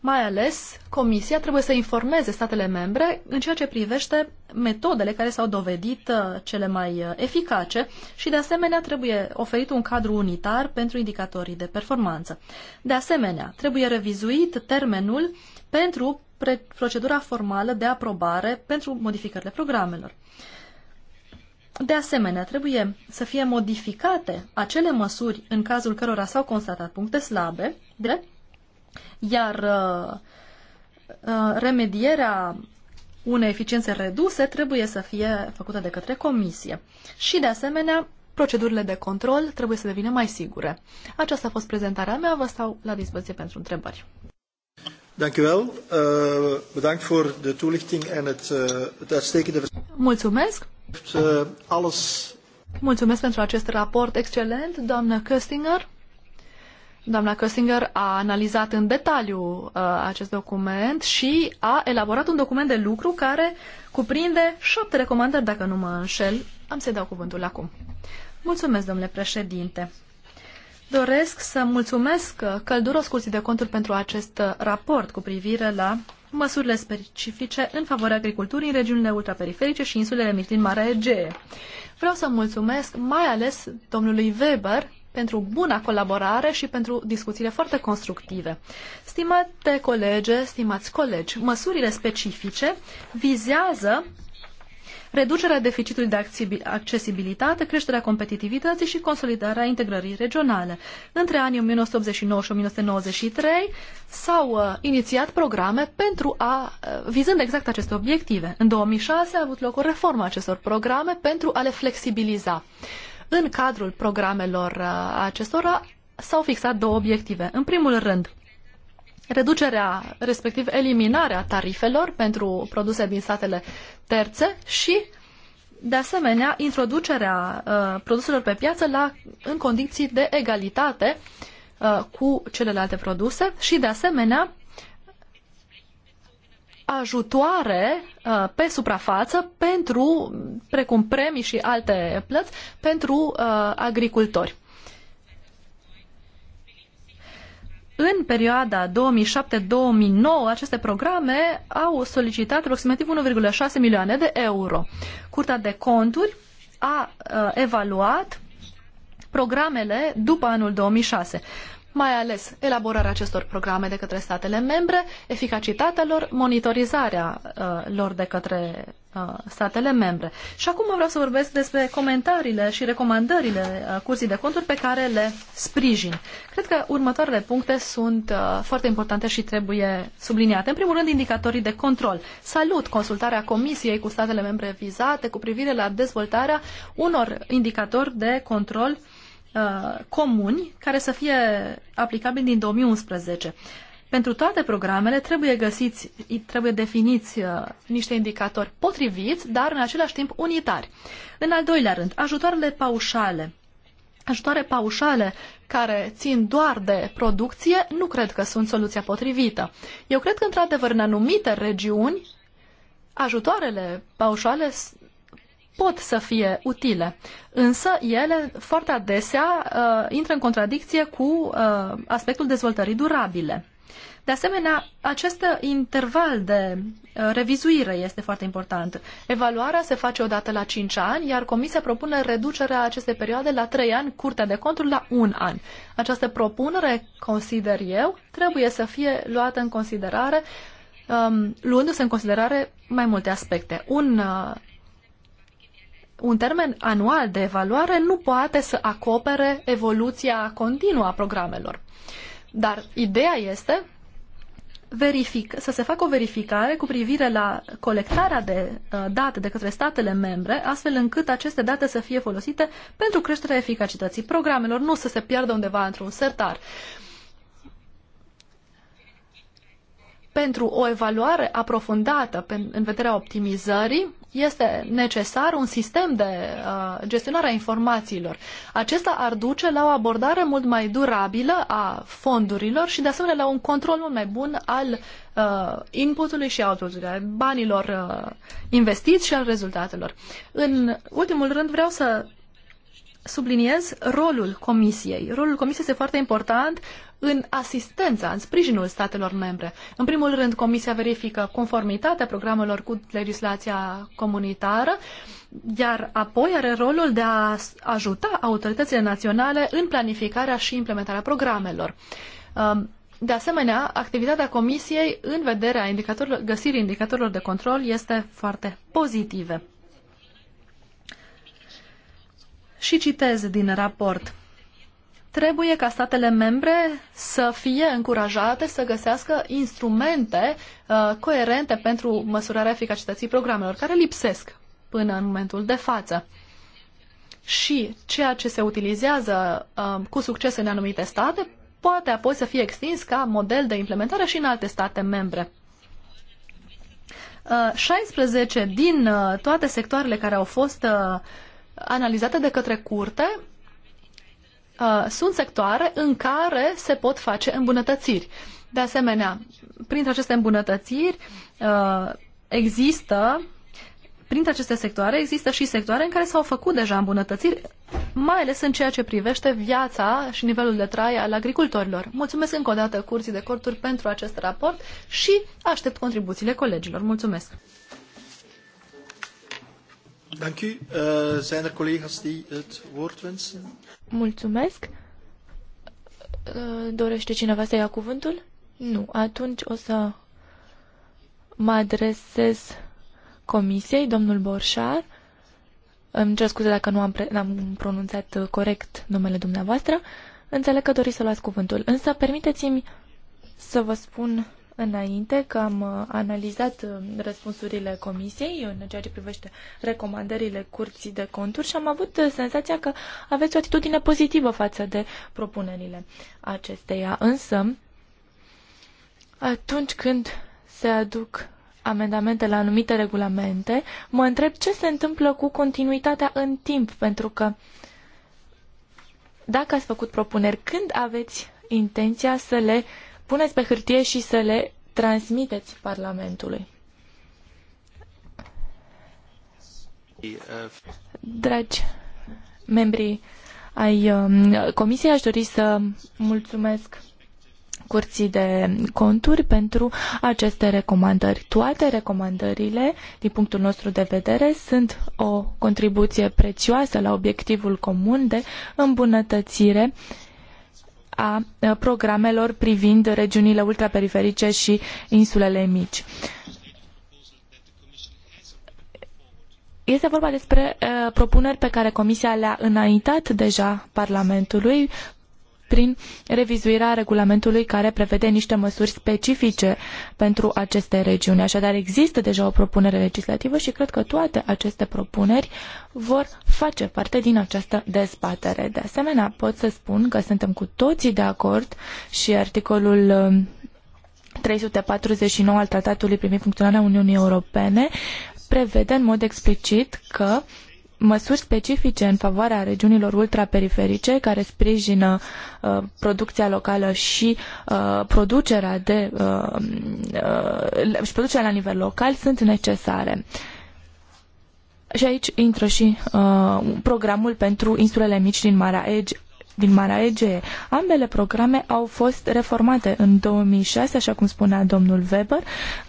Mai ales, Comisia trebuie să informeze statele membre în ceea ce privește metodele care s-au dovedit uh, cele mai uh, eficace și, de asemenea, trebuie oferit un cadru unitar pentru indicatorii de performanță. De asemenea, trebuie revizuit termenul pentru procedura formală de aprobare pentru modificările programelor. De asemenea, trebuie să fie modificate acele măsuri în cazul cărora s-au constatat puncte slabe, drept, iar uh, uh, remedierea unei eficiențe reduse trebuie să fie făcută de către comisie. Și, de asemenea, procedurile de control trebuie să devină mai sigure. Aceasta a fost prezentarea mea, vă stau la dispoziție pentru întrebări.
Dank u wel. Uh, bedankt voor de toelichting en het, uh, het uitstekende
Mulțumesc.
Uh, alles.
Mulțumesc pentru acest raport excelent, doamnă Köstinger. Doamna Köstinger a analizat în detaliu uh, acest document și a elaborat un document de lucru care cuprinde șapte recomandări, dacă nu mă înșel. Am să-i dau cuvântul acum. Mulțumesc, domnule președinte. Doresc să mulțumesc călduros Curții de Conturi pentru acest raport cu privire la măsurile specifice în favoarea agriculturii în regiunile ultraperiferice și insulele mici din Marea Egee. Vreau să mulțumesc mai ales domnului Weber pentru buna colaborare și pentru discuțiile foarte constructive. Stimate colege, stimați colegi, măsurile specifice vizează reducerea deficitului de accesibilitate, creșterea competitivității și consolidarea integrării regionale. Între anii 1989 și 1993 s-au uh, inițiat programe pentru a, uh, vizând exact aceste obiective. În 2006 a avut loc o reformă a acestor programe pentru a le flexibiliza. În cadrul programelor uh, acestora s-au fixat două obiective. În primul rând, reducerea, respectiv eliminarea tarifelor pentru produse din statele terțe și, de asemenea, introducerea uh, produselor pe piață la, în condiții de egalitate uh, cu celelalte produse și, de asemenea, ajutoare uh, pe suprafață pentru, precum premii și alte plăți, pentru uh, agricultori. În perioada 2007-2009, aceste programe au solicitat aproximativ 1,6 milioane de euro. Curtea de conturi a uh, evaluat programele după anul 2006 mai ales elaborarea acestor programe de către statele membre, eficacitatea lor, monitorizarea uh, lor de către uh, statele membre. Și acum vreau să vorbesc despre comentariile și recomandările uh, Curții de Conturi pe care le sprijin. Cred că următoarele puncte sunt uh, foarte importante și trebuie subliniate. În primul rând, indicatorii de control. Salut consultarea Comisiei cu statele membre vizate cu privire la dezvoltarea unor indicatori de control uh, Uh, comuni care să fie aplicabili din 2011. Pentru toate programele trebuie găsiți, trebuie definiți uh, niște indicatori potriviți, dar în același timp unitari. În al doilea rând, ajutoarele paușale. Ajutoare paușale care țin doar de producție nu cred că sunt soluția potrivită. Eu cred că, într-adevăr, în anumite regiuni, ajutoarele paușale pot să fie utile, însă ele foarte adesea uh, intră în contradicție cu uh, aspectul dezvoltării durabile. De asemenea, acest interval de uh, revizuire este foarte important. Evaluarea se face odată la 5 ani, iar Comisia propune reducerea acestei perioade la 3 ani, Curtea de Conturi la 1 an. Această propunere, consider eu, trebuie să fie luată în considerare, um, luându-se în considerare mai multe aspecte. Un uh, un termen anual de evaluare nu poate să acopere evoluția continuă a programelor. Dar ideea este verific, să se facă o verificare cu privire la colectarea de uh, date de către statele membre, astfel încât aceste date să fie folosite pentru creșterea eficacității programelor, nu să se piardă undeva într-un sertar. Uh, pentru o evaluare aprofundată în vederea optimizării, este necesar un sistem de uh, gestionare a informațiilor. Acesta ar duce la o abordare mult mai durabilă a fondurilor și, de asemenea, la un control mult mai bun al uh, inputului și outputului, al banilor uh, investiți și al rezultatelor. În ultimul rând, vreau să subliniez rolul comisiei. Rolul comisiei este foarte important în asistența, în sprijinul statelor membre. În primul rând, Comisia verifică conformitatea programelor cu legislația comunitară, iar apoi are rolul de a ajuta autoritățile naționale în planificarea și implementarea programelor. Um, de asemenea, activitatea Comisiei în vederea indicatorilor, găsirii indicatorilor de control este foarte pozitivă. Și citez din raport. Trebuie ca statele membre să fie încurajate să găsească instrumente uh, coerente pentru măsurarea eficacității programelor, care lipsesc până în momentul de față. Și ceea ce se utilizează uh, cu succes în anumite state poate apoi să fie extins ca model de implementare și în alte state membre. 16 uh, din uh, toate sectoarele care au fost uh, analizate de către curte Uh, sunt sectoare în care se pot face îmbunătățiri. De asemenea, printre aceste îmbunătățiri uh, există printre aceste sectoare există și sectoare în care s-au făcut deja îmbunătățiri, mai ales în ceea ce privește viața și nivelul de trai al agricultorilor. Mulțumesc încă o dată Curții de Corturi pentru acest raport și aștept contribuțiile colegilor. Mulțumesc!
Dank u. Uh, zijn er collega's die het woord wensen?
Mulțumesc. Eh, dorește cineva să ia cuvântul? Nu. Atunci o să mă adresez comisiei, domnul Borșar. Îmi cer scuze dacă nu am, pre- am pronunțat corect numele dumneavoastră. Înțeleg că doriți să luați cuvântul, însă permiteți-mi să vă spun înainte că am uh, analizat uh, răspunsurile comisiei în ceea ce privește recomandările curții de conturi și am avut uh, senzația că aveți o atitudine pozitivă față de propunerile acesteia. Însă, atunci când se aduc amendamente la anumite regulamente, mă întreb ce se întâmplă cu continuitatea în timp, pentru că dacă ați făcut propuneri, când aveți intenția să le puneți pe hârtie și să le transmiteți Parlamentului. Dragi membrii ai um, Comisiei, aș dori să mulțumesc Curții de Conturi pentru aceste recomandări. Toate recomandările, din punctul nostru de vedere, sunt o contribuție prețioasă la obiectivul comun de îmbunătățire a programelor privind regiunile ultraperiferice și insulele mici. Este vorba despre uh, propuneri pe care Comisia le-a înaintat deja Parlamentului prin revizuirea regulamentului care prevede niște măsuri specifice pentru aceste regiuni. Așadar, există deja o propunere legislativă și cred că toate aceste propuneri vor face parte din această dezbatere. De asemenea, pot să spun că suntem cu toții de acord și articolul 349 um, al Tratatului privind funcționarea Uniunii Europene prevede în mod explicit că măsuri specifice în favoarea regiunilor ultraperiferice care sprijină uh, producția locală și uh, producerea de uh, uh și producerea la nivel local sunt necesare. Și aici intră și uh, programul pentru insulele mici din Marea Ege, din Marea Egee. Ambele programe au fost reformate în 2006, așa cum spunea domnul Weber,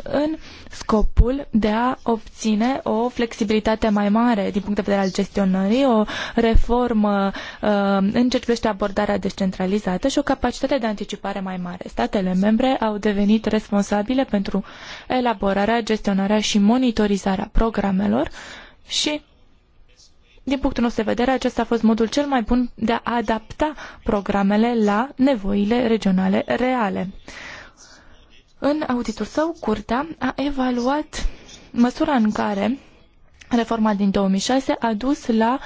în scopul de a obține o flexibilitate mai mare din punct de vedere al gestionării, o reformă uh, în ce privește abordarea descentralizată și o capacitate de anticipare mai mare. Statele membre au devenit responsabile pentru elaborarea, gestionarea și monitorizarea programelor și din punctul nostru de vedere, acesta a fost modul cel mai bun de a adapta programele la nevoile regionale reale. În auditul său, Curtea a evaluat măsura în care reforma din 2006 a dus la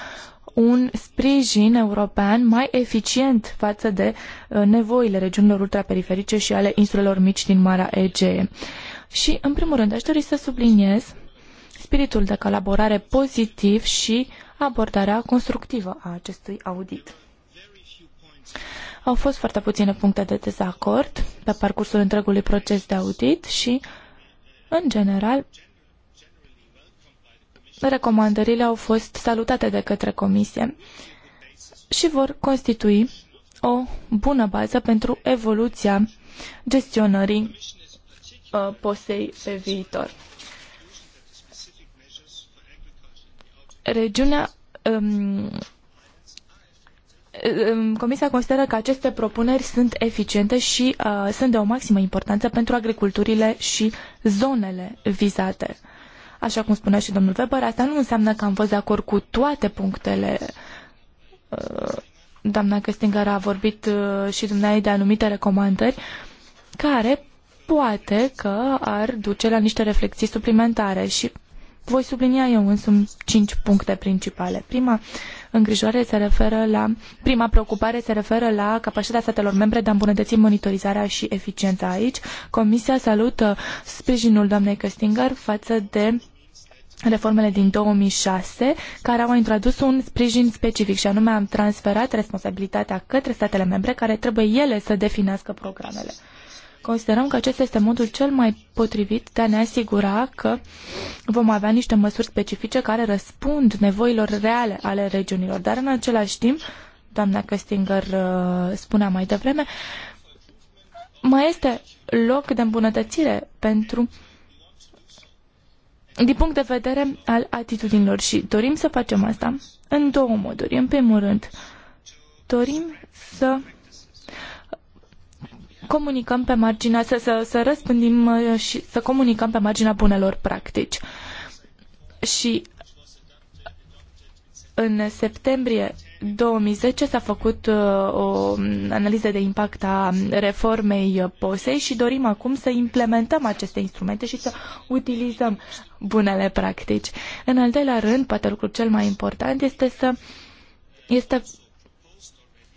un sprijin european mai eficient față de uh, nevoile regiunilor ultraperiferice și ale insulelor mici din Marea Egee. Și, în primul rând, aș dori să subliniez spiritul de colaborare pozitiv și abordarea constructivă a acestui audit. Au fost foarte puține puncte de dezacord pe parcursul întregului proces de audit și, în general, recomandările au fost salutate de către Comisie și vor constitui o bună bază pentru evoluția gestionării uh, posei pe viitor. Regiunea um, um, Comisia consideră că aceste propuneri sunt eficiente și uh, sunt de o maximă importanță pentru agriculturile și zonele vizate. Așa cum spunea și domnul Weber, asta nu înseamnă că am fost de acord cu toate punctele. Uh, doamna Căstingăr a vorbit uh, și dumneavoastră de anumite recomandări care poate că ar duce la niște reflexii suplimentare și voi sublinia eu însumi cinci puncte principale. Prima îngrijorare se referă la, prima preocupare se referă la capacitatea statelor membre de a îmbunătăți monitorizarea și eficiența aici. Comisia salută sprijinul doamnei Căstingăr față de reformele din 2006, care au introdus un sprijin specific și anume am transferat responsabilitatea către statele membre care trebuie ele să definească programele. Considerăm că acesta este modul cel mai potrivit de a ne asigura că vom avea niște măsuri specifice care răspund nevoilor reale ale regiunilor, dar în același timp, doamna Căstingăr uh, spunea mai devreme, mai este loc de îmbunătățire pentru din punct de vedere al atitudinilor și dorim să facem asta în două moduri. În primul rând, dorim să comunicăm pe marginea, să, să, să răspândim uh, și să comunicăm pe marginea bunelor practici. Și în septembrie 2010 s-a făcut uh, o analiză de impact a reformei POSEI și dorim acum să implementăm aceste instrumente și să utilizăm bunele practici. În al doilea rând, poate lucrul cel mai important este să este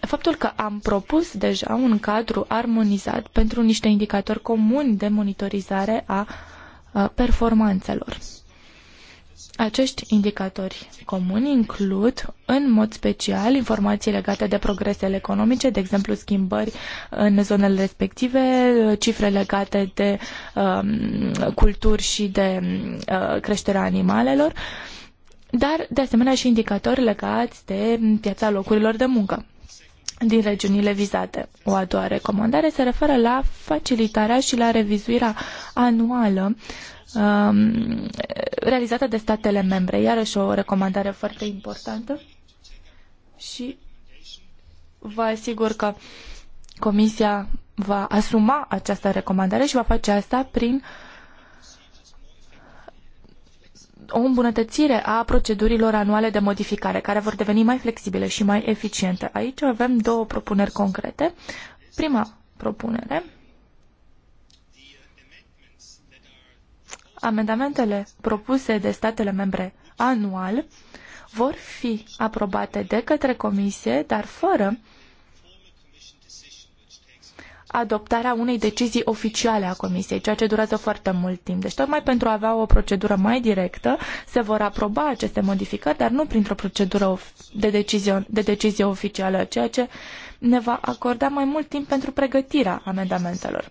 faptul că am propus deja un cadru armonizat pentru niște indicatori comuni de monitorizare a performanțelor. Acești indicatori comuni includ, în mod special, informații legate de progresele economice, de exemplu schimbări în zonele respective, cifre legate de um, culturi și de uh, creșterea animalelor, dar, de asemenea, și indicatori legați de piața locurilor de muncă din regiunile vizate. O a doua recomandare se referă la facilitarea și la revizuirea anuală um, realizată de statele membre. Iarăși o recomandare foarte importantă și vă asigur că Comisia va asuma această recomandare și va face asta prin uh, o îmbunătățire a procedurilor anuale de modificare, care vor deveni mai flexibile și mai eficiente. Aici avem două propuneri concrete. Prima propunere, amendamentele propuse de statele membre anual vor fi aprobate de către Comisie, dar fără adoptarea unei decizii oficiale a Comisiei, ceea ce durează foarte mult timp. Deci, tocmai pentru a avea o procedură mai directă, se vor aproba aceste modificări, dar nu printr-o procedură de decizie, de decizie oficială, ceea ce ne va acorda mai mult timp pentru pregătirea amendamentelor.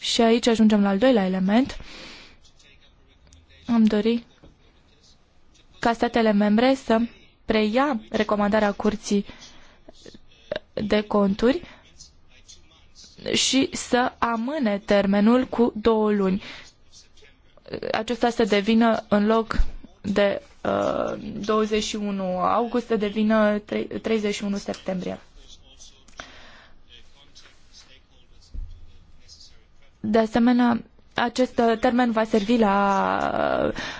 Și aici ajungem la al doilea element. Am dori ca statele membre să preia recomandarea Curții de Conturi și să amâne termenul cu două luni. Acesta să devină în loc de uh, 21 august să devină 31 septembrie. De asemenea, acest termen va servi la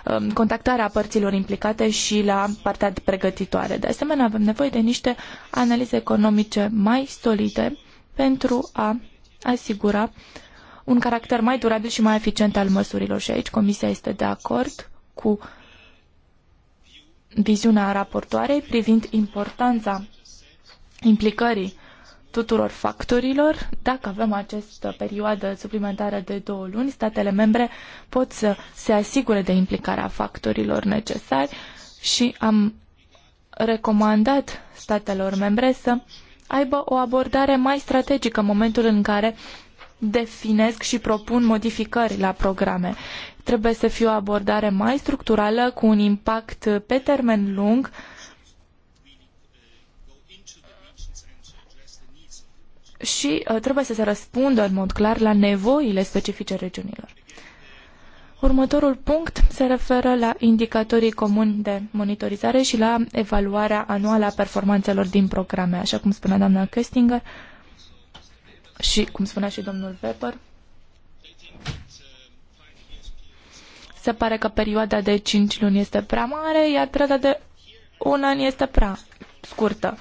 uh, um, contactarea părților implicate și la partea pregătitoare. De asemenea, avem nevoie de niște analize economice mai solide pentru a asigura un caracter mai durabil și mai eficient al măsurilor. Și aici Comisia este de acord cu viziunea raportoarei privind importanța implicării tuturor factorilor. Dacă avem această perioadă suplimentară de două luni, statele membre pot să se asigure de implicarea factorilor necesari și am recomandat statelor membre să aibă o abordare mai strategică în momentul în care definesc și propun modificări la programe. Trebuie să fie o abordare mai structurală, cu un impact pe termen lung, și uh, trebuie să se răspundă în mod clar la nevoile specifice regiunilor. Următorul punct se referă la indicatorii comuni de monitorizare și la evaluarea anuală a performanțelor din programe. Așa cum spunea doamna Köstinger și cum spunea și domnul Weber, se pare că perioada de 5 luni este prea mare, iar perioada de un an este prea scurtă.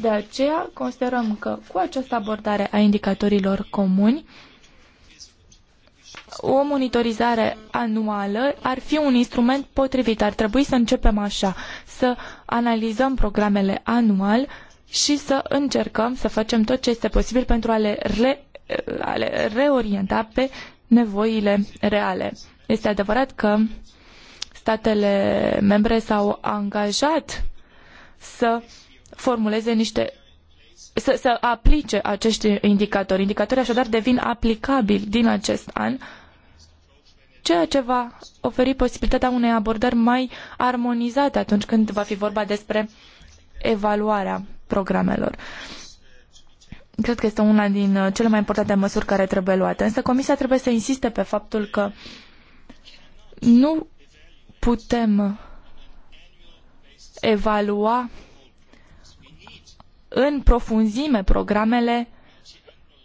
De aceea considerăm că cu această abordare a indicatorilor comuni, o monitorizare anuală ar fi un instrument potrivit. Ar trebui să începem așa, să analizăm programele anual și să încercăm să facem tot ce este posibil pentru a le, re, a le reorienta pe nevoile reale. Este adevărat că statele membre s-au angajat să formuleze niște să, să aplice acești indicatori. Indicatorii așadar devin aplicabili din acest an, ceea ce va oferi posibilitatea unei abordări mai armonizate atunci când va fi vorba despre evaluarea programelor. Cred că este una din uh, cele mai importante măsuri care trebuie luate. Însă Comisia trebuie să insiste pe faptul că nu putem evalua în profunzime programele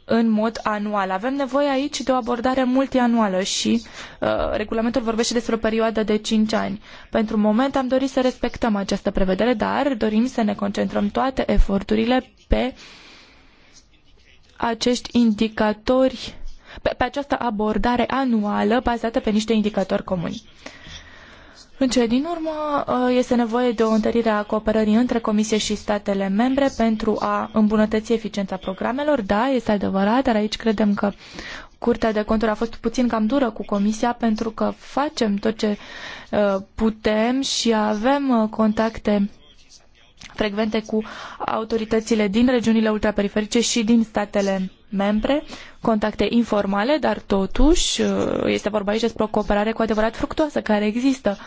în mod anual. Avem nevoie aici de o abordare multianuală și uh, regulamentul vorbește despre o perioadă de cinci ani. Pentru moment am dorit să respectăm această prevedere, dar dorim să ne concentrăm toate eforturile pe acești indicatori, pe, pe această abordare anuală bazată pe niște indicatori comuni. În cele din urmă, uh, este nevoie de o întărire a cooperării între Comisie și statele membre pentru a îmbunătăți eficiența programelor. Da, este adevărat, dar aici credem că Curtea de Conturi a fost puțin cam dură cu Comisia pentru că facem tot ce uh, putem și avem uh, contacte frecvente cu autoritățile din regiunile ultraperiferice și din statele membre, contacte informale, dar totuși uh, este vorba aici despre o cooperare cu adevărat fructuoasă care există.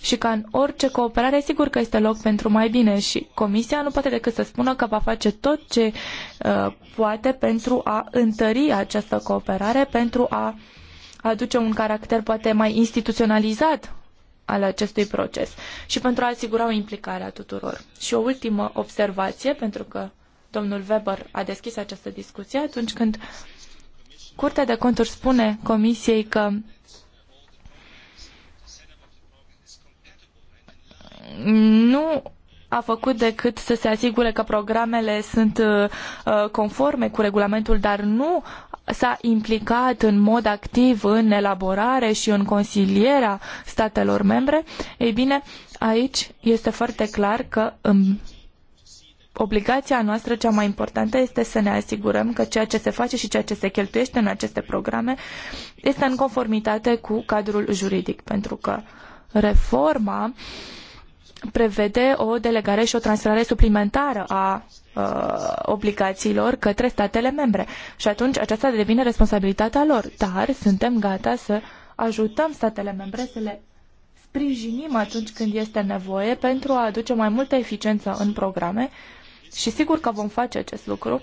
Și ca în orice cooperare, sigur că este loc pentru mai bine și Comisia nu poate decât să spună că va face tot ce uh, poate pentru a întări această cooperare, pentru a aduce un caracter poate mai instituționalizat al acestui proces și pentru a asigura o implicare a tuturor. Și o ultimă observație, pentru că domnul Weber a deschis această discuție atunci când Curtea de Conturi spune Comisiei că nu a făcut decât să se asigure că programele sunt uh, uh, conforme cu regulamentul, dar nu s-a implicat în mod activ în elaborare și în consilierea statelor membre, ei bine, aici este foarte clar că obligația noastră cea mai importantă este să ne asigurăm că ceea ce se face și ceea ce se cheltuiește în aceste programe este în conformitate cu cadrul juridic, pentru că reforma prevede o delegare și o transferare suplimentară a uh, obligațiilor către statele membre. Și atunci aceasta devine responsabilitatea lor. Dar suntem gata să ajutăm statele membre să le
sprijinim
atunci când este nevoie pentru a aduce mai multă eficiență în programe și sigur că vom face acest lucru.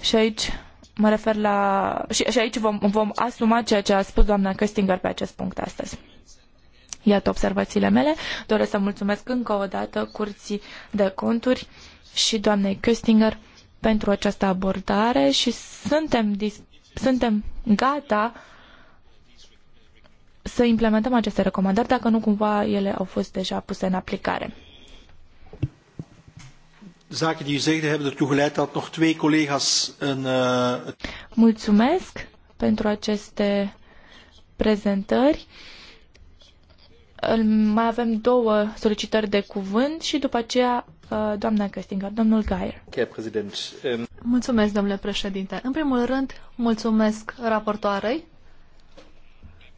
Și aici mă refer la... și, și aici vom, vom asuma ceea ce a spus doamna Köstinger pe acest punct astăzi. Iată observațiile mele. Doresc să mulțumesc încă o dată curții de conturi și doamnei Köstinger pentru această abordare și suntem, suntem gata să implementăm aceste recomandări dacă nu cumva ele au fost deja puse în aplicare.
Zaken die u zegde hebben ertoe geleid dat nog twee collega's een. Eh,
mulțumesc pentru aceste prezentări. Mai avem două solicitări de cuvânt
și după aceea eh, doamna Căstinga, domnul Gaier. Mulțumesc, domnule președinte. În primul rând, mulțumesc raportoarei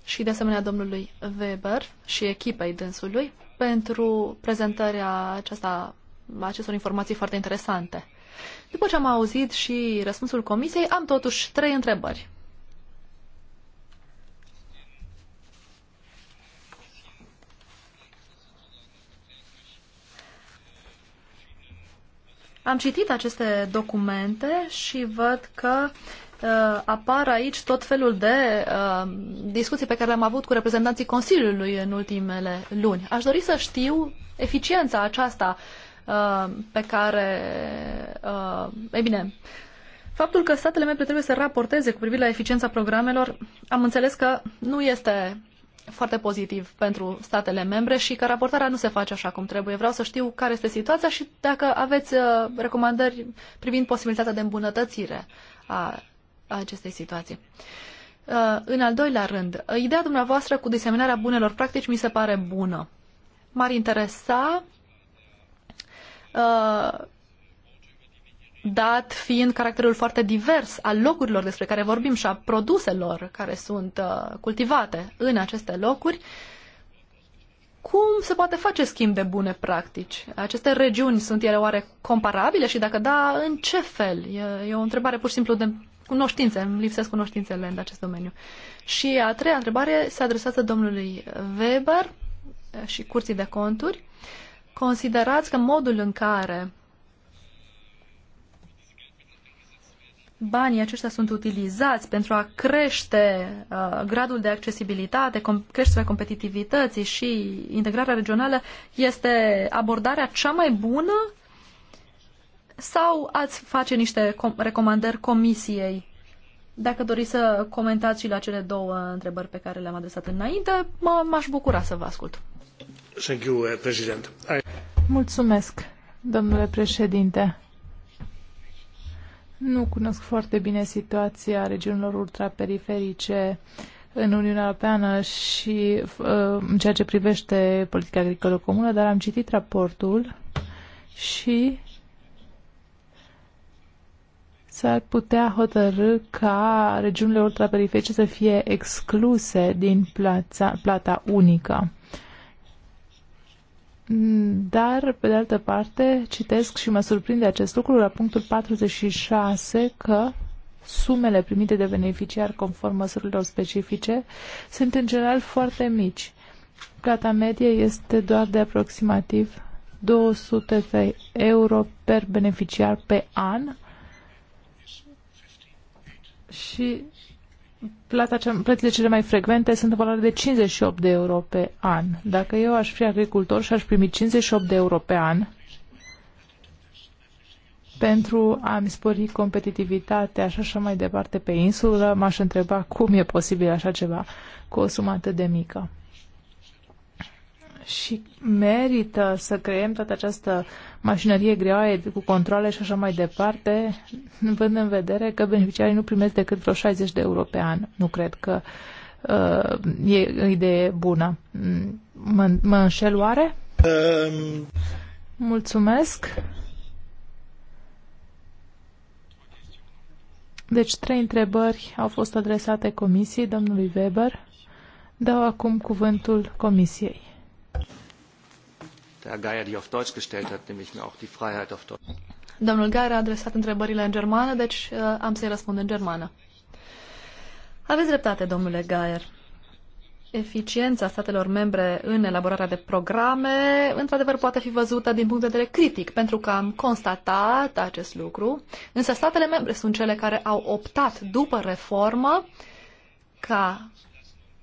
și de asemenea domnului Weber și echipei dânsului pentru prezentarea aceasta, acestor informații foarte interesante. După ce am auzit și răspunsul comisiei, am totuși trei întrebări. Am citit aceste documente și văd că uh, apar aici tot felul de uh, discuții pe care le-am avut cu reprezentanții Consiliului în ultimele luni. Aș dori să știu eficiența aceasta uh, pe care, uh, e bine, faptul că statele membre trebuie să raporteze cu privire la eficiența programelor, am înțeles că nu este foarte pozitiv pentru statele membre și că raportarea nu se face așa cum trebuie. Vreau să știu care este situația și dacă aveți uh, recomandări privind posibilitatea de îmbunătățire a a acestei situații. Uh, în al doilea rând, uh, ideea dumneavoastră cu diseminarea bunelor practici mi se pare bună. M-ar interesa uh, dat fiind caracterul foarte divers al locurilor despre care vorbim și a produselor care sunt cultivate în aceste locuri, cum se poate face schimb de bune practici? Aceste regiuni sunt ele oare comparabile și dacă da, în ce fel? E, e o întrebare pur și simplu de cunoștințe, îmi lipsesc cunoștințele în acest domeniu. Și a treia întrebare se adresează domnului Weber și curții de conturi. Considerați că modul în care banii aceștia sunt utilizați pentru a crește uh, gradul de accesibilitate, com- creșterea competitivității și integrarea regională este abordarea cea mai bună sau ați face niște com recomandări comisiei? Dacă doriți să comentați și la cele două întrebări pe care le-am adresat înainte, m-aș bucura să vă ascult.
Thank you, eh, President. I...
Mulțumesc, domnule președinte. Nu cunosc foarte bine situația regiunilor ultraperiferice în Uniunea Europeană și uh, în ceea ce privește politica agricolă comună, dar am citit raportul și s-ar putea hotărâ ca regiunile ultraperiferice să fie excluse din plața, plata unică. Dar, pe de altă parte, citesc și mă surprinde acest lucru la punctul 46 că sumele primite de beneficiar conform măsurilor specifice sunt în general foarte mici. Plata medie este doar de aproximativ 200 de euro per beneficiar pe an, și plata cea, plățile cele mai frecvente sunt în valoare de 58 de euro pe an. Dacă eu aș fi agricultor și aș primi 58 de euro pe an pentru a-mi spori competitivitatea și așa mai departe pe insulă, m-aș întreba cum e posibil așa ceva cu o sumă atât de mică și merită să creăm toată această mașinărie greoaie cu controle și așa mai departe, având în vedere că beneficiarii nu primesc decât vreo 60 de euro pe an. Nu cred că uh, e o idee bună. Mă, mă înșel oare?
Um...
Mulțumesc. Deci trei întrebări au fost adresate comisiei, domnului Weber.
Dau acum cuvântul comisiei.
Herr Geier die auf Deutsch gestellt hat, nämlich auch die Freiheit auf Deutsch.
Domnul Geier a adresat întrebările în germană, deci uh, am să-i răspund în germană. Aveți dreptate, domnule Geier. Eficiența statelor membre în elaborarea de programe, într-adevăr, poate fi văzută din punct de vedere critic, pentru că am constatat acest lucru, însă statele membre sunt cele care au optat după reformă ca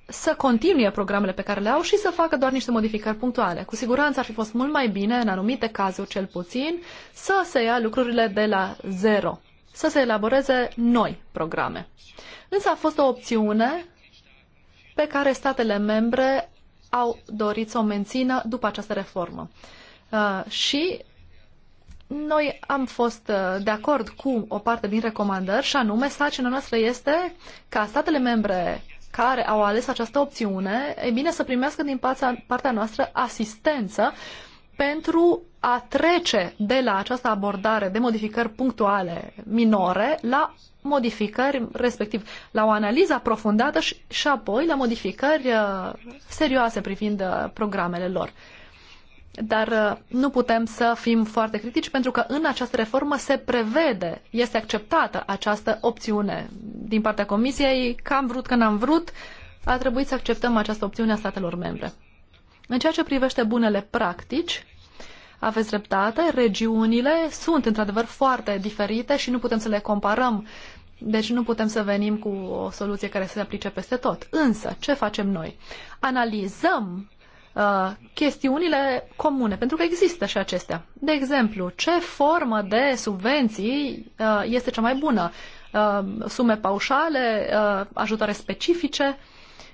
să continue programele pe care le au și să facă doar niște modificări punctuale. Cu siguranță ar fi fost mult mai bine, în anumite cazuri cel puțin, să se ia lucrurile de la zero, să se elaboreze noi programe. Însă a fost o opțiune pe care statele membre au dorit să o mențină după această reformă. Uh, și noi am fost uh, de acord cu o parte din recomandări și anume sarcina noastră este ca statele membre care au ales această opțiune, e bine să primească din partea noastră asistență pentru a trece de la această abordare de modificări punctuale minore la modificări, respectiv la o analiză aprofundată și, și apoi la modificări uh, serioase privind uh, programele lor dar uh, nu putem să fim foarte critici pentru că în această reformă se prevede, este acceptată această opțiune din partea Comisiei, că am vrut, că n-am vrut, a trebuit să acceptăm această opțiune a statelor membre. În ceea ce privește bunele practici, aveți dreptate, regiunile sunt într-adevăr foarte diferite și nu putem să le comparăm, deci nu putem să venim cu o soluție care să se aplice peste tot. Însă, ce facem noi? Analizăm Uh, chestiunile comune, pentru că există și acestea. De exemplu, ce formă de subvenții uh, este cea mai bună? Uh, sume paușale, ajutoare specifice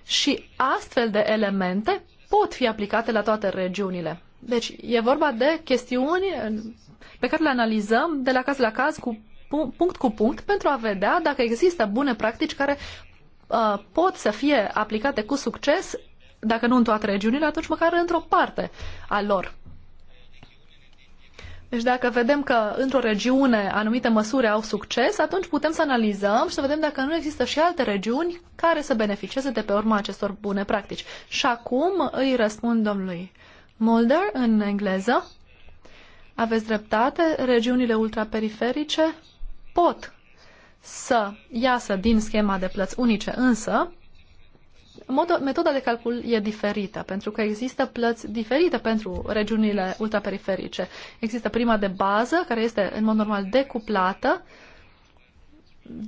și astfel de elemente pot fi aplicate la toate regiunile. Deci e vorba de chestiuni pe care le analizăm de la caz la caz, cu punct cu punct, pentru a vedea dacă există bune practici care uh, pot să fie aplicate cu succes dacă nu în toate regiunile, atunci măcar într-o parte a lor. Deci dacă vedem că într-o regiune anumite măsuri au succes, atunci putem să analizăm și să vedem dacă nu există și alte regiuni care să beneficieze de pe urma acestor bune practici. Și acum îi răspund domnului Mulder în engleză. Aveți dreptate, regiunile ultraperiferice pot să iasă din schema de plăți unice, însă metoda de calcul e diferită, pentru că există plăți diferite pentru regiunile ultraperiferice. Există prima de bază, care este în mod normal decuplată, uh,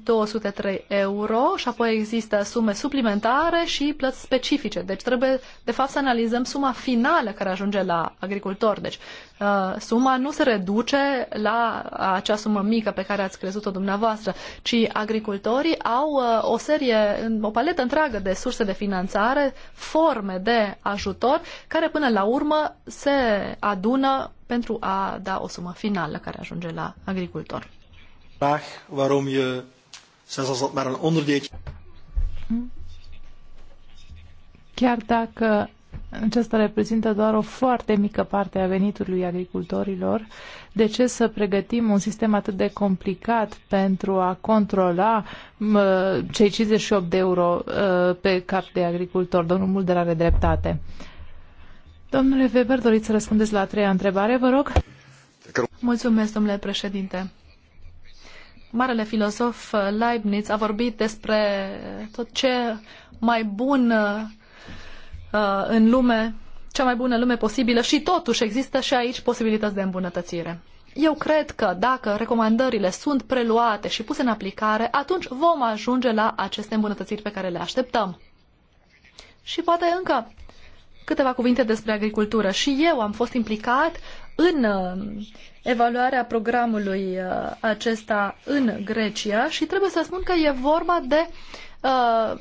203 euro și apoi există sume suplimentare și plăți specifice. Deci trebuie, de fapt, să analizăm suma finală care ajunge la agricultor. Deci uh, suma nu se reduce la acea sumă mică pe care ați crezut-o dumneavoastră, ci agricultorii au uh, o serie, o paletă întreagă de surse de finanțare, forme de ajutor, care până la urmă se adună pentru a da o sumă finală care ajunge la agricultor
vraag waarom je, zelfs als dat maar een onderdeeltje...
Chiar dacă acesta reprezintă doar o foarte mică parte a venitului agricultorilor. De ce să pregătim un sistem atât de complicat pentru a controla uh, cei 58 de euro uh, pe cap de agricultor? Domnul Mulder are dreptate. Domnule Weber, doriți să răspundeți la a treia întrebare, vă rog?
Mulțumesc, domnule președinte marele filosof uh, Leibniz a vorbit despre tot ce mai bun uh, uh, în lume, cea mai bună lume posibilă și totuși există și aici posibilități de îmbunătățire. Eu cred că dacă recomandările sunt preluate și puse în aplicare, atunci vom ajunge la aceste îmbunătățiri pe care le așteptăm. Și poate încă câteva cuvinte despre agricultură. Și eu am fost implicat în uh, evaluarea programului uh, acesta în Grecia și trebuie să spun că e vorba de uh,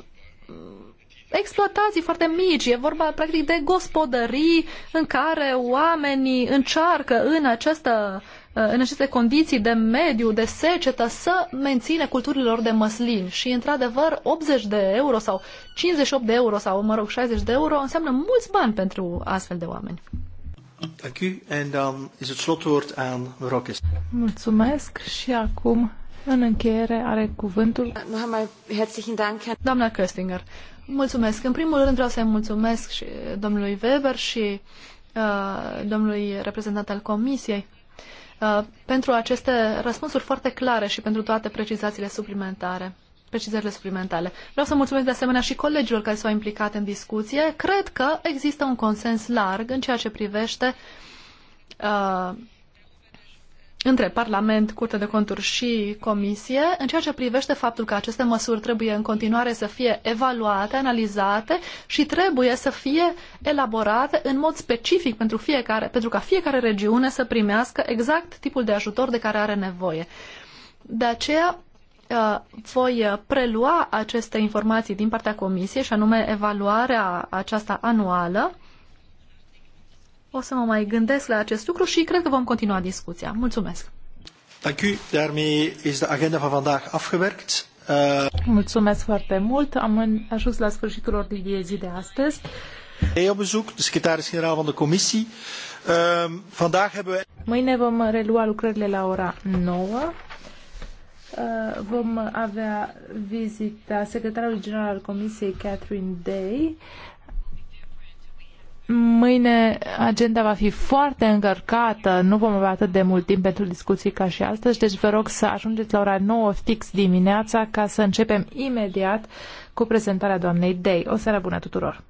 exploatații foarte mici, e vorba practic de gospodării în care oamenii încearcă în această uh, în aceste condiții de mediu, de secetă, să menține culturilor de măslin. Și, într-adevăr, 80 de euro sau 58 de euro sau, mă rog, 60 de euro înseamnă mulți bani pentru astfel de oameni.
Dank u. En dan is het slotwoord aan mevrouw
Mulțumesc și acum, în încheiere, are cuvântul... Doamna Köstinger, mulțumesc. În primul rând vreau să-i mulțumesc și domnului Weber și uh, domnului reprezentant al Comisiei uh, pentru aceste răspunsuri foarte clare și pentru toate precizațiile suplimentare precizările suplimentare. Vreau să mulțumesc de asemenea și colegilor care s-au implicat în discuție. Cred că există un consens larg în ceea ce privește uh, între Parlament, Curte de Conturi și Comisie, în ceea ce privește faptul că aceste măsuri trebuie în continuare să fie evaluate, analizate și trebuie să fie elaborate în mod specific pentru, fiecare, pentru ca fiecare regiune să primească exact tipul de ajutor de care are nevoie. De aceea, Uh, voi uh, prelua aceste informații din partea comisiei, și anume evaluarea aceasta anuală. O să mă mai gândesc la acest lucru și cred că vom continua discuția. Mulțumesc!
Dank u. Daarmee is de agenda van vandaag
afgewerkt. Uh... Mulțumesc foarte mult. Am ajuns la sfârșitul ordinii zi de astăzi.
Op bezoek, de secretaris-generaal van de commissie. Uh, vandaag hebben we...
Mâine vom relua lucrările la ora 9. Uh, vom avea vizita secretarului general al Comisiei Catherine Day. Mâine agenda va fi foarte încărcată, nu vom avea atât de mult timp pentru discuții ca și astăzi, deci vă rog să ajungeți la ora 9 fix dimineața ca să începem imediat cu prezentarea doamnei Day. O seară bună tuturor!